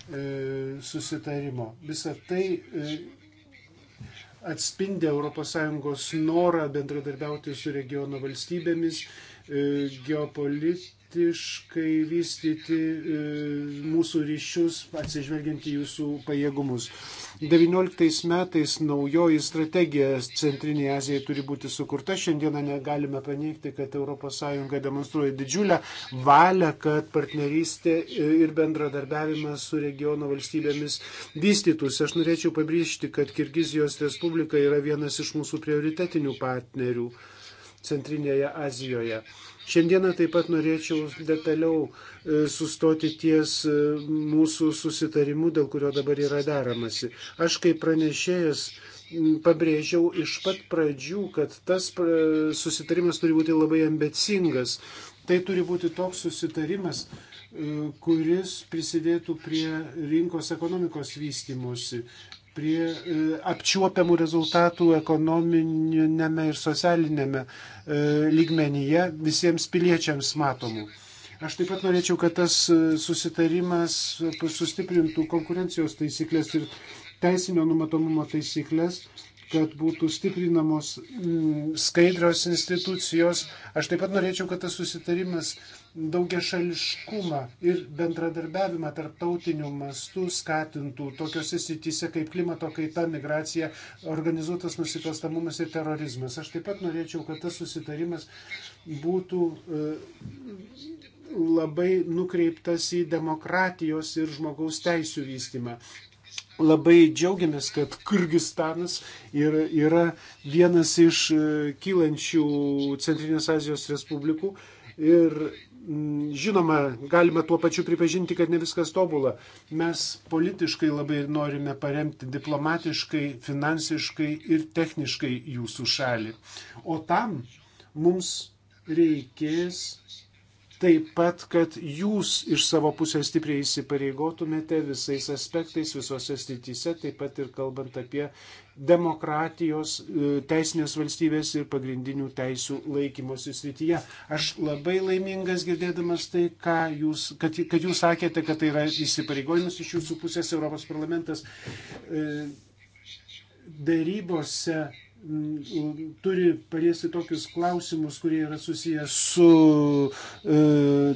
susitarimo. Visą tai atspindi ES norą bendradarbiauti su regiono valstybėmis e, geopolit praktiškai vystyti e, mūsų ryšius, atsižvelgiant į jūsų pajėgumus. 19 metais naujoji strategija Centrinėje Azijoje turi būti sukurta. Šiandieną negalime paneigti, kad ES demonstruoja didžiulę valią, kad partnerystė ir bendradarbiavimas su regiono valstybėmis vystytųsi. Aš norėčiau pabrėžti, kad Kirgizijos Respublika yra vienas iš mūsų prioritetinių partnerių Centrinėje Azijoje. Šiandieną taip pat norėčiau detaliau e, sustoti ties e, mūsų susitarimu, dėl kurio dabar yra deramasi. Aš kaip pranešėjas pabrėžiau iš pat pradžių, kad tas e, susitarimas turi būti labai ambicingas. Tai turi būti toks susitarimas, kuris prisidėtų prie rinkos ekonomikos vystimosi prie e, apčiuopiamų rezultatų ekonominėme ir socialinėme e, lygmenyje visiems piliečiams matomų. Aš taip pat norėčiau, kad tas e, susitarimas sustiprintų konkurencijos taisyklės ir teisinio numatomumo taisyklės, kad būtų stiprinamos skaidrios institucijos. Aš taip pat norėčiau, kad tas susitarimas daugiašališkumą ir bendradarbiavimą tarptautiniu mastu skatintų tokiuose srityse kaip klimato kaita, migracija, organizuotas nusikalstamumas ir terorizmas. Aš taip pat norėčiau, kad tas susitarimas būtų e, labai nukreiptas į demokratijos ir žmogaus teisų vystimą. Labai džiaugiamės, kad Kyrgyzstanas yra, yra vienas iš e, kylančių Centrinės Azijos Respublikų ir Mm, žinoma, galime tuo pačiu pripažinti, kad ne viskas tobula. Mes politiškai labai norime paremti diplomatiškai, finansiškai ir techniškai jūsų šalį. O tam mums reikės Taip pat, kad jūs iš savo pusės stipriai įsipareigotumėte visais aspektais, visose srityse, taip pat ir kalbant apie demokratijos, e, teisinės valstybės ir pagrindinių teisių laikymosi srityje. Aš labai laimingas girdėdamas tai, jūs, kad, kad jūs sakėte, kad tai yra įsipareigojimas iš jūsų pusės Europos parlamentas e, darybose Mm, turi paliesti tokius klausimus, kurie yra susijęs su e,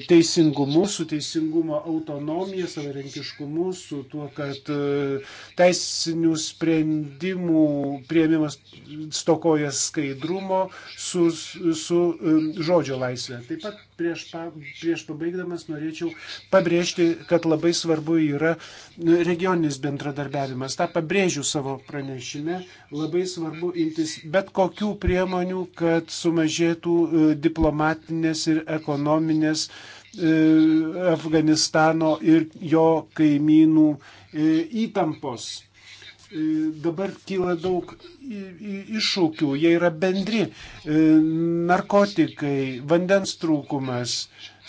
teisingumu, su teisingumo autonomija, savarankiškumu, su tuo, kad e, teisinių sprendimų prieimimas stokoja skaidrumo, su, su e, žodžio laisvė. Taip pat prieš, pa, prieš pabaigdamas norėčiau pabrėžti, kad labai svarbu yra nu, regioninis bendradarbiavimas. Ta pabrėžiu savo pranešime. Labai svarbu imtis bet kokių priemonių, kad sumažėtų e, diplomatinės ir ekonominės e, Afganistano ir jo kaimynų e, įtampos E, dabar kyla daug iššūkių, jie yra bendri. E, narkotikai, vandens trūkumas,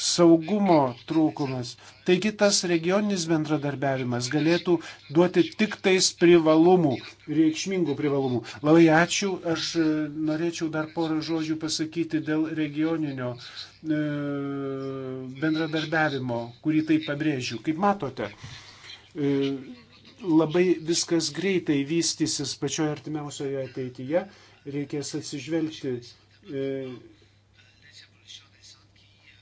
saugumo trūkumas. Taigi tas regioninis bendradarbiavimas galėtų duoti tik tais privalumų, reikšmingų privalumų. Labai ačiū, aš e, norėčiau dar porą žodžių pasakyti dėl regioninio bendradarbiavimo, kurį taip pabrėžiu. Kaip matote, labai viskas greitai vystysis pačioje artimiausioje ateityje, reikės atsižvelgti e,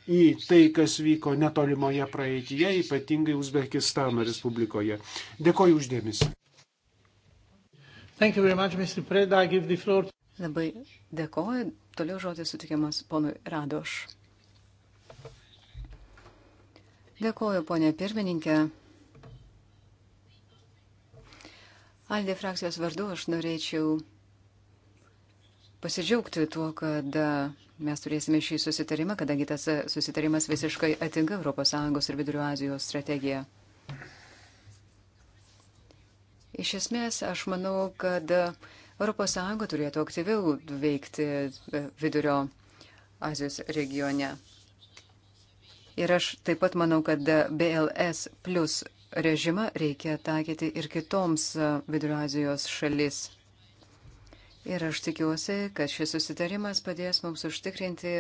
į tai, kas vyko netolimoje praeitie, ypatingai Uzbekistano Respublikoje. Dėkoju uždėmesi. Labai dėkoju. Toliau žodis sutikiamas ponui Radoš. Dėkoju, ponė pirmininkė. Aldė frakcijos vardu aš norėčiau pasidžiaugti tuo, kad e, mes turėsime šį susitarimą, kadangi tas e, susitarimas visiškai atinka ES ir Vidurio Azijos strategiją. Iš esmės, aš manau, kad ES turėtų aktyviau veikti e, Vidurio Azijos regione. Ir aš taip pat manau, kad BLS plus režimą reikia taikyti ir kitoms e, Vidurio Azijos šalis. Ir aš tikiuosi, kad šis susitarimas padės mums užtikrinti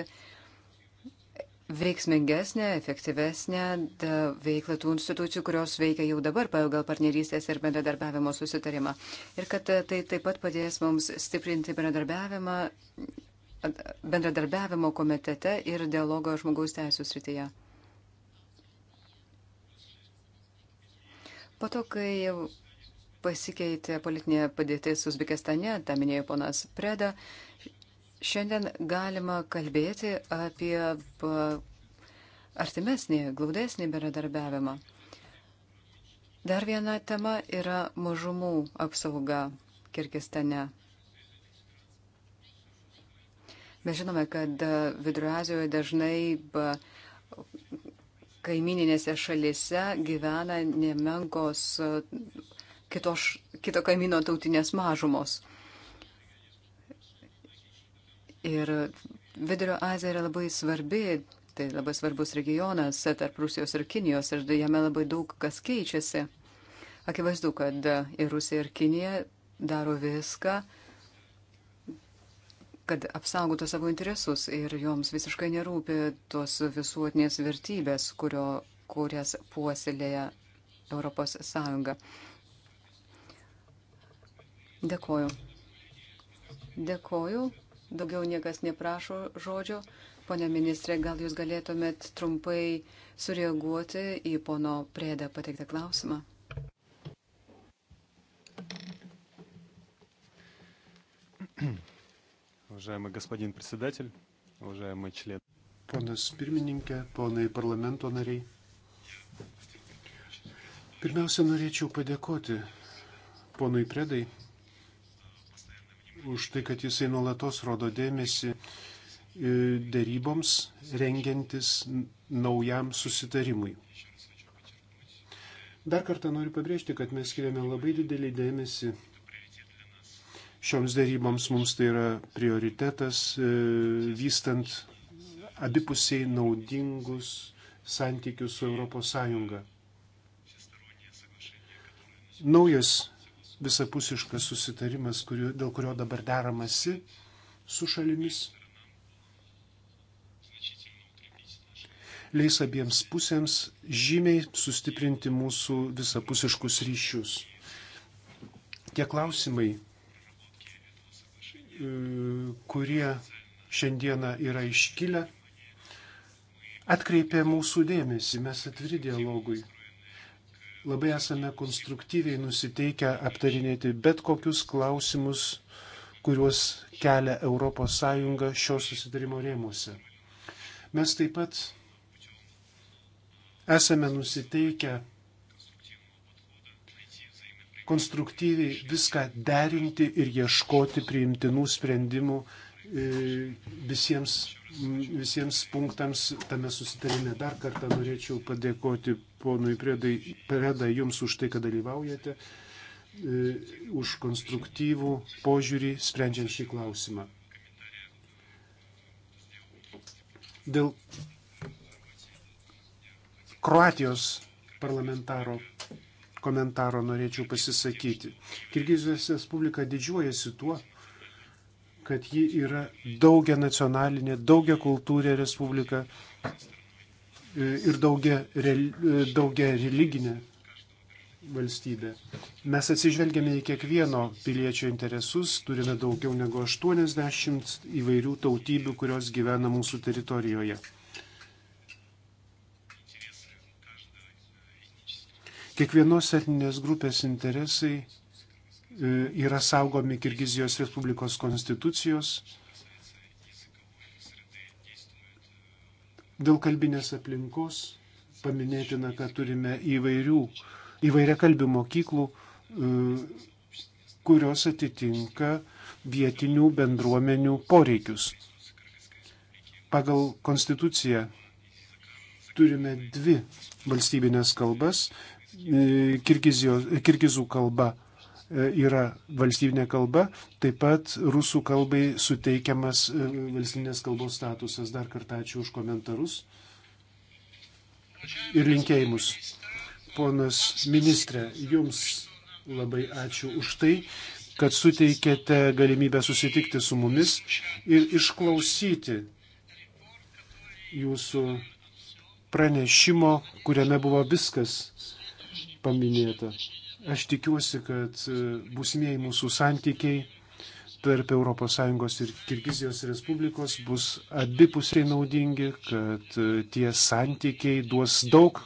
veiksmingesnę, efektyvesnę e, veiklą tų institucijų, kurios veikia jau dabar pagal partnerystės ir bendradarbiavimo susitarimą. Ir kad e, tai taip pat padės mums stiprinti bendradarbiavimą bendradarbiavimo komitete ir dialogo žmogaus teisų srityje. Po to, kai pasikeitė politinė padėtis Uzbekistane, tą minėjo ponas Preda, šiandien galima kalbėti apie artimesnį, glaudesnį bendradarbiavimą. Dar viena tema yra mažumų apsauga Kirgistane. Mes žinome, kad Vidurio Azijoje dažnai kaimininėse šalise gyvena nemenkos e, kito, kito kaimino tautinės mažumos. Ir Vidurio Azija yra labai svarbi, tai labai svarbus regionas tarp Rusijos ir Kinijos ir jame labai daug kas keičiasi. Akivaizdu, kad ir Rusija, ir Kinija daro viską, kad apsaugotų savo interesus ir joms visiškai nerūpi tos visuotinės vertybės, kurio, kurias puoselėja Europos Sąjunga. Dėkoju. Dėkoju. Daugiau niekas neprašo žodžio. Pone ministrė, gal jūs galėtumėt trumpai sureaguoti į pono priedą pateiktą klausimą? Уважаемый господин председатель, уважаемый член. Ponas pirmininkė, ponai parlamento nariai. Pirmiausia, norėčiau padėkoti ponui Predai už tai, kad jisai nuolatos rodo dėmesį e, dėryboms rengiantis naujam susitarimui. Dar kartą noriu pabrėžti, kad mes skiriame labai didelį dėmesį Šioms daryboms mums tai yra prioritetas, e, vystant abipusiai naudingus santykius su ES. Naujas visapusiškas susitarimas, kurio, dėl kurio dabar deramasi su šalimis, leis abiems pusėms žymiai sustiprinti mūsų visapusiškus ryšius. Tie klausimai, E, kurie šiandieną yra iškilę, atkreipė mūsų dėmesį, mes atviri dialogui. Labai esame konstruktyviai nusiteikę aptarinėti bet kokius klausimus, kuriuos kelia ES šio susitarimo rėmuose. Mes taip pat esame nusiteikę konstruktyviai viską derinti ir ieškoti priimtinų sprendimų e, visiems, visiems punktams tame susitarime. Dar kartą norėčiau padėkoti ponui Predai, Predai Jums už tai, kad dalyvaujate, e, už konstruktyvų požiūrį sprendžiant šį klausimą. Dėl Kroatijos parlamentaro komentaro norėčiau pasisakyti. Kirgizijos Respublika didžiuojasi tuo, kad ji yra daugia nacionalinė, daugia kultūrė Respublika e, ir daugia, e, daugia religinė valstybė. Mes atsižvelgiame į kiekvieno piliečio interesus, turime daugiau negu 80 įvairių tautybių, kurios gyvena mūsų teritorijoje. Kiekvienos etninės grupės interesai e, yra saugomi Kirgizijos Respublikos konstitucijos. Dėl kalbinės aplinkos paminėtina, kad turime įvairių, įvairia kalbių mokyklų, e, kurios atitinka vietinių bendruomenių poreikius. Pagal konstituciją turime dvi valstybinės kalbas E, e, kirgizų kalba e, yra valstybinė kalba, taip pat rusų kalbai suteikiamas valstybinės kalbos statusas. Dar kartą ačiū už komentarus ir linkėjimus. Ponas ministrė, jums labai ačiū už tai, kad suteikėte galimybę susitikti su mumis ir išklausyti jūsų pranešimo, kuriame buvo viskas paminėta. Aš tikiuosi, kad e, būsimieji mūsų santykiai tarp ES ir Kirgizijos Respublikos bus abipusiai naudingi, kad e, tie santykiai duos daug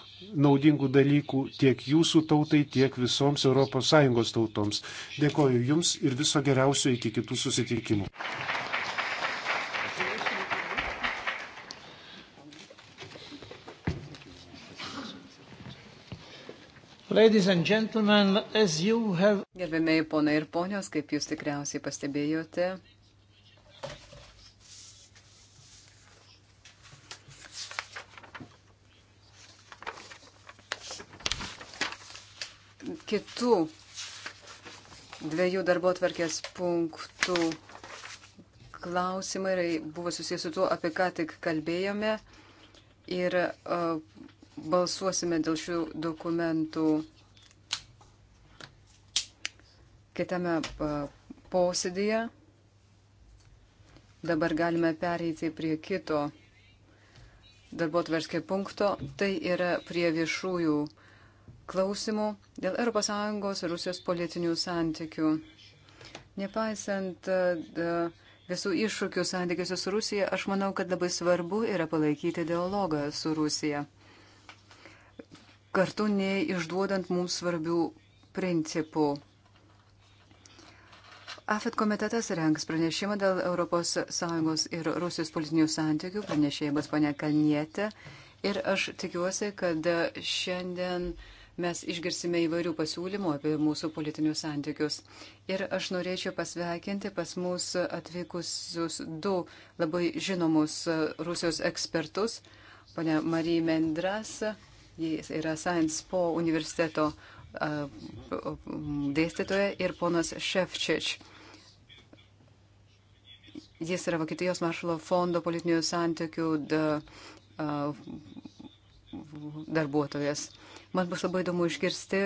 naudingų dalykų tiek jūsų tautai, tiek visoms ES tautoms. Dėkoju Jums ir viso geriausio iki kitų susitikimų. Have... Gerbėmiai ponai ir ponios, kaip jūs tikriausiai pastebėjote, kitų dviejų darbo atvarkės punktų klausimai buvo susijęs su tuo, apie ką tik kalbėjome. Ir uh, balsuosime dėl šių dokumentų kitame posėdėje. Dabar galime pereiti prie kito darbo tvarskė punkto. Tai yra prie viešųjų klausimų dėl ES ir Rusijos politinių santykių. Nepaisant e, visų iššūkių santykiuose su Rusija, aš manau, kad labai svarbu yra palaikyti dialogą su Rusija kartu neišduodant mums svarbių principų. AFET komitetas rengs pranešimą dėl ES ir Rusijos politinių santykių, pranešėjai bus ponia Kalnietė. Ir aš tikiuosi, kad šiandien mes išgirsime įvairių pasiūlymų apie mūsų politinius santykius. Ir aš norėčiau pasveikinti pas mus atvykusius du labai žinomus Rusijos ekspertus, ponia Marija Mendrasa Jis yra Science Po universiteto dėstytoja ir ponas Šefčič. Jis yra Vokietijos maršalo fondo politinių santykių darbuotojas. Man bus labai įdomu išgirsti,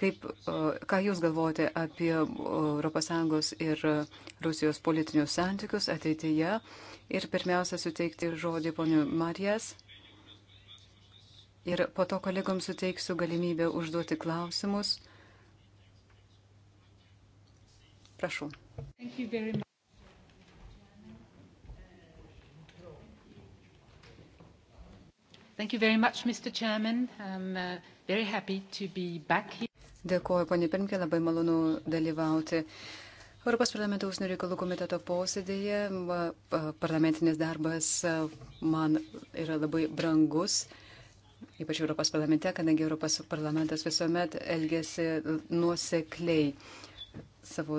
kaip, ką Jūs galvojate apie ES ir Rusijos politinius santykius ateityje. Ir pirmiausia, suteikti žodį poniu Marijas, ir po to kolegoms suteiksiu galimybę užduoti klausimus. Prašau. Thank you very much, Mr. Chairman. I'm uh, very happy to be back here. Dėkuoju, ponė Pirmkė, labai malonu dalyvauti. Europos parlamento užsienio reikalų komiteto posėdėje parlamentinis darbas uh, man yra labai brangus. Uh, ypač Europos parlamente, kadangi Europos parlamentas visuomet elgėsi nuosekliai savo,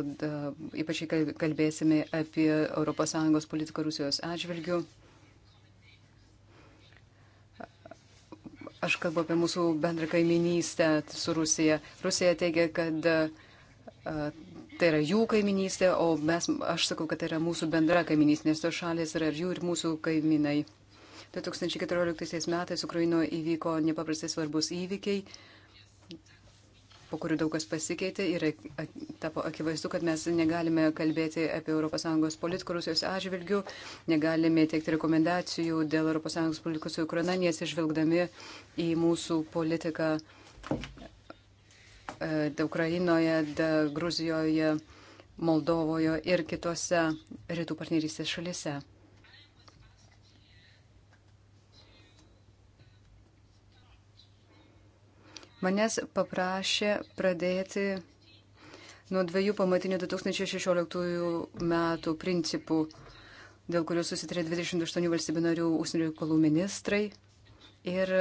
ypač kai kalbėsime apie ES politiką Rusijos atžvilgių. Aš kalbu apie mūsų bendrą kaiminystę su Rusija. Rusija teigia, kad a, tai yra jų kaiminystė, o mes, aš sakau, kad tai yra mūsų bendra kaiminystė, nes tos šalės yra ir jų, ir mūsų kaiminai. 2014 metais Ukrainoje įvyko nepaprastai svarbus įvykiai, po kurių daug kas pasikeitė ir tapo akivaizdu, kad mes negalime kalbėti apie ES politiką Rusijos atžvilgių, negalime teikti rekomendacijų dėl ES politikos su Ukraina, nesižvelgdami į mūsų politiką e, Ukrainoje, Gruzijoje, Moldovoje ir kitose rytų partnerystės šalise. manęs paprašė pradėti nuo dviejų pamatinių 2016 metų principų, dėl kurių susitarė 28 valstybių narių užsienio reikalų ministrai ir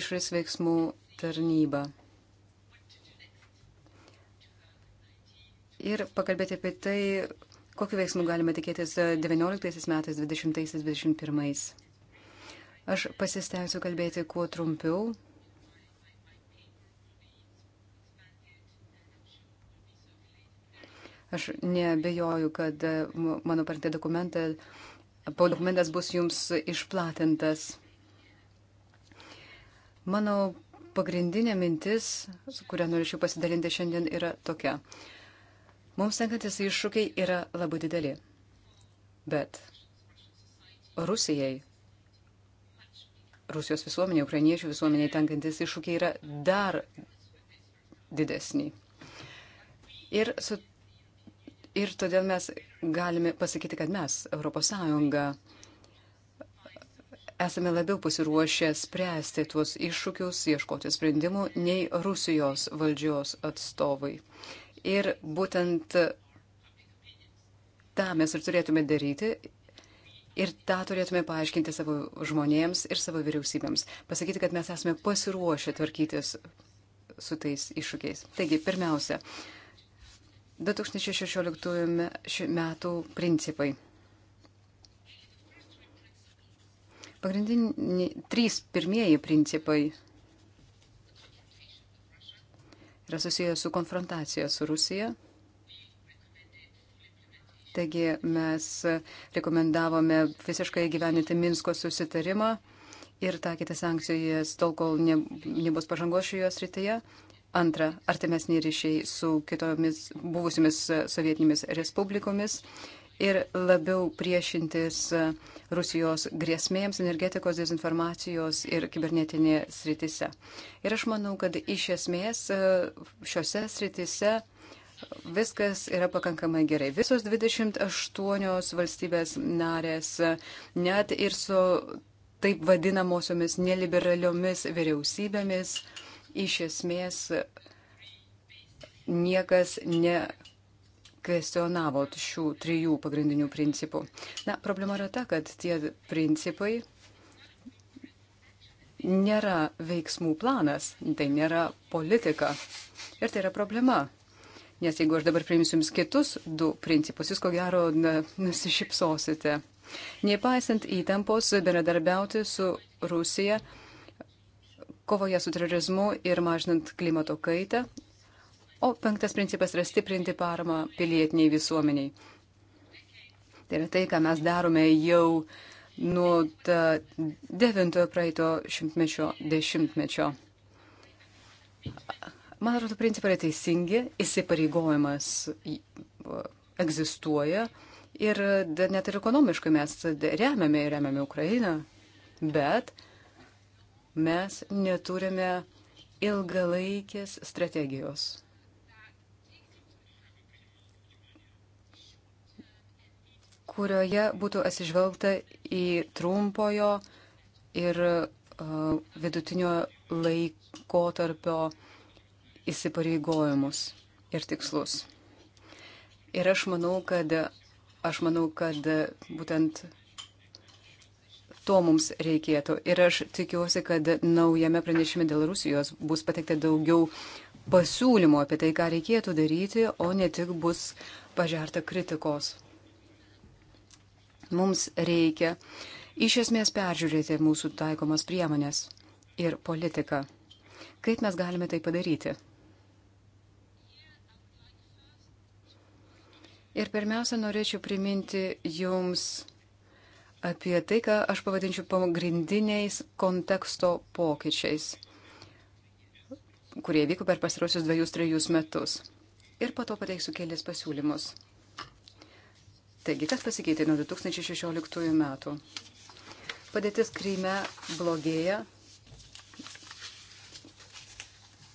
išorės veiksmų tarnyba. Ir pakalbėti apie tai, kokiu veiksmu galime tikėtis 19 metais, 20, 21. Aš pasistengsiu kalbėti kuo trumpiau Aš nebejoju, kad e, mano partija dokumentą, dokumentas bus jums išplatintas. Mano pagrindinė mintis, su kuria norėčiau pasidalinti šiandien, yra tokia. Mums tenkantis iššūkiai yra labai dideli. Bet Rusijai, Rusijos visuomeniai, ukrainiečių visuomeniai tenkantis iššūkiai yra dar didesni. Ir su Ir todėl mes galime pasakyti, kad mes, ES, esame labiau pasiruošę spręsti tuos iššūkius, ieškoti sprendimų, nei Rusijos valdžios atstovai. Ir būtent tą mes ir turėtume daryti. Ir tą turėtume paaiškinti savo žmonėms ir savo vyriausybėms. Pasakyti, kad mes esame pasiruošę tvarkytis su tais iššūkiais. Taigi, pirmiausia, uh, 2016 metų principai. Pagrindiniai trys pirmieji principai yra susijęs su konfrontacija su Rusija. Taigi mes rekomendavome visiškai gyveninti Minsko susitarimą ir taikyti sankcijas tol, kol ne, nebus pažangos šioje srityje. Antra, artimesni ryšiai su kitomis buvusiamis sovietinėmis respublikomis ir labiau priešintis Rusijos grėsmėms energetikos, dezinformacijos ir kibernetinė sritise. Ir aš manau, kad iš esmės e, šiuose sritise viskas yra pakankamai gerai. Visos 28 valstybės narės, net ir su taip vadinamosiomis neliberaliomis vyriausybėmis, uh, iš esmės niekas ne kvestionavo šių trijų pagrindinių principų. Na, problema yra ta, kad tie principai nėra veiksmų planas, tai nėra politika. Ir tai yra problema. Nes jeigu aš dabar priimsiu jums kitus du principus, jūs ko gero nusišypsosite. Nepaisant įtampos bendradarbiauti su Rusija kovoje su terorizmu ir mažinant klimato kaitą. O penktas principas yra stiprinti paramą pilietiniai visuomeniai. Tai yra tai, ką mes darome jau nuo devintojo praeito šimtmečio dešimtmečio. Man atrodo, principai yra teisingi, įsipareigojimas egzistuoja ir net ir ekonomiškai mes remiame ir remiame Ukrainą, bet mes neturime ilgalaikės strategijos. kurioje būtų atsižvelgta į trumpojo ir vidutinio laikotarpio įsipareigojimus ir tikslus. Ir aš manau, kad, aš manau, kad būtent To mums reikėtų. Ir aš tikiuosi, kad naujame pranešime dėl Rusijos bus pateikta daugiau pasiūlymų apie tai, ką reikėtų daryti, o ne tik bus pažerta kritikos. Mums reikia iš esmės peržiūrėti mūsų taikomas priemonės ir politiką. Kaip mes galime tai padaryti? Ir pirmiausia, norėčiau priminti jums apie tai, ką aš pavadinčiau pagrindiniais konteksto pokyčiais, kurie vyko per pastarosius dviejus, trejus metus. Ir po to pateiksiu kelis pasiūlymus. Taigi, kas pasikeitė nuo 2016 metų? Padėtis Kryme blogėja,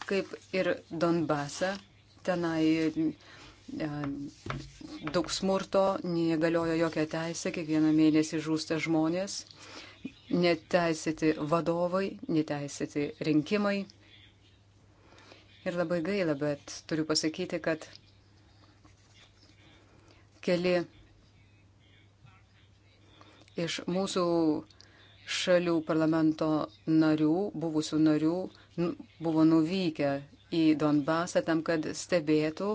kaip ir Donbase. Tenai E, daug smurto, negalioja jokia teisė, kiekvieną mėnesį žūsta žmonės, neteisėti vadovai, neteisėti rinkimai. Ir labai gaila, bet turiu pasakyti, kad keli iš mūsų šalių parlamento narių, buvusių narių, buvo nuvykę į Donbasą tam, kad stebėtų,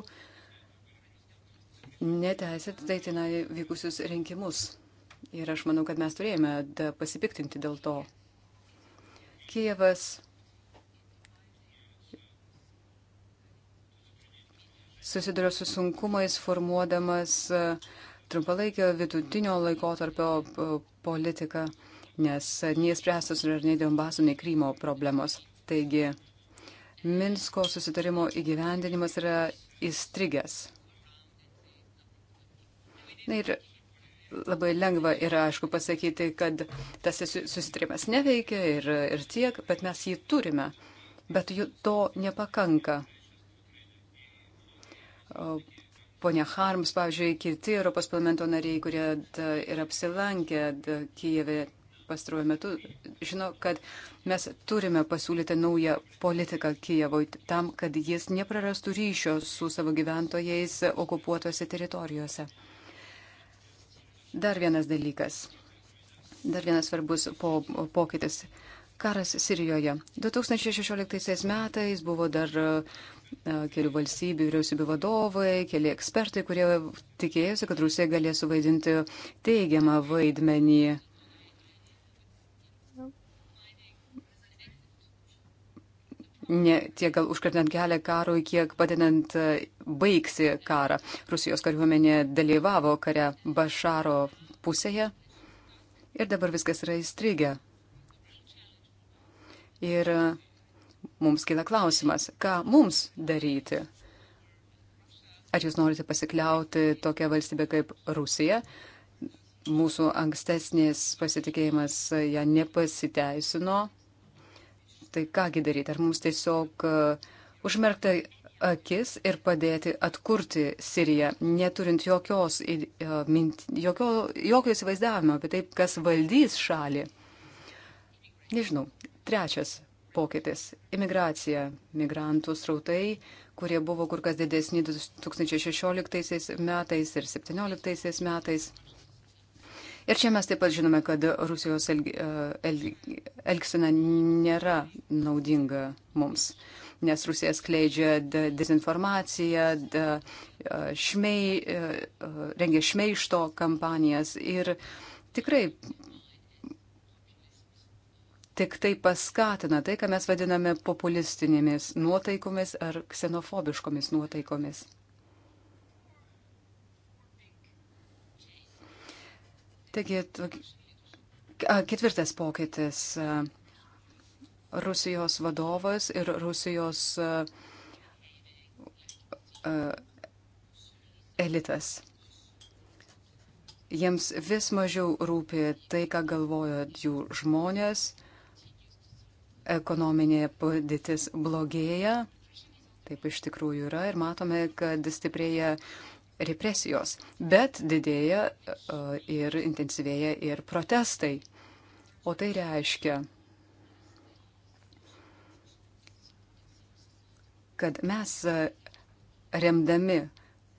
neteisėtai tenai vykusius rinkimus. Ir aš manau, kad mes turėjome pasipiktinti dėl to. Kievas susiduria su sunkumais formuodamas trumpalaikio vidutinio laikotarpio politiką, nes neįspręstos yra nei Donbaso, nei Krymo problemos. Taigi, Minsko susitarimo įgyvendinimas yra įstrigęs. Ir labai lengva yra, aišku, pasakyti, kad tas susitarimas neveikia ir, ir tiek, bet mes jį turime. Bet jų to nepakanka. Pone Harms, pavyzdžiui, kiti Europos parlamento nariai, kurie da, yra apsilankę da, Kijeve pastaruoju metu, žino, kad mes turime pasiūlyti naują politiką Kijevui tam, kad jis neprarastų ryšio su savo gyventojais okupuotose teritorijose. Dar vienas dalykas, dar vienas svarbus po, pokytis. Karas Sirijoje. 2016 metais buvo dar e, kelių valstybių vyriausybių vadovai, keli ekspertai, kurie tikėjosi, kad Rusija galės suvaidinti teigiamą vaidmenį ne tiek gal užkartinant kelią karui, kiek padedant e, baigsi karą. Rusijos kariuomenė dalyvavo kare Bašaro pusėje ir dabar viskas yra įstrigę. Ir e, mums kyla klausimas, ką mums daryti. Ar jūs norite pasikliauti tokią valstybę kaip Rusija? Mūsų ankstesnis pasitikėjimas ją nepasiteisino tai kągi daryti, ar mums tiesiog e, užmerkti akis ir padėti atkurti Siriją, neturint jokios, e, jokio, jokio įsivaizdavimo apie tai, kas valdys šalį. Nežinau. Trečias pokytis - imigracija, migrantų srautai, kurie buvo kur kas didesni 2016 metais ir 2017 metais. Ir čia mes taip pat žinome, kad Rusijos elg, e, el, elgsena nėra naudinga mums, nes Rusija skleidžia dezinformaciją, de, šmei, e, e, rengia šmeišto kampanijas ir tikrai tik tai paskatina tai, ką mes vadiname populistinėmis nuotaikomis ar ksenofobiškomis nuotaikomis. Taigi, ketvirtas pokytis. Rusijos vadovas ir Rusijos elitas. Jiems vis mažiau rūpi tai, ką galvoja jų žmonės, ekonominė padėtis blogėja, taip iš tikrųjų yra, ir matome, kad stiprėja uh, represijos, bet didėja e, ir intensyvėja ir protestai. O tai reiškia, kad mes e, remdami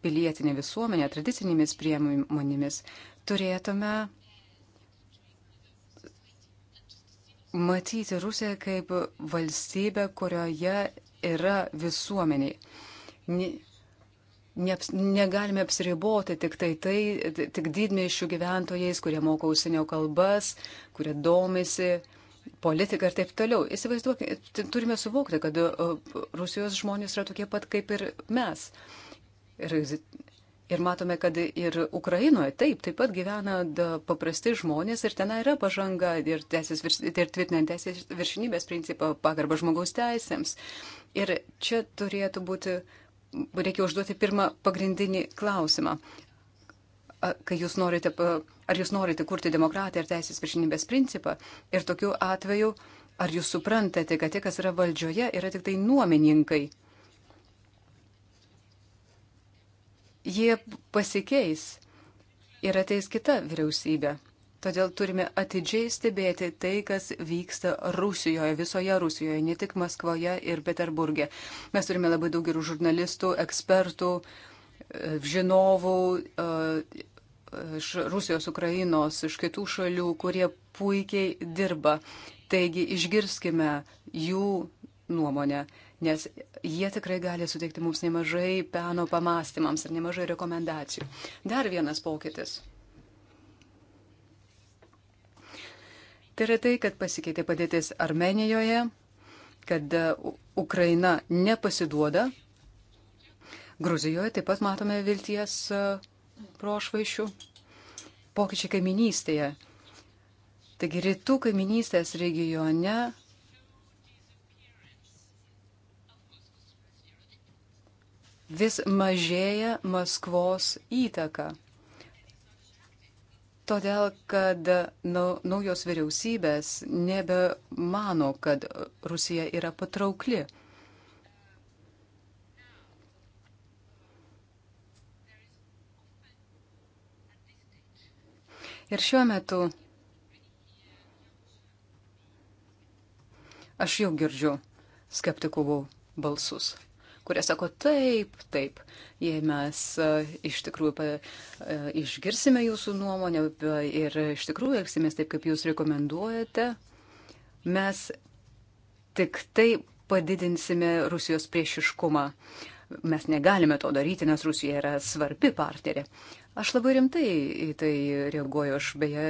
pilietinę visuomenę tradicinėmis priemonėmis turėtume matyti Rusiją kaip valstybę, kurioje yra visuomeniai neaps, negalime apsiriboti tik tai tai, tik didmėšių gyventojais, kurie moka užsienio kalbas, kurie domisi politiką ir taip toliau. Įsivaizduokime, turime suvokti, kad Rusijos žmonės yra tokie pat kaip ir mes. Ir, ir matome, kad ir Ukrainoje taip, taip pat gyvena da, paprasti žmonės ir ten yra pažanga ir, teisės, ir tvirtinant teisės viršinybės principą pagarbą žmogaus teisėms. Ir čia turėtų būti uh, reikia užduoti pirmą pagrindinį klausimą. Kai jūs norite, ar jūs norite kurti demokratiją ir teisės viršinybės principą ir tokiu atveju, ar jūs suprantate, kad tie, kas yra valdžioje, yra tik tai nuomininkai. Jie pasikeis ir ateis kita vyriausybė. Todėl turime atidžiai stebėti tai, kas vyksta Rusijoje, visoje Rusijoje, ne tik Maskvoje ir Peterburgė. Mes turime labai daug gerų žurnalistų, ekspertų, e, žinovų e, iš Rusijos, Ukrainos, iš kitų šalių, kurie puikiai dirba. Taigi išgirskime jų nuomonę, nes jie tikrai gali suteikti mums nemažai peno pamastymams ir nemažai rekomendacijų. Dar vienas pokytis Tai yra tai, kad pasikeitė padėtis Armenijoje, kad uh, Ukraina nepasiduoda. Gruzijoje taip pat matome vilties uh, prošvaišių. Pokyčiai kaiminystėje. Taigi rytų kaiminystės regione vis mažėja Maskvos įtaka. Todėl, kad naujos vyriausybės nebemano, kad Rusija yra patraukli. Ir šiuo metu aš jau girdžiu skeptikų balsus kurie sako taip, taip, jei mes e, iš tikrųjų e, išgirsime jūsų nuomonę e, ir iš tikrųjų elgsimės taip, kaip jūs rekomenduojate, mes tik tai padidinsime Rusijos priešiškumą. Mes negalime to daryti, nes Rusija yra svarbi partnerė. Aš labai rimtai į tai reaguoju. Aš beje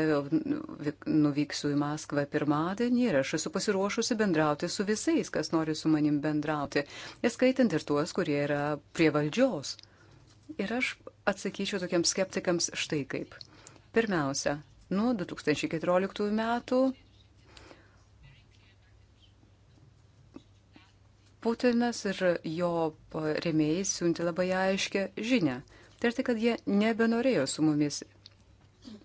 nuvyksiu į Maskvą pirmadienį ir aš esu pasiruošusi bendrauti su visais, kas nori su manim bendrauti, neskaitant ir tuos, kurie yra prie valdžios. Ir aš atsakyčiau tokiems skeptikams štai kaip. Pirmiausia, nuo 2014 metų Putinas ir jo remėjai siunti labai aiškę žinę. Tai ir tai, kad jie nebenorėjo su mumis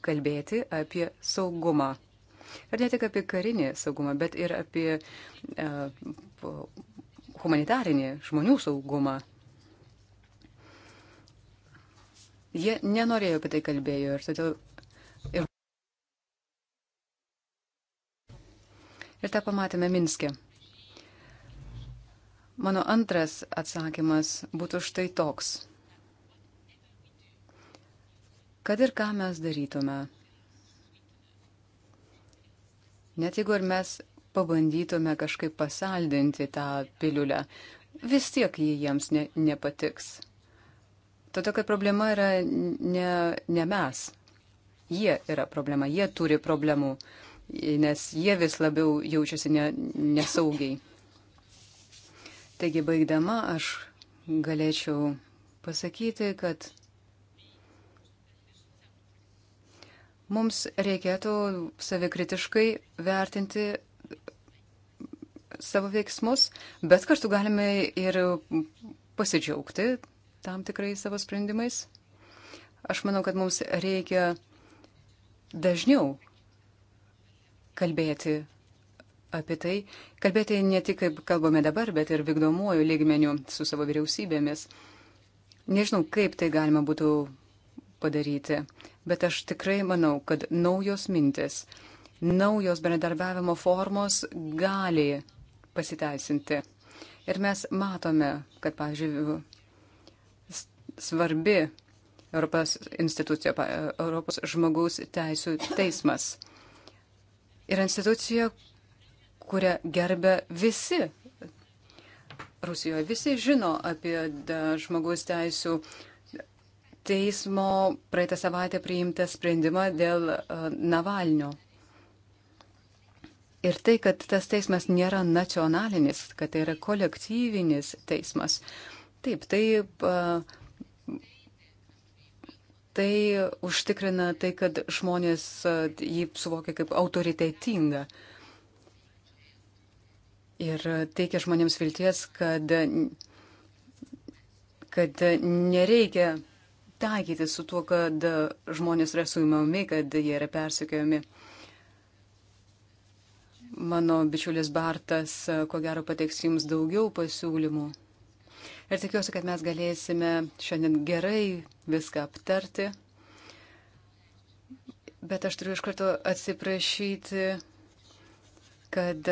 kalbėti apie saugumą. Ir ne tik apie karinį saugumą, bet ir apie uh, humanitarinį žmonių saugumą. Jie nenorėjo apie tai kalbėjo ir todėl. Ir, ir tą pamatėme Minske. Mano antras atsakymas būtų štai toks. Kad ir ką mes darytume, net jeigu ir mes pabandytume kažkaip pasaldinti tą piliulę, vis tiek jie jiems ne, nepatiks. Todėl, kad problema yra ne, ne mes. Jie yra problema, jie turi problemų, nes jie vis labiau jaučiasi ne, nesaugiai. Taigi baigdama aš galėčiau pasakyti, kad mums reikėtų savikritiškai vertinti savo veiksmus, bet kartu galime ir pasidžiaugti tam tikrai savo sprendimais. Aš manau, kad mums reikia dažniau kalbėti apie tai kalbėti ne tik kaip kalbame dabar, bet ir vykdomuoju lygmeniu su savo vyriausybėmis. Nežinau, kaip tai galima būtų padaryti, bet aš tikrai manau, kad naujos mintis, naujos bendradarbiavimo formos gali pasiteisinti. Ir mes matome, kad, pavyzdžiui, svarbi Europos institucija, Europos žmogaus teisų teismas yra institucija, kurią gerbė visi. Rusijoje visi žino apie žmogaus teisų teismo praeitą savaitę priimtą sprendimą dėl Navalnio. Ir tai, kad tas teismas nėra nacionalinis, kad tai yra kolektyvinis teismas. Taip, tai, tai užtikrina tai, kad žmonės jį suvokia kaip autoritetingą. Uh, ir teikia žmonėms vilties, kad, kad nereikia taikyti su tuo, kad žmonės yra suimami, kad jie yra persikiojami. Mano bičiulis Bartas, ko gero, pateiks jums daugiau pasiūlymų. Ir tikiuosi, kad mes galėsime šiandien gerai viską aptarti. Bet aš turiu iš karto atsiprašyti, kad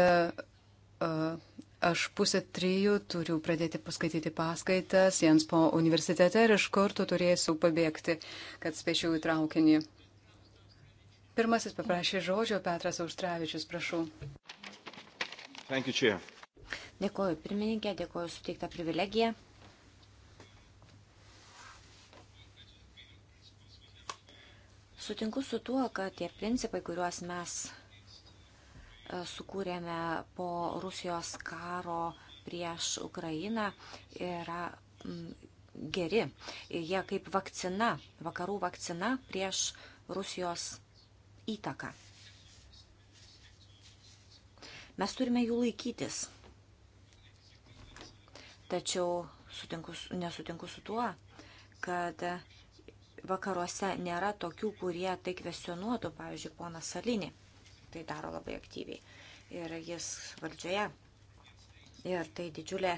aš pusę trijų turiu pradėti paskaityti paskaitas Janspo universitete ir iš karto turėsiu pabėgti, kad spėčiau į traukinį. Pirmasis paprašė žodžio Petras Austravičius, prašau. Thank you, Chair. Dėkuoju pirmininkė, dėkuoju suteiktą privilegiją. Sutinku su tuo, kad tie principai, kuriuos mes E, sukūrėme po Rusijos karo prieš Ukrainą, yra geri. Jie kaip vakcina, vakarų vakcina prieš Rusijos įtaką. Mes turime jų laikytis. Tačiau sutinku, nesutinku su tuo, kad vakaruose nėra tokių, kurie tai kvestionuotų, pavyzdžiui, ponas Salinį tai daro labai aktyviai. Ir jis valdžioje. Ir tai didžiulė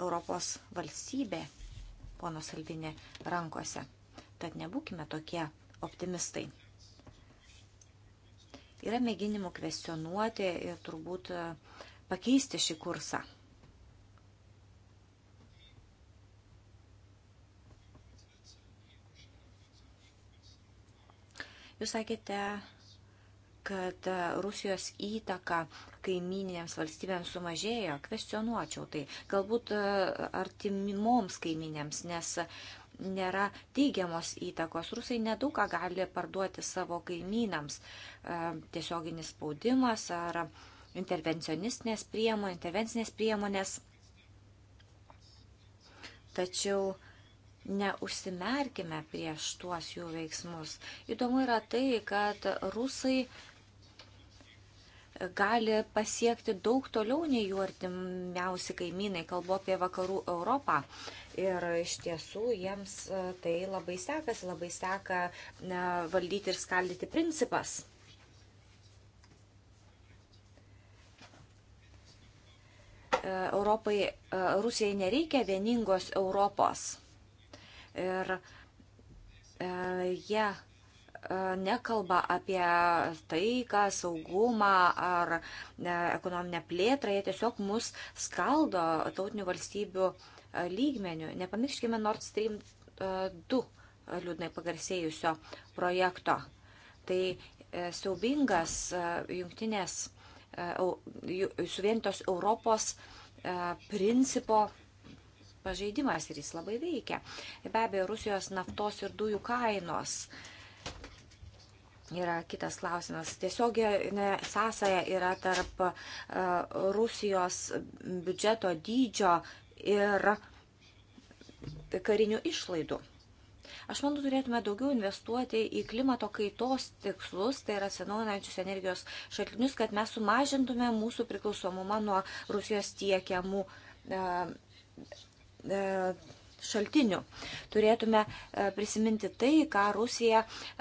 Europos valstybė pono Salvinė rankose. Tad nebūkime tokie optimistai. Yra mėginimų kvestionuoti ir turbūt e, pakeisti šį kursą. Jūs sakėte, kad e, Rusijos įtaka kaiminėms valstybėms sumažėjo, kvestionuočiau tai. Galbūt e, artimoms kaiminėms, nes nėra teigiamos įtakos. Rusai nedaug ką gali parduoti savo kaimynams. E, tiesioginis spaudimas ar intervencionistinės priemonės, intervencinės priemonės. Tačiau neužsimerkime prieš tuos jų veiksmus. Įdomu yra tai, kad rusai gali pasiekti daug toliau nei jų artimiausi kaimynai, kalbu apie vakarų Europą. Ir iš tiesų jiems e, tai labai sekasi, labai seka valdyti ir skaldyti principas. E, Europai, e, Rusijai nereikia vieningos Europos. Ir jie. Yeah E, nekalba apie taiką, saugumą ar e, ekonominę plėtrą, jie tiesiog mus skaldo tautinių valstybių e, lygmenių. Nepamirškime Nord Stream 2 liūdnai pagarsėjusio projekto. Tai siaubingas jungtinės suvientos Europos principo pažeidimas ir jis labai veikia. Be abejo, Rusijos naftos ir dujų kainos. Uh, yra kitas klausimas. Tiesioginė sąsaja yra tarp e, Rusijos biudžeto dydžio ir karinių išlaidų. Aš manau, turėtume daugiau investuoti į klimato kaitos tikslus, tai yra senovinančius energijos šaltinius, kad mes sumažintume mūsų priklausomumą nuo Rusijos tiekiamų e, e, šaltinių. Turėtume e, prisiminti tai, ką Rusija 2014-2018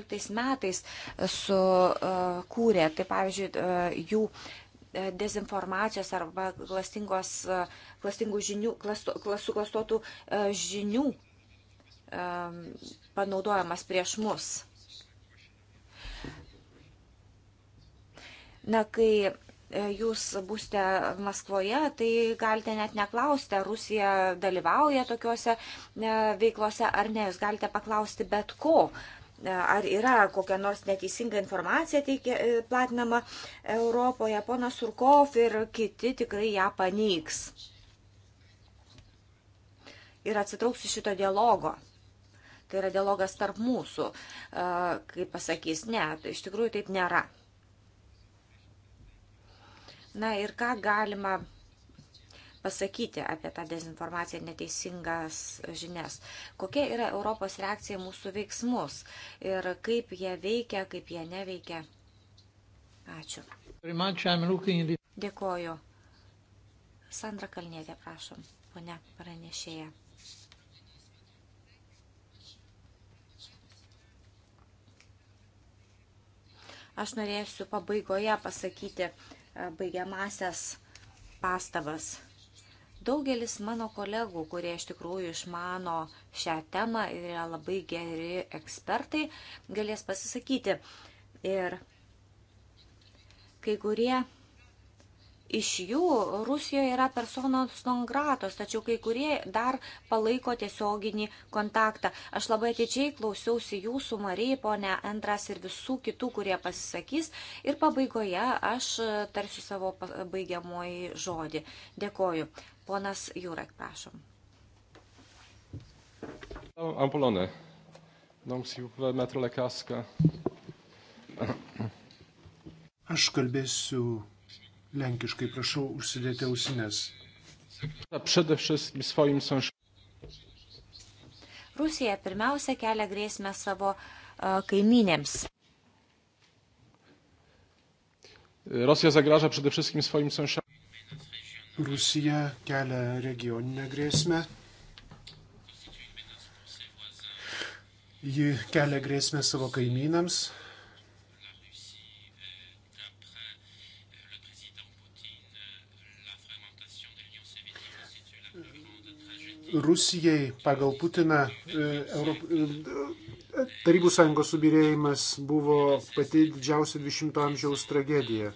e, metais e, sukūrė. Tai pavyzdžiui, jų dezinformacijos arba klastingų žinių, klasto, suklastotų žinių panaudojamas prieš mus. Na, kai E, jūs būsite Maskvoje, tai galite net neklausti, ar Rusija dalyvauja tokiuose e, veiklose ar ne. Jūs galite paklausti bet ko. E, ar yra kokia nors neteisinga informacija teikia, platinama Europoje, ponas Surkov ir kiti tikrai ją paneigs. Ir atsitrauksiu šito dialogo tai yra dialogas tarp mūsų, kaip pasakys, ne, iš tikrųjų taip nėra. Na ir ką galima pasakyti apie tą dezinformaciją ir neteisingas žinias. Kokia yra Europos reakcija mūsų veiksmus ir kaip jie veikia, kaip jie neveikia. Ačiū. Dėkoju. Sandra Kalnietė, prašom, ponia pranešėja. Aš norėsiu pabaigoje pasakyti, E, baigiamasias pastabas. Daugelis mano kolegų, kurie iš tikrųjų išmano šią temą ir yra labai geri ekspertai, galės pasisakyti. Ir kai kurie iš jų Rusijoje yra personos non gratos, tačiau kai kurie dar palaiko tiesioginį kontaktą. Aš labai atidžiai klausiausi jūsų, Marija, ponė Andras ir visų kitų, kurie pasisakys. Ir pabaigoje aš tarsiu savo baigiamoji žodį. Dėkoju. Ponas Jurek, prašom. Ampulone. Donc, s'il vous plaît, mettre le casque. Aš kalbėsiu lenkiškai, prašau užsidėti ausines. Rusija pirmiausia kelia grėsmę savo e, kaiminėms. Rosja zagraža przede wszystkim swoim sąsiadom. Rusija kelia regioninę grėsmę. Ji kelia grėsmę savo kaimynams. Rusijai pagal Putiną e, e, e, Tarybų sąjungos subirėjimas buvo pati didžiausia 20-ojo amžiaus tragedija.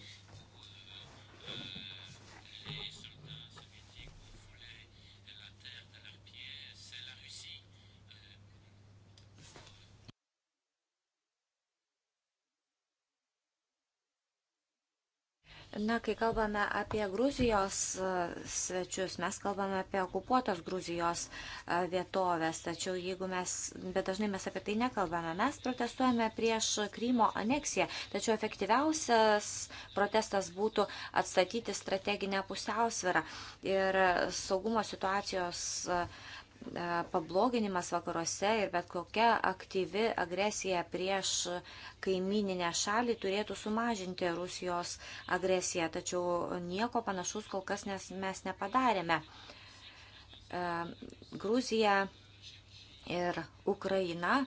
Na, kai kalbame apie Gruzijos e, svečius, mes kalbame apie okupuotos Gruzijos e, vietovės, tačiau jeigu mes, bet dažnai mes apie tai nekalbame, mes protestuojame prieš Krymo aneksiją, tačiau efektyviausias protestas būtų atstatyti strateginę pusiausvyrą ir saugumo situacijos uh, E, pabloginimas vakaruose ir bet kokia aktyvi agresija prieš kaimininę šalį turėtų sumažinti Rusijos agresiją, tačiau nieko panašaus kol kas nes mes nepadarėme. E, Gruzija ir Ukraina e,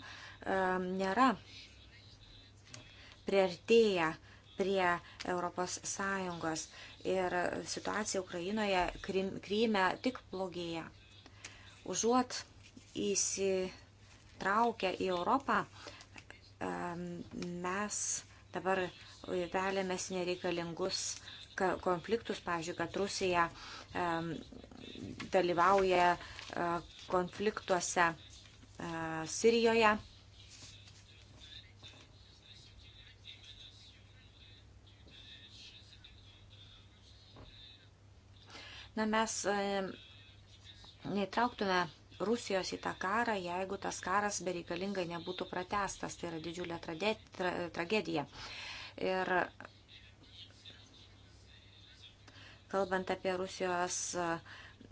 nėra priartėję prie ES ir situacija Ukrainoje, Kryme tik blogėja. Užuot įsitraukę į Europą, mes dabar velėmės nereikalingus konfliktus, pavyzdžiui, kad Rusija dalyvauja e, konfliktuose e, Sirijoje. Na, mes neįtrauktume Rusijos į tą karą, jeigu tas karas bereikalingai nebūtų pratestas. Tai yra didžiulė trade, tra, tragedija. Ir kalbant apie Rusijos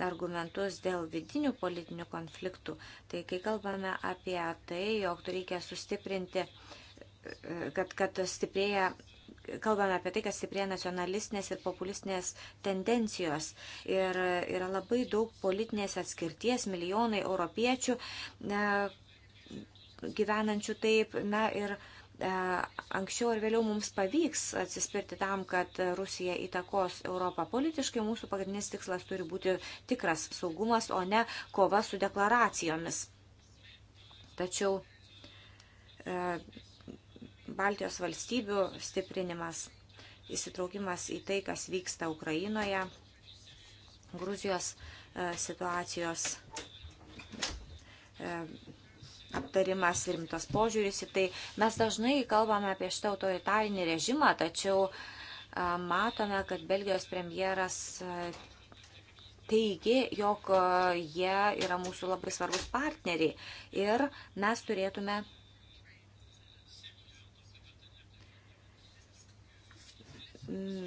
argumentus dėl vidinių politinių konfliktų, tai kai kalbame apie tai, jog reikia sustiprinti, kad, kad stiprėja kalbame apie tai, kas stiprėja nacionalistinės ir populistinės tendencijos. Ir yra labai daug politinės atskirties, milijonai europiečių ne, gyvenančių taip. Na, ir, e, anksčiau ar vėliau mums pavyks atsispirti tam, kad Rusija įtakos Europą politiškai, mūsų pagrindinis tikslas turi būti tikras saugumas, o ne kova su deklaracijomis. Tačiau e, Baltijos valstybių stiprinimas, įsitraukimas į tai, kas vyksta Ukrainoje, Gruzijos e, situacijos e, aptarimas, rimtas požiūris į tai. Mes dažnai kalbame apie šitą autoritarinį režimą, tačiau e, matome, kad Belgijos premjeras teigia, jog jie yra mūsų labai svarbus partneriai ir mes turėtume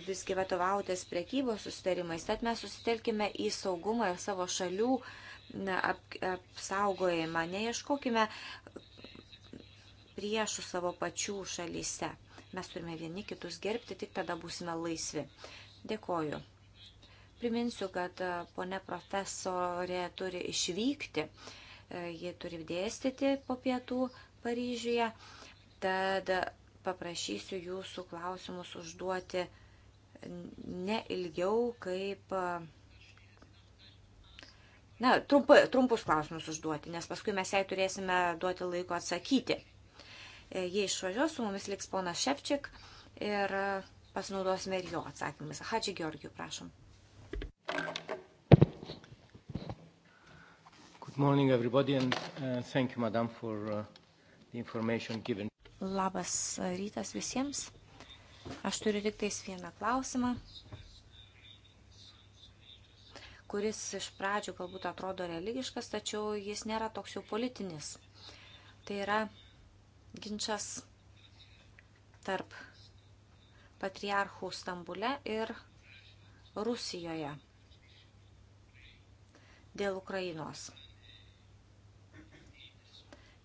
visgi vadovautės priekybos susitarimais, tad mes susitelkime į saugumą ir savo šalių apsaugojimą, neieškokime priešų savo pačių šalyse. Mes turime vieni kitus gerbti, tik tada būsime laisvi. Dėkoju. Priminsiu, kad e, pone profesorė turi išvykti, e, ji turi dėstyti po pietų Paryžiuje. Tad paprašysiu jūsų klausimus užduoti ne ilgiau kaip. Na, trumpai, trumpus klausimus užduoti, nes paskui mes jai turėsime duoti laiko atsakyti. Jei išvažiuos, su mumis liks ponas Šepčik ir pasinaudosime ir jo atsakymais. Hadži Georgijų, prašom. Good morning, everybody, and uh, thank you, madam, for uh, the information given. Labas rytas visiems. Aš turiu tik tais vieną klausimą, kuris iš pradžių galbūt atrodo religiškas, tačiau jis nėra toks jau politinis. Tai yra ginčas tarp patriarchų Stambule ir Rusijoje dėl Ukrainos.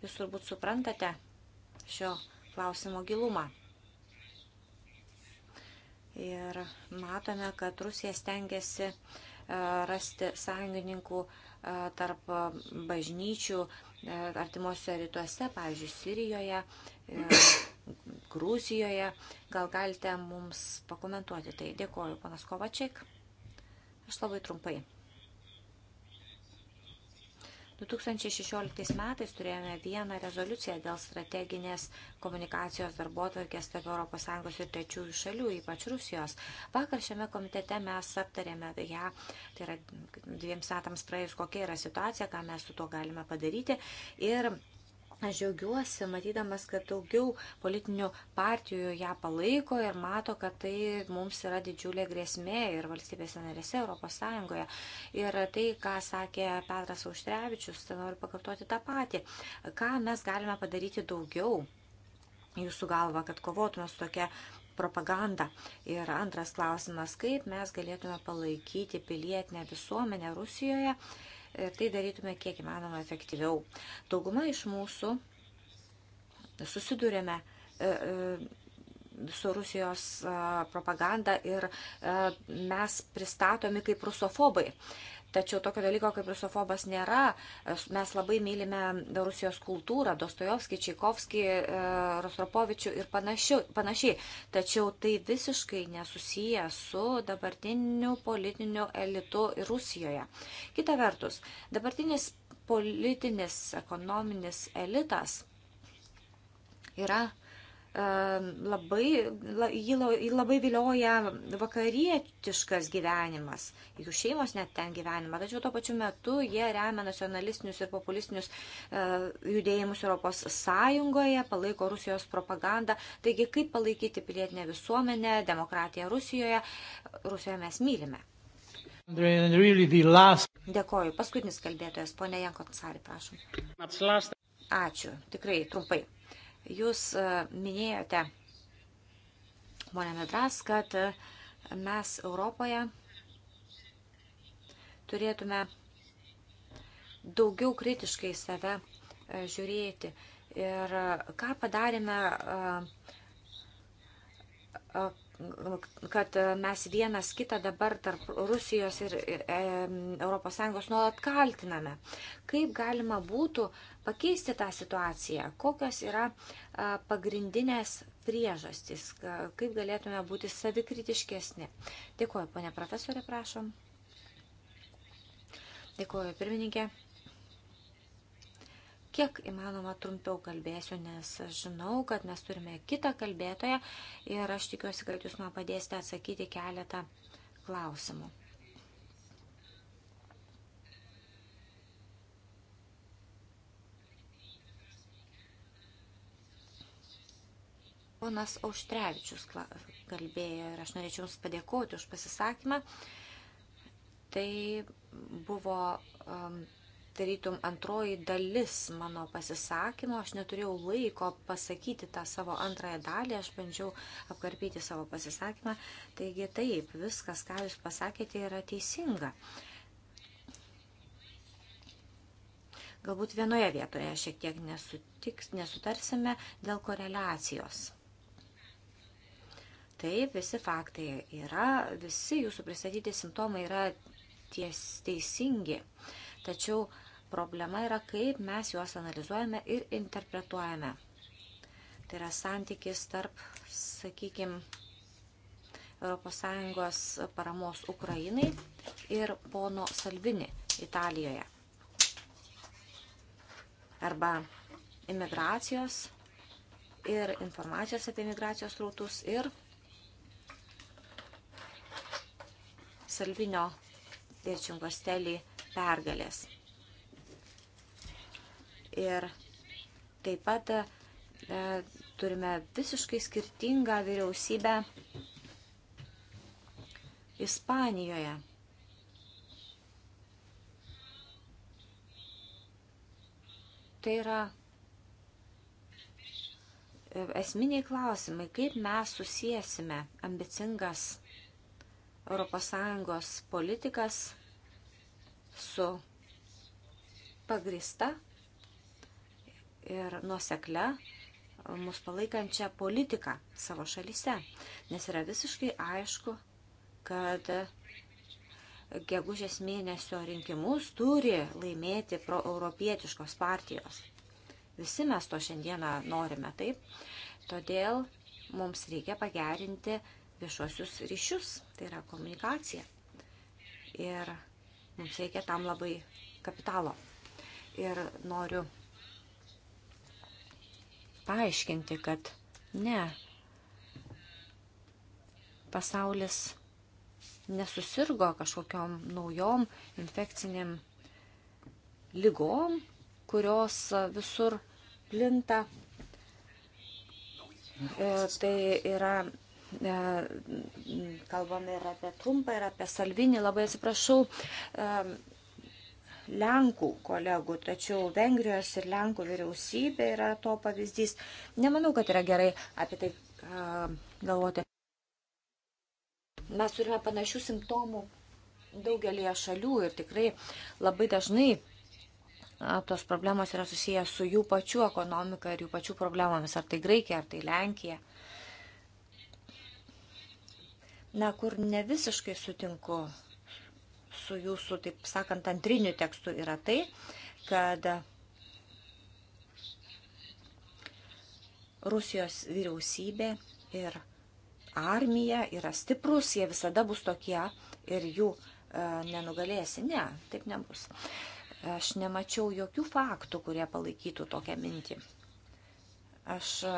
Jūs turbūt suprantate, šio klausimo gilumą. Ir matome, kad Rusija stengiasi e, rasti sąjungininkų e, tarp e, bažnyčių artimuose rytuose, pavyzdžiui, Sirijoje, Gruzijoje. Gal galite mums pakomentuoti tai? Dėkoju, panas Kovačiak. Aš labai trumpai. 2016 metais turėjome vieną rezoliuciją dėl strateginės komunikacijos darbotvarkės tarp ES ir trečiųjų šalių, ypač Rusijos. Vakar šiame komitete mes aptarėme ją, tai yra dviems metams praėjus, kokia yra situacija, ką mes su tuo galime padaryti. Ir Aš džiaugiuosi, matydamas, kad daugiau politinių partijų ją palaiko ir mato, kad tai mums yra didžiulė grėsmė ir valstybėse narėse Europos Sąjungoje. Ir tai, ką sakė Petras Auštrevičius, tai noriu pakartoti tą patį. Ką mes galime padaryti daugiau, jūsų galva, kad kovotume su tokia propaganda. Ir antras klausimas, kaip mes galėtume palaikyti pilietinę visuomenę Rusijoje ir tai darytume kiek įmanoma efektyviau. Dauguma iš mūsų susidurėme e, e, su Rusijos e, propaganda ir mes pristatomi kaip rusofobai. Tačiau tokio dalyko kaip rusofobas nėra. Mes labai mylime Rusijos kultūrą, Dostojevskį, Čiaikovskį, e, Rostropovičių ir panašiai. Tačiau tai visiškai nesusiję su dabartiniu politiniu elitu Rusijoje. Kita vertus, dabartinis politinis, ekonominis elitas yra labai, jį labai vilioja vakarietiškas gyvenimas. Jų šeimos net ten gyvenima, tačiau tuo pačiu metu jie remia nacionalistinius ir populistinius e, judėjimus Europos Sąjungoje, palaiko Rusijos propagandą. Taigi, kaip palaikyti pilietinę visuomenę, demokratiją Rusijoje? Rusijoje mes mylime. Dėkoju. Paskutinis kalbėtojas, ponė Jankonsari, prašom. Ačiū. Tikrai trumpai. Jūs e, minėjote, ponė Medras, kad e, mes Europoje turėtume daugiau kritiškai save e, žiūrėti. Ir ką padarėme kad mes vienas kitą dabar tarp Rusijos ir ES nuolat kaltiname. Kaip galima būtų pakeisti tą situaciją? Kokios yra pagrindinės priežastys? Kaip galėtume būti savikritiškesni? Dėkuoju, ponė profesorė, prašom. Dėkuoju, pirmininkė kiek įmanoma trumpiau kalbėsiu, nes aš žinau, kad mes turime kitą kalbėtoją ir aš tikiuosi, kad jūs man padėsite atsakyti keletą klausimų. Ponas Auštrevičius kalbėjo ir aš norėčiau Jums padėkoti už pasisakymą. Tai buvo um, tarytum antroji dalis mano pasisakymo. Aš neturėjau laiko pasakyti tą savo antrąją dalį, aš bandžiau apkarpyti savo pasisakymą. Taigi taip, viskas, ką jūs pasakėte, yra teisinga. galbūt vienoje vietoje šiek tiek nesutiks, nesutarsime dėl koreliacijos. Taip, visi faktai yra, visi jūsų pristatyti simptomai yra ties, teisingi, tačiau Problema yra, kaip mes juos analizuojame ir interpretuojame. Tai yra santykis tarp, sakykime, ES paramos Ukrainai ir pono Salvini Italijoje. Arba imigracijos ir informacijos apie imigracijos rautus ir Salvinio ir Čingostelį pergalės. Ir taip pat e, turime visiškai skirtingą vyriausybę Ispanijoje. Tai yra e, esminiai klausimai, kaip mes susijęsime ambicingas ES politikas su pagrista ir nuoseklę e, mus palaikančią politiką savo šalyse. Nes yra visiškai aišku, kad gegužės mėnesio rinkimus turi laimėti proeuropietiškos partijos. Visi mes to šiandieną norime, taip. Todėl mums reikia pagerinti viešuosius ryšius, tai yra komunikacija. Ir mums reikia tam labai kapitalo. Ir noriu paaiškinti, kad ne, pasaulis nesusirgo kažkokiom naujom infekciniam lygom, kurios visur plinta. E, tai yra e, kalbame ir apie Trumpą, ir apie Salvinį. Labai atsiprašau, e, Lenkų kolegų, tačiau Vengrijos ir Lenkų vyriausybė yra to pavyzdys. Nemanau, kad yra gerai apie tai uh, galvoti. Mes turime panašių simptomų daugelie šalių ir tikrai labai dažnai uh, tos problemos yra susijęs su jų pačių ekonomika ir jų pačių problemomis, ar tai Graikija, ar tai Lenkija. Na, kur ne visiškai sutinku su jūsų, taip sakant, antriniu tekstu yra tai, kad Rusijos vyriausybė ir armija yra stiprus, jie visada bus tokie ir jų e, nenugalėsi. Ne, taip nebus. Aš nemačiau jokių faktų, kurie palaikytų tokią mintį. Aš e,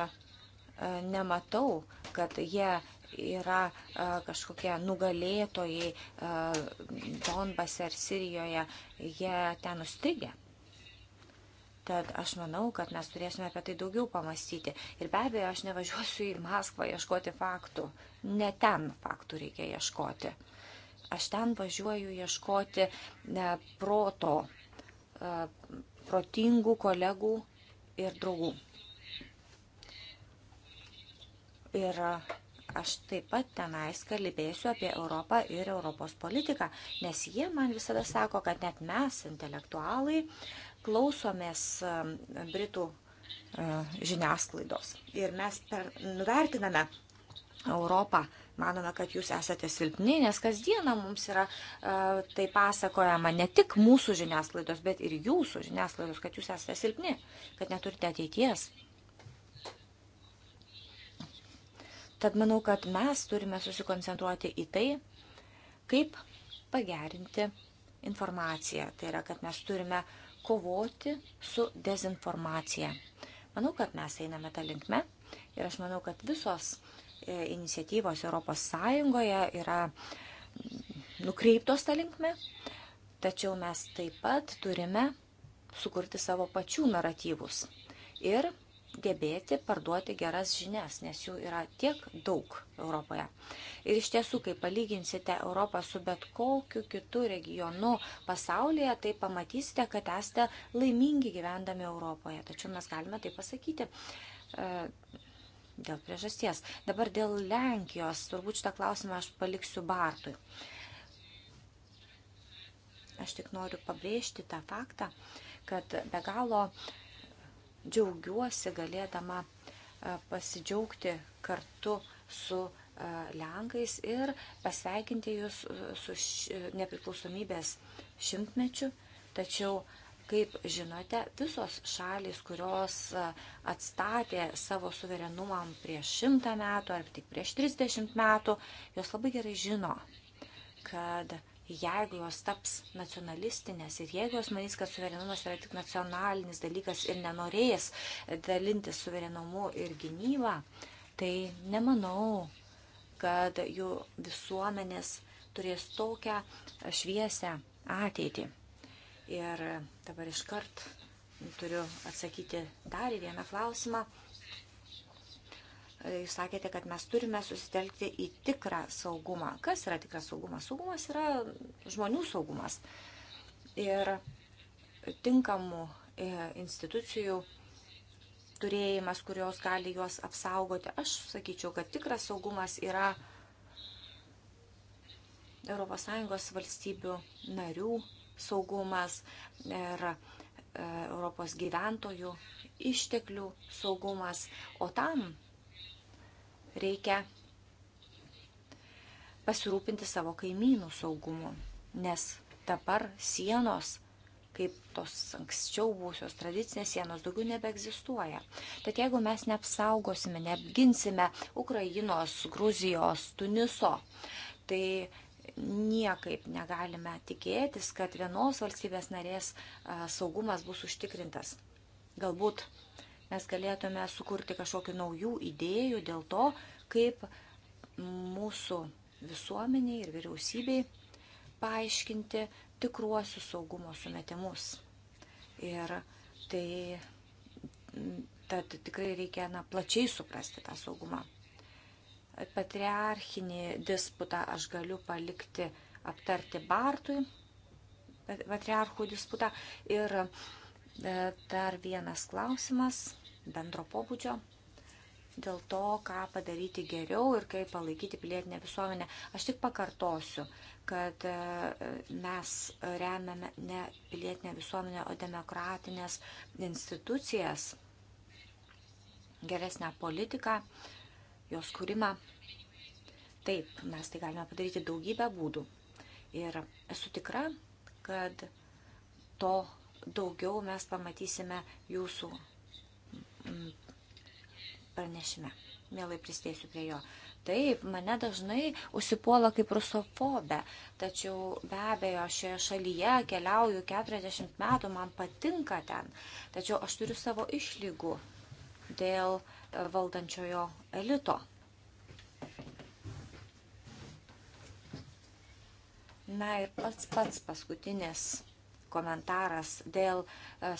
nematau, kad jie yra e, kažkokie nugalėtojai e, Donbase ar Sirijoje, jie ten užstrigę. Tad aš manau, kad mes turėsime apie tai daugiau pamastyti. Ir be abejo, aš nevažiuosiu į Maskvą ieškoti faktų. Ne ten faktų reikia ieškoti. Aš ten važiuoju ieškoti ne, proto, e, protingų kolegų ir draugų. Ir aš taip pat tenais kalbėsiu apie Europą ir Europos politiką, nes jie man visada sako, kad net mes, intelektualai, klausomės um, Britų uh, žiniasklaidos ir mes per, nuvertiname Europą. Manome, kad jūs esate silpni, nes kasdieną mums yra uh, tai pasakojama ne tik mūsų žiniasklaidos, bet ir jūsų žiniasklaidos, kad jūs esate silpni, kad neturite ateities. Uh, Tad manau, kad mes turime susikoncentruoti į tai, kaip pagerinti informaciją. Tai yra, kad mes turime kovoti su dezinformacija. Manau, kad mes einame tą linkmę ir aš manau, kad visos e, iniciatyvos ES yra nukreiptos tą linkmę, tačiau mes taip pat turime sukurti savo pačių naratyvus ir gebėti parduoti geras žinias, nes jų yra tiek daug Europoje. Ir iš tiesų, kai palyginsite Europą su bet kokiu kitu regionu pasaulyje, tai pamatysite, kad esate laimingi gyvendami Europoje. Tačiau mes galime tai pasakyti. E, dėl priežasties. Dabar dėl Lenkijos. Turbūt šitą klausimą aš paliksiu Bartui. Aš tik noriu pabrėžti tą faktą, kad be galo uh, džiaugiuosi galėdama e, pasidžiaugti kartu su e, Lenkais ir pasveikinti jūs e, su nepriklausomybės šimtmečiu. Tačiau, kaip žinote, visos šalis, kurios atstatė savo suverenumą prieš šimtą metų ar tik prieš trisdešimt metų, jos labai gerai žino, kad jeigu jos taps nacionalistinės ir jeigu jos manys, kad suverenumas yra tik nacionalinis dalykas ir nenorės dalinti suverenumu ir gynybą, tai nemanau, kad jų visuomenės turės tokią šviesę ateitį. Ir dabar iškart turiu atsakyti dar į vieną klausimą. Jūs sakėte, kad mes turime susitelkti į tikrą saugumą. Kas yra tikras saugumas? Saugumas yra žmonių saugumas. Ir tinkamų e, institucijų turėjimas, kurios gali juos apsaugoti. Aš sakyčiau, kad tikras saugumas yra ES valstybių narių saugumas ir e, Europos gyventojų išteklių saugumas. O tam reikia pasirūpinti savo kaimynų saugumu, nes dabar sienos, kaip tos anksčiau būsios tradicinės sienos, daugiau nebeegzistuoja. Tad jeigu mes neapsaugosime, neapginsime Ukrainos, Gruzijos, Tuniso, tai niekaip negalime tikėtis, kad vienos valstybės narės saugumas bus užtikrintas. Galbūt mes galėtume sukurti kažkokių naujų idėjų dėl to, kaip mūsų visuomeniai ir vyriausybei paaiškinti tikruosius saugumo sumetimus. Ir tai tad tikrai reikia na, plačiai suprasti tą saugumą. Patriarchinį disputą aš galiu palikti aptarti Bartui, patriarchų disputą ir uh, E, dar vienas klausimas bendro pobūdžio dėl to, ką padaryti geriau ir kaip palaikyti pilietinę visuomenę. Aš tik pakartosiu, kad e, mes remiame ne pilietinę visuomenę, o demokratinės institucijas, geresnę politiką, jos kūrimą. Taip, mes tai galime padaryti daugybę būdų. Ir esu tikra, kad to daugiau mes pamatysime jūsų mm, pranešime. Mielai pristėsiu prie jo. Taip, mane dažnai užsipuola kaip rusofobė, tačiau be abejo šioje šalyje keliauju 40 metų, man patinka ten, tačiau aš turiu savo išlygų dėl e, valdančiojo elito. Na ir pats pats paskutinis komentaras dėl e,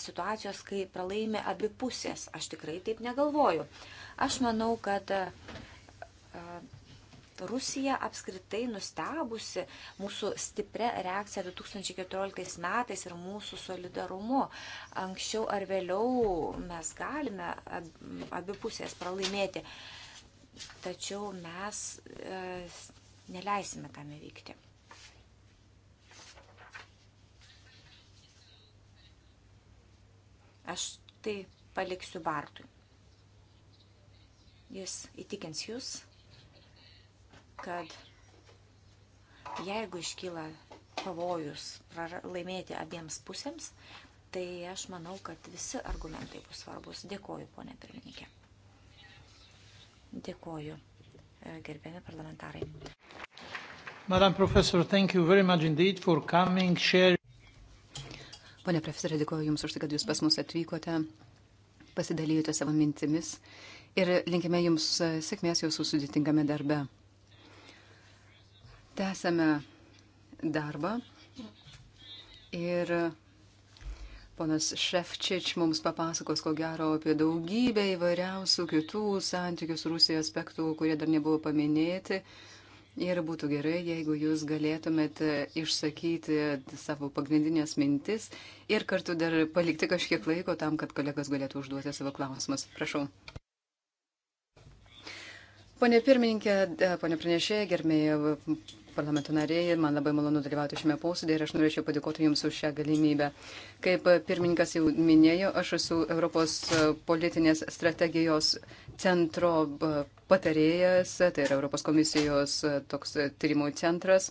situacijos, kai pralaimi abi pusės. Aš tikrai taip negalvoju. Aš manau, kad e, e, Rusija apskritai nustebusi mūsų stipria reakcija 2014 metais ir mūsų solidarumu. Anksčiau ar vėliau mes galime abipusės pralaimėti, tačiau mes neleisime tam įvykti. Aš tai paliksiu Bartui. Jis įtikins jūs, kad jeigu iškyla pavojus laimėti abiems pusėms, tai aš manau, kad visi argumentai bus svarbus. Dėkoju, ponė pirmininkė. Dėkoju, e, gerbiami parlamentarai. Madam Professor, thank you very much indeed for coming, sharing. Pone profesorė, dėkuoju Jums už tai, kad Jūs pas mus atvykote, pasidalijote savo mintimis ir linkime Jums e, sėkmės Jūsų sudėtingame darbe. Tęsame darbą ir Ponas Šefčič mums papasakos, ko gero, apie daugybę įvairiausių kitų santykių su Rusija aspektų, kurie dar nebuvo paminėti ir būtų gerai, jeigu jūs galėtumėt e, išsakyti savo pagrindinės mintis ir kartu dar palikti kažkiek laiko tam, kad kolegas galėtų užduoti savo klausimus. Prašau. Pone pirmininkė, e, pone pranešėja, gerbėjai parlamento nariai, man labai malonu dalyvauti šiame posėdėje ir aš norėčiau padėkoti Jums už šią galimybę. Kaip pirmininkas jau minėjo, aš esu Europos politinės strategijos centro e, patarėjas, tai yra Europos komisijos e, toks e, tyrimų centras,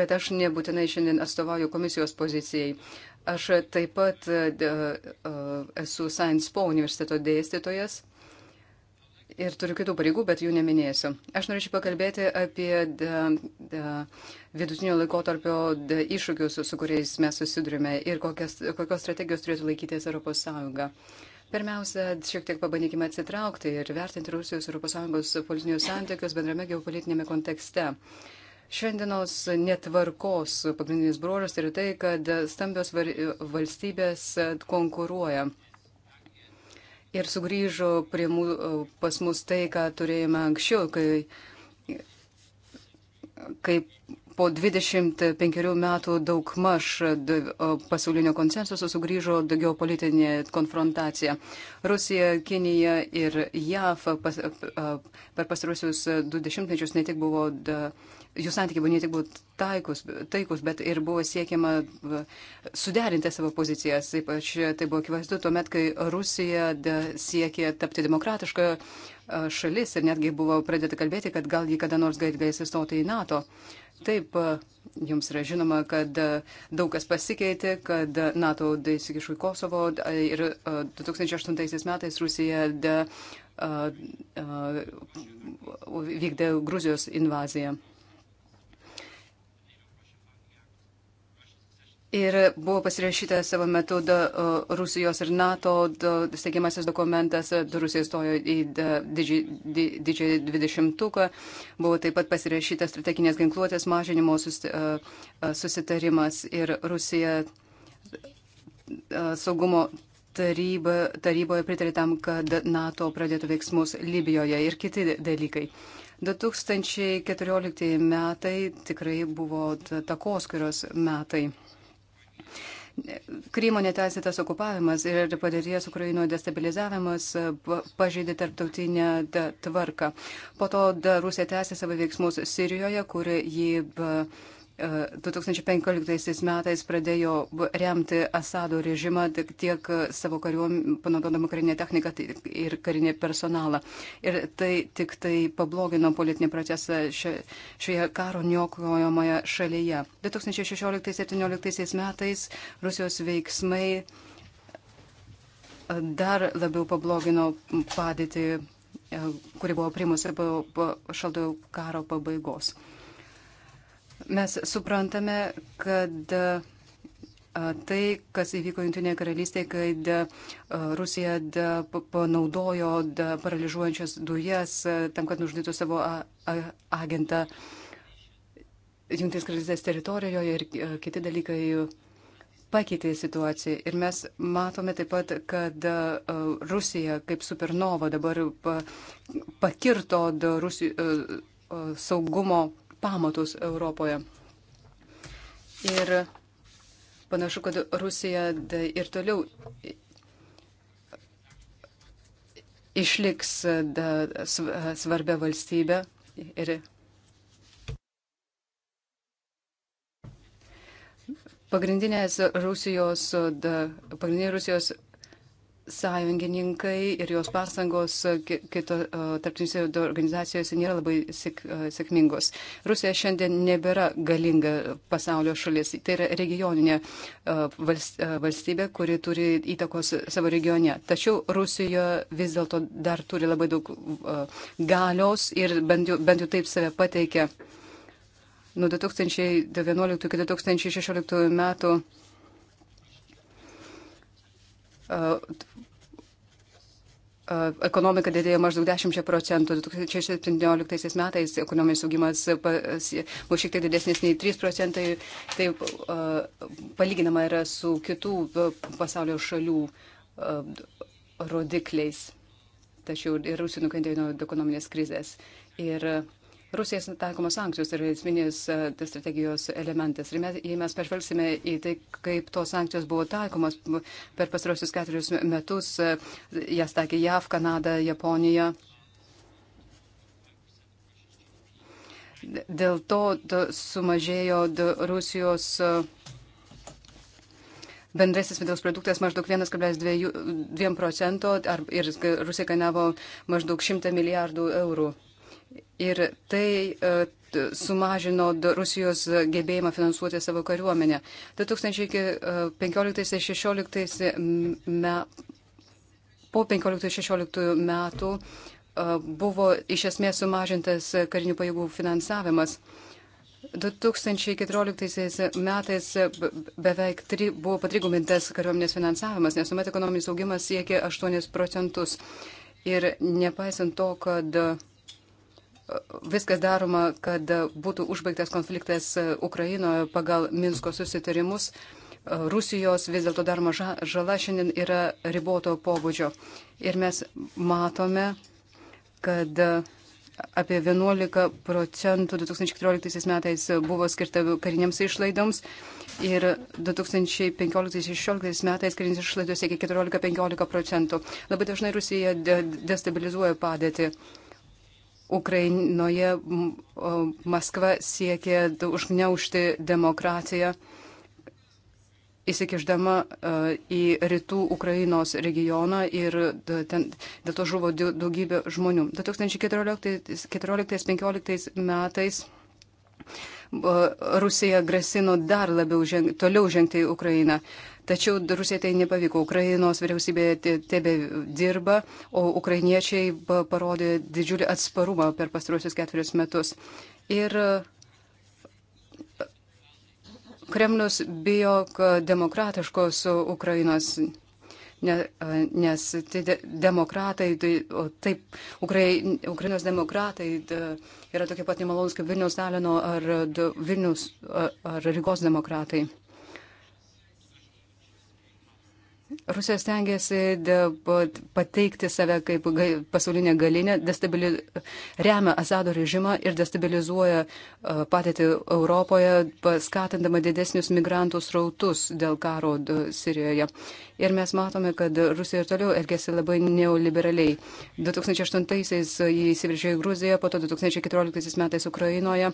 bet aš nebūtinai šiandien atstovauju komisijos pozicijai. Aš taip pat esu Science Po universiteto dėstytojas ir turiu kitų pareigų, bet jų neminėsiu. Aš norėčiau pakalbėti apie da, da, vidutinio laikotarpio da, iššūkius, su kuriais mes susidurime ir kokias, kokios strategijos turėtų laikytis ES. Pirmiausia, šiek tiek pabandykime atsitraukti ir vertinti Rusijos ir ES politinius santykius bendrame geopolitinėme kontekste. Šiandienos netvarkos pagrindinis bruožas yra tai, kad stambios valstybės konkuruoja ir sugrįžo prie mū, pas mus tai, ką turėjome anksčiau, kai, kai po 25 metų daugmaž pasaulinio konsensuso sugrįžo geopolitinė konfrontacija. Rusija, Kinija ir JAV pas, per pastarusius du dešimtmečius ne tik buvo, jų santykiai buvo ne tik buvo taikus, taikus, bet ir buvo siekiama suderinti savo pozicijas. Ypač tai buvo akivaizdu tuomet, kai Rusija siekė tapti demokratišką šalis ir netgi buvo pradėta kalbėti, kad gal jį kada nors galės įstoti į NATO. Taip, jums yra žinoma, kad daug kas pasikeitė, kad NATO įsikišo į Kosovo ir 2008 e, metais Rusija de, a, e, a, vykdė Gruzijos invaziją. Ir buvo pasirašyta savo metu da, Rusijos ir NATO steigiamasis dokumentas, da, Rusija stojo į didžiąją dvidešimtuką, buvo taip pat pasirašytas strateginės ginkluotės mažinimo sus, susitarimas ir Rusija saugumo taryba, taryboje pritarė tam, kad NATO pradėtų veiksmus Libijoje ir kiti dalykai. 2014 metai tikrai buvo takos kurios metai. Krymo neteisėtas okupavimas ir padėties Ukrainoje destabilizavimas pažeidė tarptautinę tvarką. Po to Rusija tęsė savo veiksmus Sirijoje, kur jį 2015 metais pradėjo remti Asado režimą tiek savo kariuom, panaudodama karinę techniką tai ir karinį personalą. Ir tai tik tai pablogino politinį procesą šioje karo niokojamoje šalyje. 2016-2017 metais Rusijos veiksmai dar labiau pablogino padėtį kuri buvo primusi po šaltojo karo pabaigos. Mes suprantame, kad tai, kas įvyko Junktinėje karalystėje, kai Rusija panaudojo paralyžuojančias dujas tam, kad nužudytų savo agentą Junktinės karalystės teritorijoje ir kiti dalykai pakeitė situaciją. Ir mes matome taip pat, kad Rusija kaip supernova dabar pakirto Rusijos saugumo pamatus Europoje. Ir panašu, kad Rusija ir toliau išliks svarbia valstybė. Ir pagrindinės Rusijos, pagrindinė Rusijos sąjungininkai ir jos pastangos kito, tarptautinėse organizacijose nėra labai sėk, sėkmingos. Rusija šiandien nebėra galinga pasaulio šalis. Tai yra regioninė valstybė, kuri turi įtakos savo regione. Tačiau Rusija vis dėlto dar turi labai daug galios ir bent jau, bent jau taip save pateikia. Nuo 2011-2016 metų ekonomika didėjo maždaug 10 procentų. 2017 metais ekonominis augimas buvo šiek tiek didesnis nei 3 procentai. Tai palyginama yra su kitų pasaulio šalių rodikliais. Tačiau ir Rusija nukentėjo nuo ekonominės krizės. Ir Rusijos taikomos sankcijos yra esminės e, strategijos elementas. Ir mes, jei mes pažvelgsime į tai, kaip tos sankcijos buvo taikomos per pastarosius keturius metus, e, jas taikė JAV, Kanada, Japonija. Dėl to sumažėjo Rusijos e, bendrasis vidaus produktas maždaug 1,2 procento ir Rusija kainavo maždaug 100 milijardų eurų ir tai e, sumažino Rusijos gebėjimą finansuoti savo kariuomenę. 2015-2016 e, me, po 15-16 metų e, buvo iš esmės sumažintas karinių pajėgų finansavimas. 2014 metais beveik tri, buvo patrigumintas kariuomenės finansavimas, nes tuomet ekonominis augimas siekė 8 procentus. Ir nepaisant to, kad viskas daroma, kad būtų užbaigtas konfliktas e, Ukrainoje pagal Minsko susitarimus. E, Rusijos vis dėlto daroma žala šiandien yra riboto pobūdžio. Ir mes matome, kad e, apie 11 procentų 2014 metais buvo skirta kariniams išlaidoms ir 2015-2016 metais karinės išlaidos siekia 14-15 procentų. Labai dažnai Rusija destabilizuoja padėtį. Ukrainoje Maskva siekia užgneušti demokratiją, įsikiždama e, į rytų Ukrainos regioną ir ten, dėl to žuvo daugybė žmonių. 2014-2015 metais Rusija grasino dar labiau ženg, toliau žengti į Ukrainą. Tačiau Rusijai tai nepavyko. Ukrainos vyriausybė tebe dirba, o ukrainiečiai parodė didžiulį atsparumą per pastaruosius ketverius metus. Ir e, Kremlius bijo demokratiškos Ukrainos ne, e, nes tai de, demokratai, tai, taip, Ukrai, Ukrainos demokratai da, yra tokie pat nemalonus kaip Vilnius Talino ar da, Vilnius ar Rygos demokratai. Rusija stengiasi pateikti save kaip pasaulinė galinė, destabiliz... remia Azado režimą ir destabilizuoja e, patėti Europoje, paskatindama didesnius migrantų srautus dėl karo Sirijoje. Ir mes matome, kad Rusija ir toliau elgesi labai neoliberaliai. 2008-aisiais jį įsiveržė į Gruziją, po to 2014 metais Ukrainoje.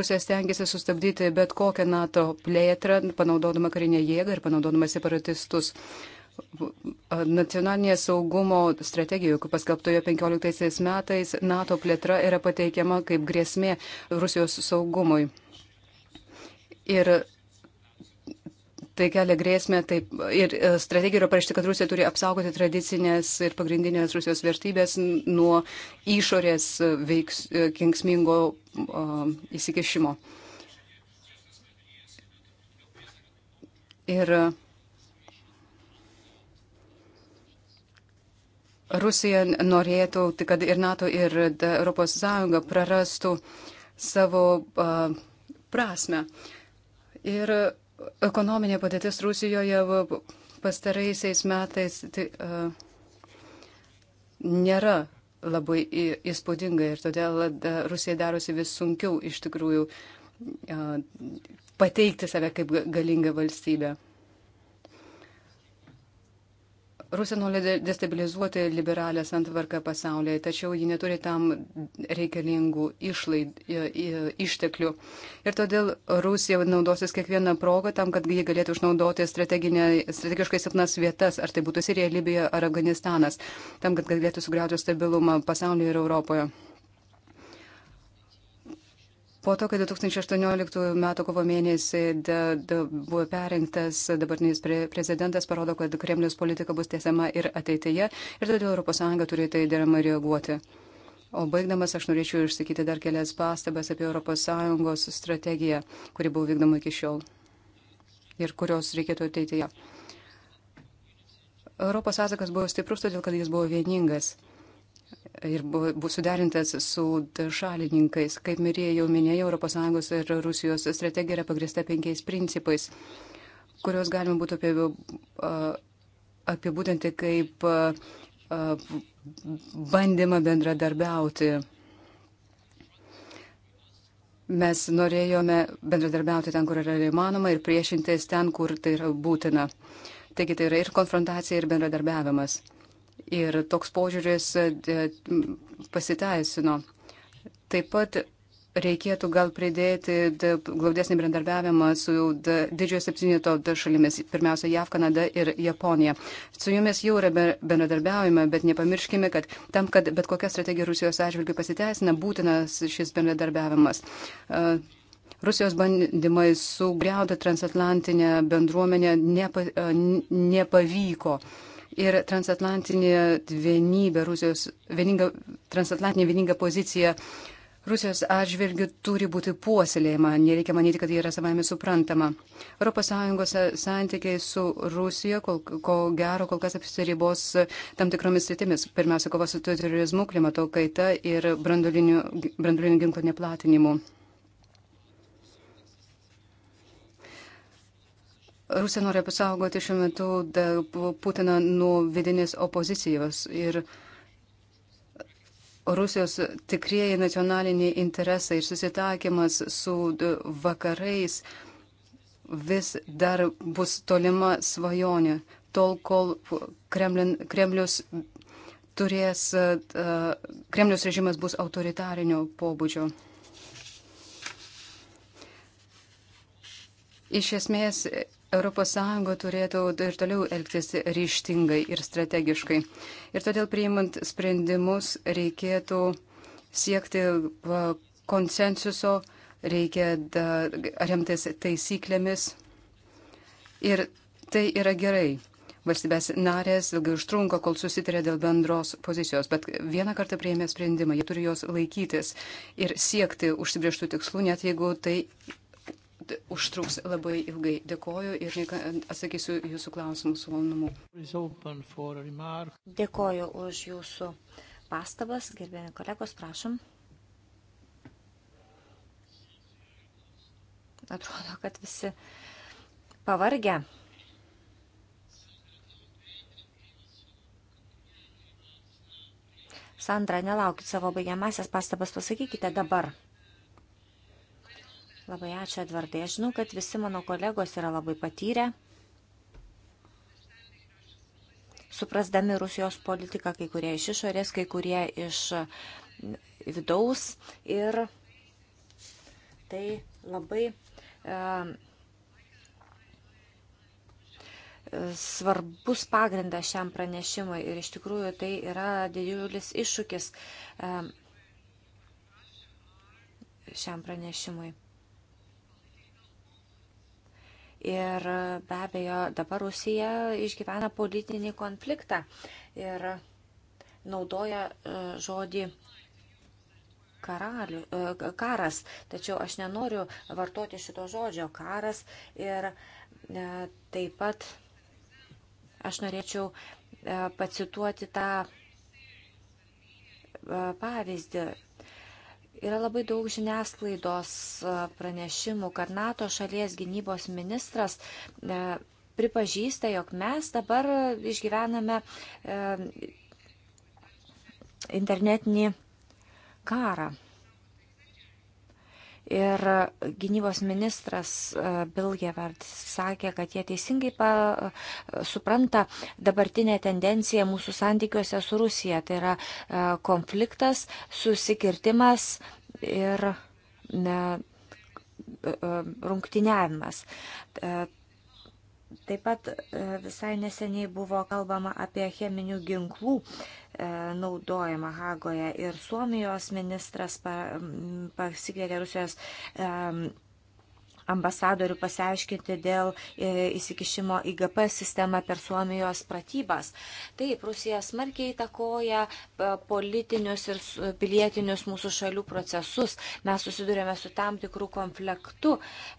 Rusija stengiasi sustabdyti bet kokią NATO plėtrą, panaudodama karinę jėgą ir panaudodama separatistus. Thank you. Nacionalinės saugumo strategijoje, kur paskelbtojo 15 metais, NATO plėtra yra pateikiama kaip grėsmė Rusijos saugumui. Ir tai kelia grėsmę, taip, ir e, strategija yra parašyta, kad Rusija turi apsaugoti tradicinės ir pagrindinės Rusijos vertybės nuo išorės veiks, e, kengsmingo uh, įsikešimo. Ir uh, Rusija norėtų, tai kad ir NATO, ir ES prarastų savo uh, prasme. Ir ekonominė padėtis Rusijoje pastaraisiais metais tai, uh, nėra labai įspūdinga ir todėl Rusija darosi vis sunkiau iš tikrųjų uh, pateikti save kaip galinga valstybė. Rusija nori destabilizuoti liberalę santvarką pasaulyje, tačiau ji neturi tam reikalingų išlaid, išteklių. Ir todėl Rusija naudosis kiekvieną progą tam, kad ji galėtų išnaudoti strategiškai silpnas vietas, ar tai būtų Sirija, Libija ar Afganistanas, tam, kad galėtų sugriauti stabilumą pasaulyje ir Europoje. Po to, kai 2018 m. kovo mėnesį da, da, buvo perinktas dabartinis pre, prezidentas, parodo, kad Kremlius politika bus tiesiama ir ateityje ir todėl ES turi tai deramai reaguoti. O baigdamas aš norėčiau išsakyti dar kelias pastabas apie ES strategiją, kuri buvo vykdoma iki šiol ir kurios reikėtų ateityje. Europos atsakas buvo stiprus, todėl kad jis buvo vieningas ir buvo suderintas su šalininkais. Kaip mirėjau, minėjau, ES ir Rusijos strategija yra pagrįsta penkiais principais, kuriuos galima būtų apibūdinti kaip bandymą bendradarbiauti. Mes norėjome bendradarbiauti ten, kur yra įmanoma ir priešintis ten, kur tai yra būtina. Taigi tai yra ir konfrontacija, ir bendradarbiavimas. Ir toks požiūris e, pasiteisino. Taip pat reikėtų gal pridėti glaudesnį bendradarbiavimą su didžiojo septyneto šalimis, pirmiausia, JAV, Kanada ir Japonija. Su jumis jau yra bendradarbiaujama, bet nepamirškime, kad tam, kad bet kokia strategija Rusijos atžvilgių pasiteisina, būtinas šis bendradarbiavimas. E, Rusijos bandymai sugriauti transatlantinę bendruomenę nepa, e, nepavyko. Ne ir transatlantinė vienybė, Rusijos vieninga, transatlantinė vieninga pozicija Rusijos atžvilgių turi būti puoselėjama, nereikia manyti, kad jie yra savami suprantama. ES santykiai su Rusija, kol, ko gero, kol kas apsiribos tam tikromis sritimis. Pirmiausia, kova su terorizmu, klimato kaita ir brandolinių ginklų neplatinimu. Rusija nori apsaugoti šiuo metu Putiną nuo vidinės opozicijos ir Rusijos tikrieji nacionaliniai interesai ir susitaikymas su vakarais vis dar bus tolima svajonė, tol kol Kremlin, Kremlius turės, Kremlius režimas bus autoritarinio pobūdžio. Iš esmės ES turėtų ir toliau elgtis ryštingai ir strategiškai. Ir todėl priimant sprendimus reikėtų siekti konsensuso, reikia remtis taisyklėmis. Ir tai yra gerai. Valstybės narės ilgai užtrunka, kol susitarė dėl bendros pozicijos, bet vieną kartą prieėmė sprendimą, jie turi jos laikytis ir siekti užsibrieštų tikslų, net jeigu tai užtruks labai ilgai. Dėkoju ir atsakysiu jūsų klausimus su malonumu. Dėkoju už jūsų pastabas, gerbėmi kolegos, prašom. Atrodo, kad visi pavargę. Sandra, nelaukit savo baigiamasias pastabas, pasakykite dabar. Labai ačiū, Edvardai. Aš žinau, kad visi mano kolegos yra labai patyrę. Suprasdami Rusijos politiką, kai kurie iš išorės, kai kurie iš vidaus. Ir tai labai e, svarbus pagrindas šiam pranešimui ir iš tikrųjų tai yra didžiulis iššūkis e, šiam pranešimui. Ir be abejo, dabar Rusija išgyvena politinį konfliktą ir naudoja e, žodį karalių, e, karas. Tačiau aš nenoriu vartoti šito žodžio karas. Ir e, taip pat aš norėčiau pacituoti tą pavyzdį Yra labai daug žiniasklaidos e, pranešimų, kad NATO šalies gynybos ministras e, pripažįsta, jog mes dabar išgyvename e, internetinį karą. Ir gynybos ministras e, Bilgevert sakė, kad jie teisingai pa, e, supranta dabartinę tendenciją mūsų santykiuose su Rusija. Tai yra e, konfliktas, susikirtimas ir rungtiniavimas. Taip pat e, visai neseniai buvo kalbama apie cheminių ginklų e, naudojimą Hagoje ir Suomijos ministras pasikvietė Rusijos e, ambasadorių pasiaiškinti dėl įsikišimo į GP sistemą per Suomijos pratybas. Taip, Rusija smarkiai įtakoja politinius ir pilietinius mūsų šalių procesus. Mes susidurėme su tam tikrų konfliktų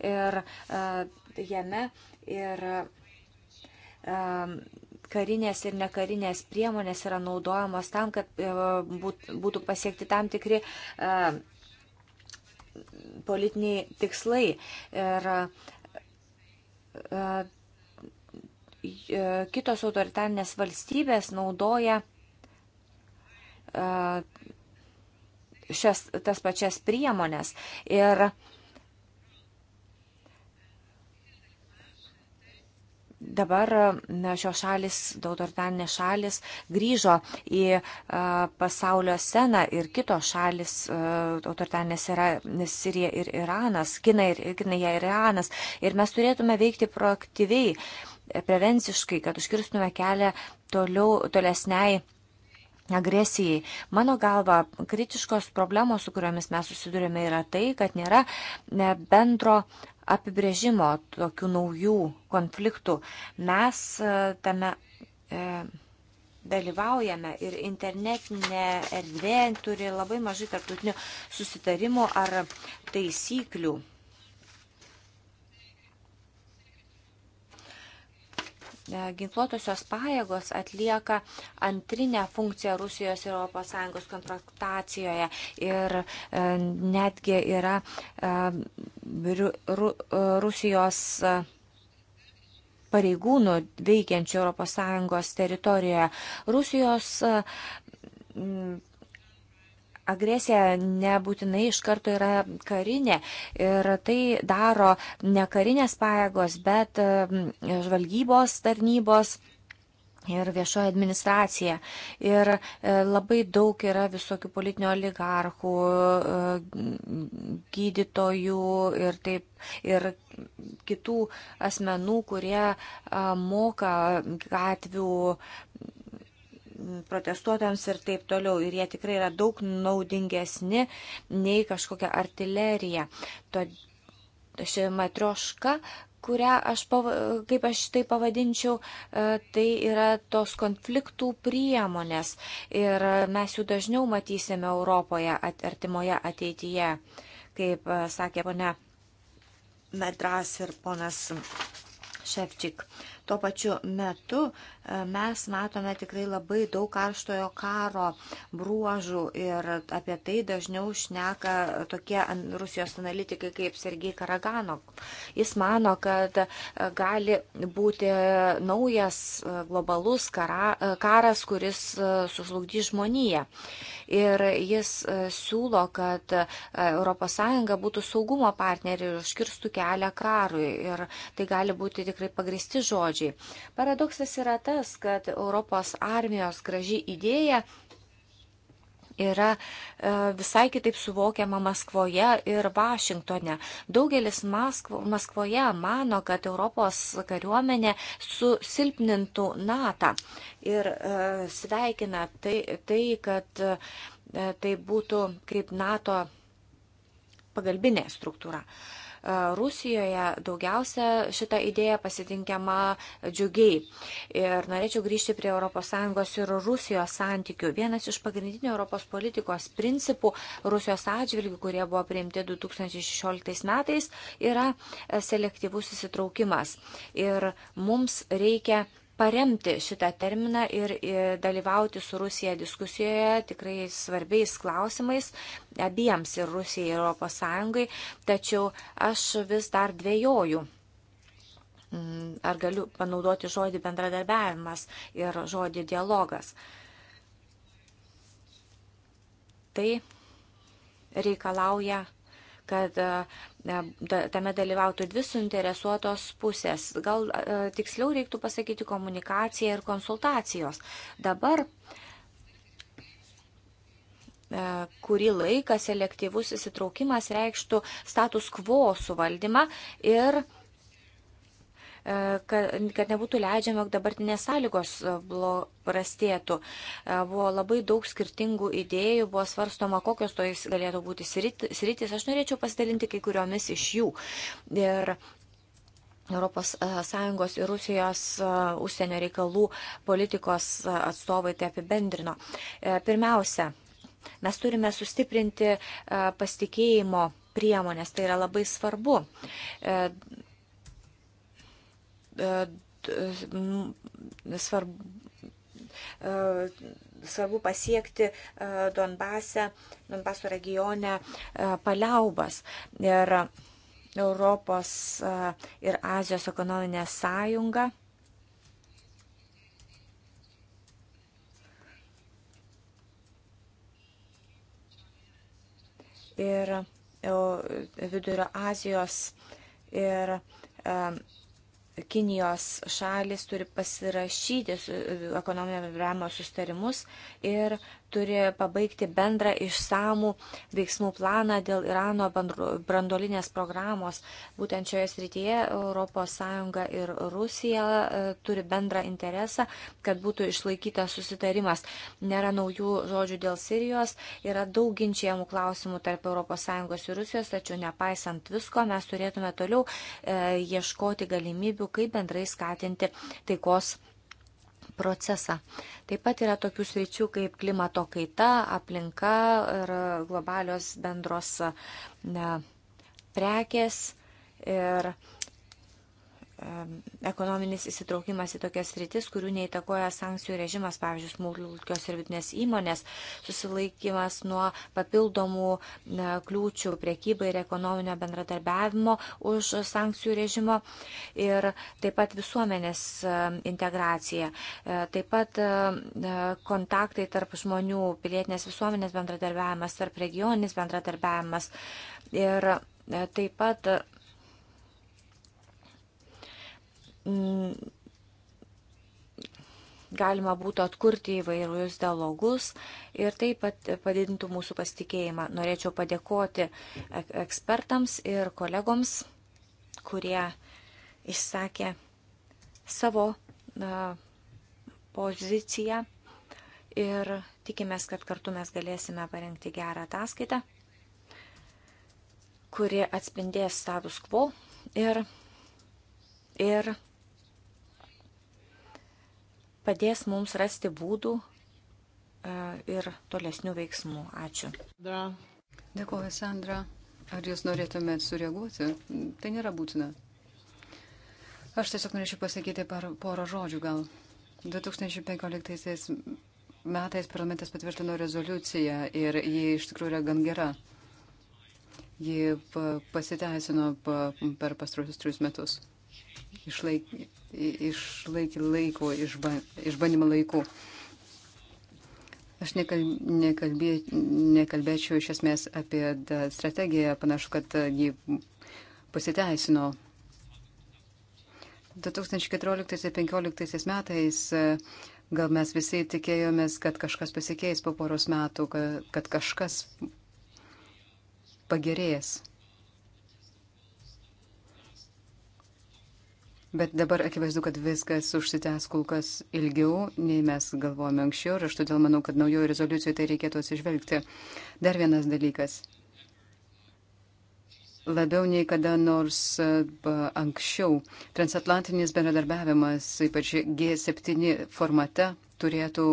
ir jame ir um, karinės ir nekarinės priemonės yra naudojamos tam, kad e, būtų pasiekti tam tikri e, politiniai tikslai. Ir e, kitos autoritarnės valstybės naudoja šias, tas pačias priemonės. Ir uh, dabar šios šalis, autoritarinės šalis, grįžo į pasaulio sceną ir kitos šalis, autoritarinės yra Sirija ir Iranas, Kinai ir, Kinaja ir Iranas. Ir mes turėtume veikti proaktyviai, prevenciškai, kad užkirstume kelią toliau, tolesniai agresijai. Mano galva, kritiškos problemos, su kuriomis mes susidurime, yra tai, kad nėra bendro apibrėžimo tokių naujų konfliktų. Mes e, tame e, dalyvaujame ir internetinė erdvė turi labai mažai tarptautinių susitarimų ar taisyklių. E, ginkluotosios pajėgos atlieka antrinę funkciją Rusijos ir ES kontraktacijoje ir e, netgi yra e, Rusijos pareigūnų veikiančių ES teritorijoje. Rusijos agresija nebūtinai iš karto yra karinė ir tai daro ne karinės pajėgos, bet e, žvalgybos tarnybos. Ir viešoji administracija. Ir e, labai daug yra visokių politinių oligarchų, e, gydytojų ir taip ir kitų asmenų, kurie moka gatvių protestuotams ir taip toliau. Ir jie tikrai yra daug naudingesni nei kažkokia artilerija. To ši matrioška, kurią aš, kaip aš tai pavadinčiau, e, tai yra tos konfliktų priemonės. Ir mes jų dažniau matysime Europoje artimoje ateityje, kaip e, sakė ponia Medras ir ponas Ševčik. Tuo pačiu metu mes matome tikrai labai daug karštojo karo bruožų ir apie tai dažniau šneka tokie Rusijos analitikai kaip Sergei Karaganov. Jis mano, kad e, gali būti naujas e, globalus kara, e, karas, kuris suslugdys žmoniją. Ir jis siūlo, kad ES būtų saugumo partneriai ir užkirstų kelią karui. Ir tai gali būti tikrai pagristi žodžiai. Paradoksas yra tas, mintis, kad Europos armijos graži idėja yra e, visai kitaip suvokiama Maskvoje ir Vašingtone. Daugelis Maskvo, Maskvoje mano, kad Europos kariuomenė susilpnintų NATO ir e, sveikina tai, tai kad e, tai būtų kaip NATO pagalbinė struktūra. Uh, Rusijoje daugiausia šitą idėją pasitinkiama džiugiai. Ir norėčiau grįžti prie ES ir Rusijos santykių. Vienas iš pagrindinių Europos politikos principų Rusijos atžvilgių, kurie buvo priimti 2016 metais, yra selektyvus įsitraukimas. Ir mums reikia paremti šitą terminą ir dalyvauti su Rusija diskusijoje tikrai svarbiais klausimais abiems ir Rusijai, ir Europos Sąjungai, tačiau aš vis dar dvėjoju. Mm, ar galiu panaudoti žodį bendradarbiavimas ir žodį dialogas? Tai reikalauja kad e, tame dalyvautų dvi suinteresuotos pusės. Gal e, tiksliau reiktų pasakyti komunikacija ir konsultacijos. Dabar e, kurį laiką selektyvus įsitraukimas reikštų status quo suvaldymą ir uh, kad nebūtų leidžiama, jog dabartinės sąlygos e, prastėtų. E, buvo labai daug skirtingų idėjų, buvo svarstoma, kokios to jis galėtų būti sritis. Aš norėčiau pasidalinti kai kuriomis iš jų. Ir ES e, ir Rusijos užsienio reikalų politikos atstovai tai apibendrino. Pirmiausia, mes turime sustiprinti pasitikėjimo priemonės, tai yra labai svarbu. E, svarbu e, svarbu pasiekti e, Donbase, Donbaso regione paliaubas. Ir Europos ir Azijos ekonominė sąjunga ir Vidurio Azijos ir Kinijos šalis turi pasirašyti e, ekonominio bendravimo sustarimus ir turi pabaigti bendrą išsamų veiksmų planą dėl Irano brandolinės programos. Būtent šioje srityje ES ir Rusija e, turi bendrą interesą, kad būtų išlaikytas susitarimas. Nėra naujų žodžių dėl Sirijos, yra daug ginčiamų klausimų tarp ES ir Rusijos, tačiau nepaisant visko mes turėtume toliau e, ieškoti galimybių, kaip bendrai skatinti taikos procesą. Taip pat yra tokių sričių kaip klimato kaita, aplinka ir globalios bendros ne, prekės ir Um, ekonominis įsitraukimas į tokias rytis, kurių neįtakoja sankcijų režimas, pavyzdžiui, smulkios ir vidinės įmonės, susilaikimas nuo papildomų kliūčių priekybai ir ekonominio bendradarbiavimo už sankcijų režimo ir taip pat visuomenės um, integracija, e, taip pat um, e, kontaktai tarp žmonių, pilietinės visuomenės bendradarbiavimas, tarp regioninis bendradarbiavimas ir e, taip pat Mm, galima būtų atkurti įvairius dialogus ir taip pat padidintų mūsų pasitikėjimą. Norėčiau padėkoti ekspertams ir kolegoms, kurie išsakė savo poziciją ir tikimės, kad kartu mes galėsime parengti gerą ataskaitą, kuri atspindės status quo ir, ir padės mums rasti būdų e, ir tolesnių veiksmų. Ačiū. Da. Dėkuoju, Sandra. Ar jūs norėtumėt sureaguoti? Tai nėra būtina. Aš tiesiog norėčiau pasakyti porą žodžių gal. 2015 metais parlamentas patvirtino rezoliuciją ir ji iš tikrųjų yra gan gera. Ji pasiteisino per pastruosius tris metus išlaikė, išlaikė laiko, išba, išbandymą laiku. Aš nekal, nekalbė, nekalbėčiau iš esmės apie strategiją, panašu, kad ji pasiteisino. 2014-2015 metais gal mes visi tikėjomės, kad kažkas pasikeis po poros metų, kad kažkas pagerės. Bet dabar akivaizdu, kad viskas užsitęs kol kas ilgiau, nei mes galvojame anksčiau ir aš todėl manau, kad naujojo rezoliucijoje tai reikėtų atsižvelgti. Dar vienas dalykas. Labiau nei kada nors anksčiau transatlantinis bendradarbiavimas, ypač G7 formate, turėtų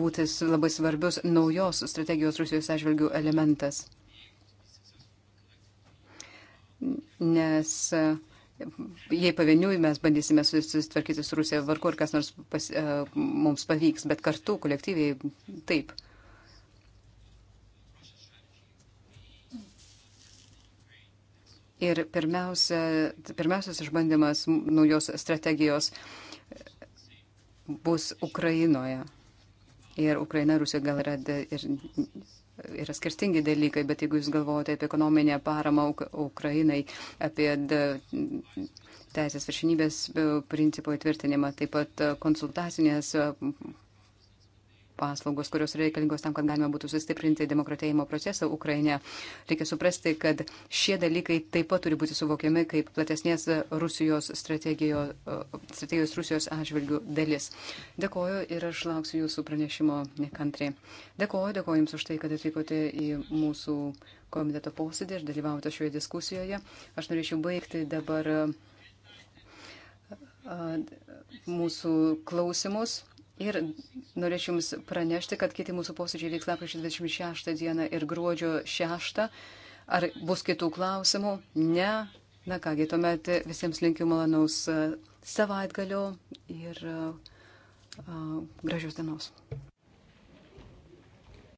būti labai svarbus naujos strategijos Rusijos atžvilgių elementas. Nes uh, jei pavieniui mes bandysime susitvarkyti su Rusija, vargu ar kas nors pas, e, mums pavyks, bet kartu, kolektyviai, taip. Ir pirmiausia, pirmiausias išbandymas naujos strategijos bus Ukrainoje. Ir Ukraina, Rusija gal yra ir yra skirtingi dalykai, bet jeigu jūs galvojate apie ekonominę paramą Ukrainai, apie teisės viršinybės e, principų įtvirtinimą, taip pat e, konsultacinės paslaugos, kurios reikalingos tam, kad galima būtų sustiprinti demokratėjimo procesą Ukraine. Reikia suprasti, kad šie dalykai taip pat turi būti suvokiami kaip platesnės Rusijos strategijos, strategijos Rusijos atžvilgių dalis. Dėkoju ir aš lauksiu jūsų pranešimo nekantriai. Dėkoju, dėkoju Jums už tai, kad atvykote į mūsų komiteto posėdį ir dalyvavote šioje diskusijoje. Aš norėčiau baigti dabar mūsų klausimus. Ir norėčiau Jums pranešti, kad kiti mūsų posėdžiai vyks lapkričio 26 dieną ir gruodžio 6. Ar bus kitų klausimų? Ne. Na kągi, tuomet visiems linkiu malonaus e, savaitgalio ir uh, gražios dienos.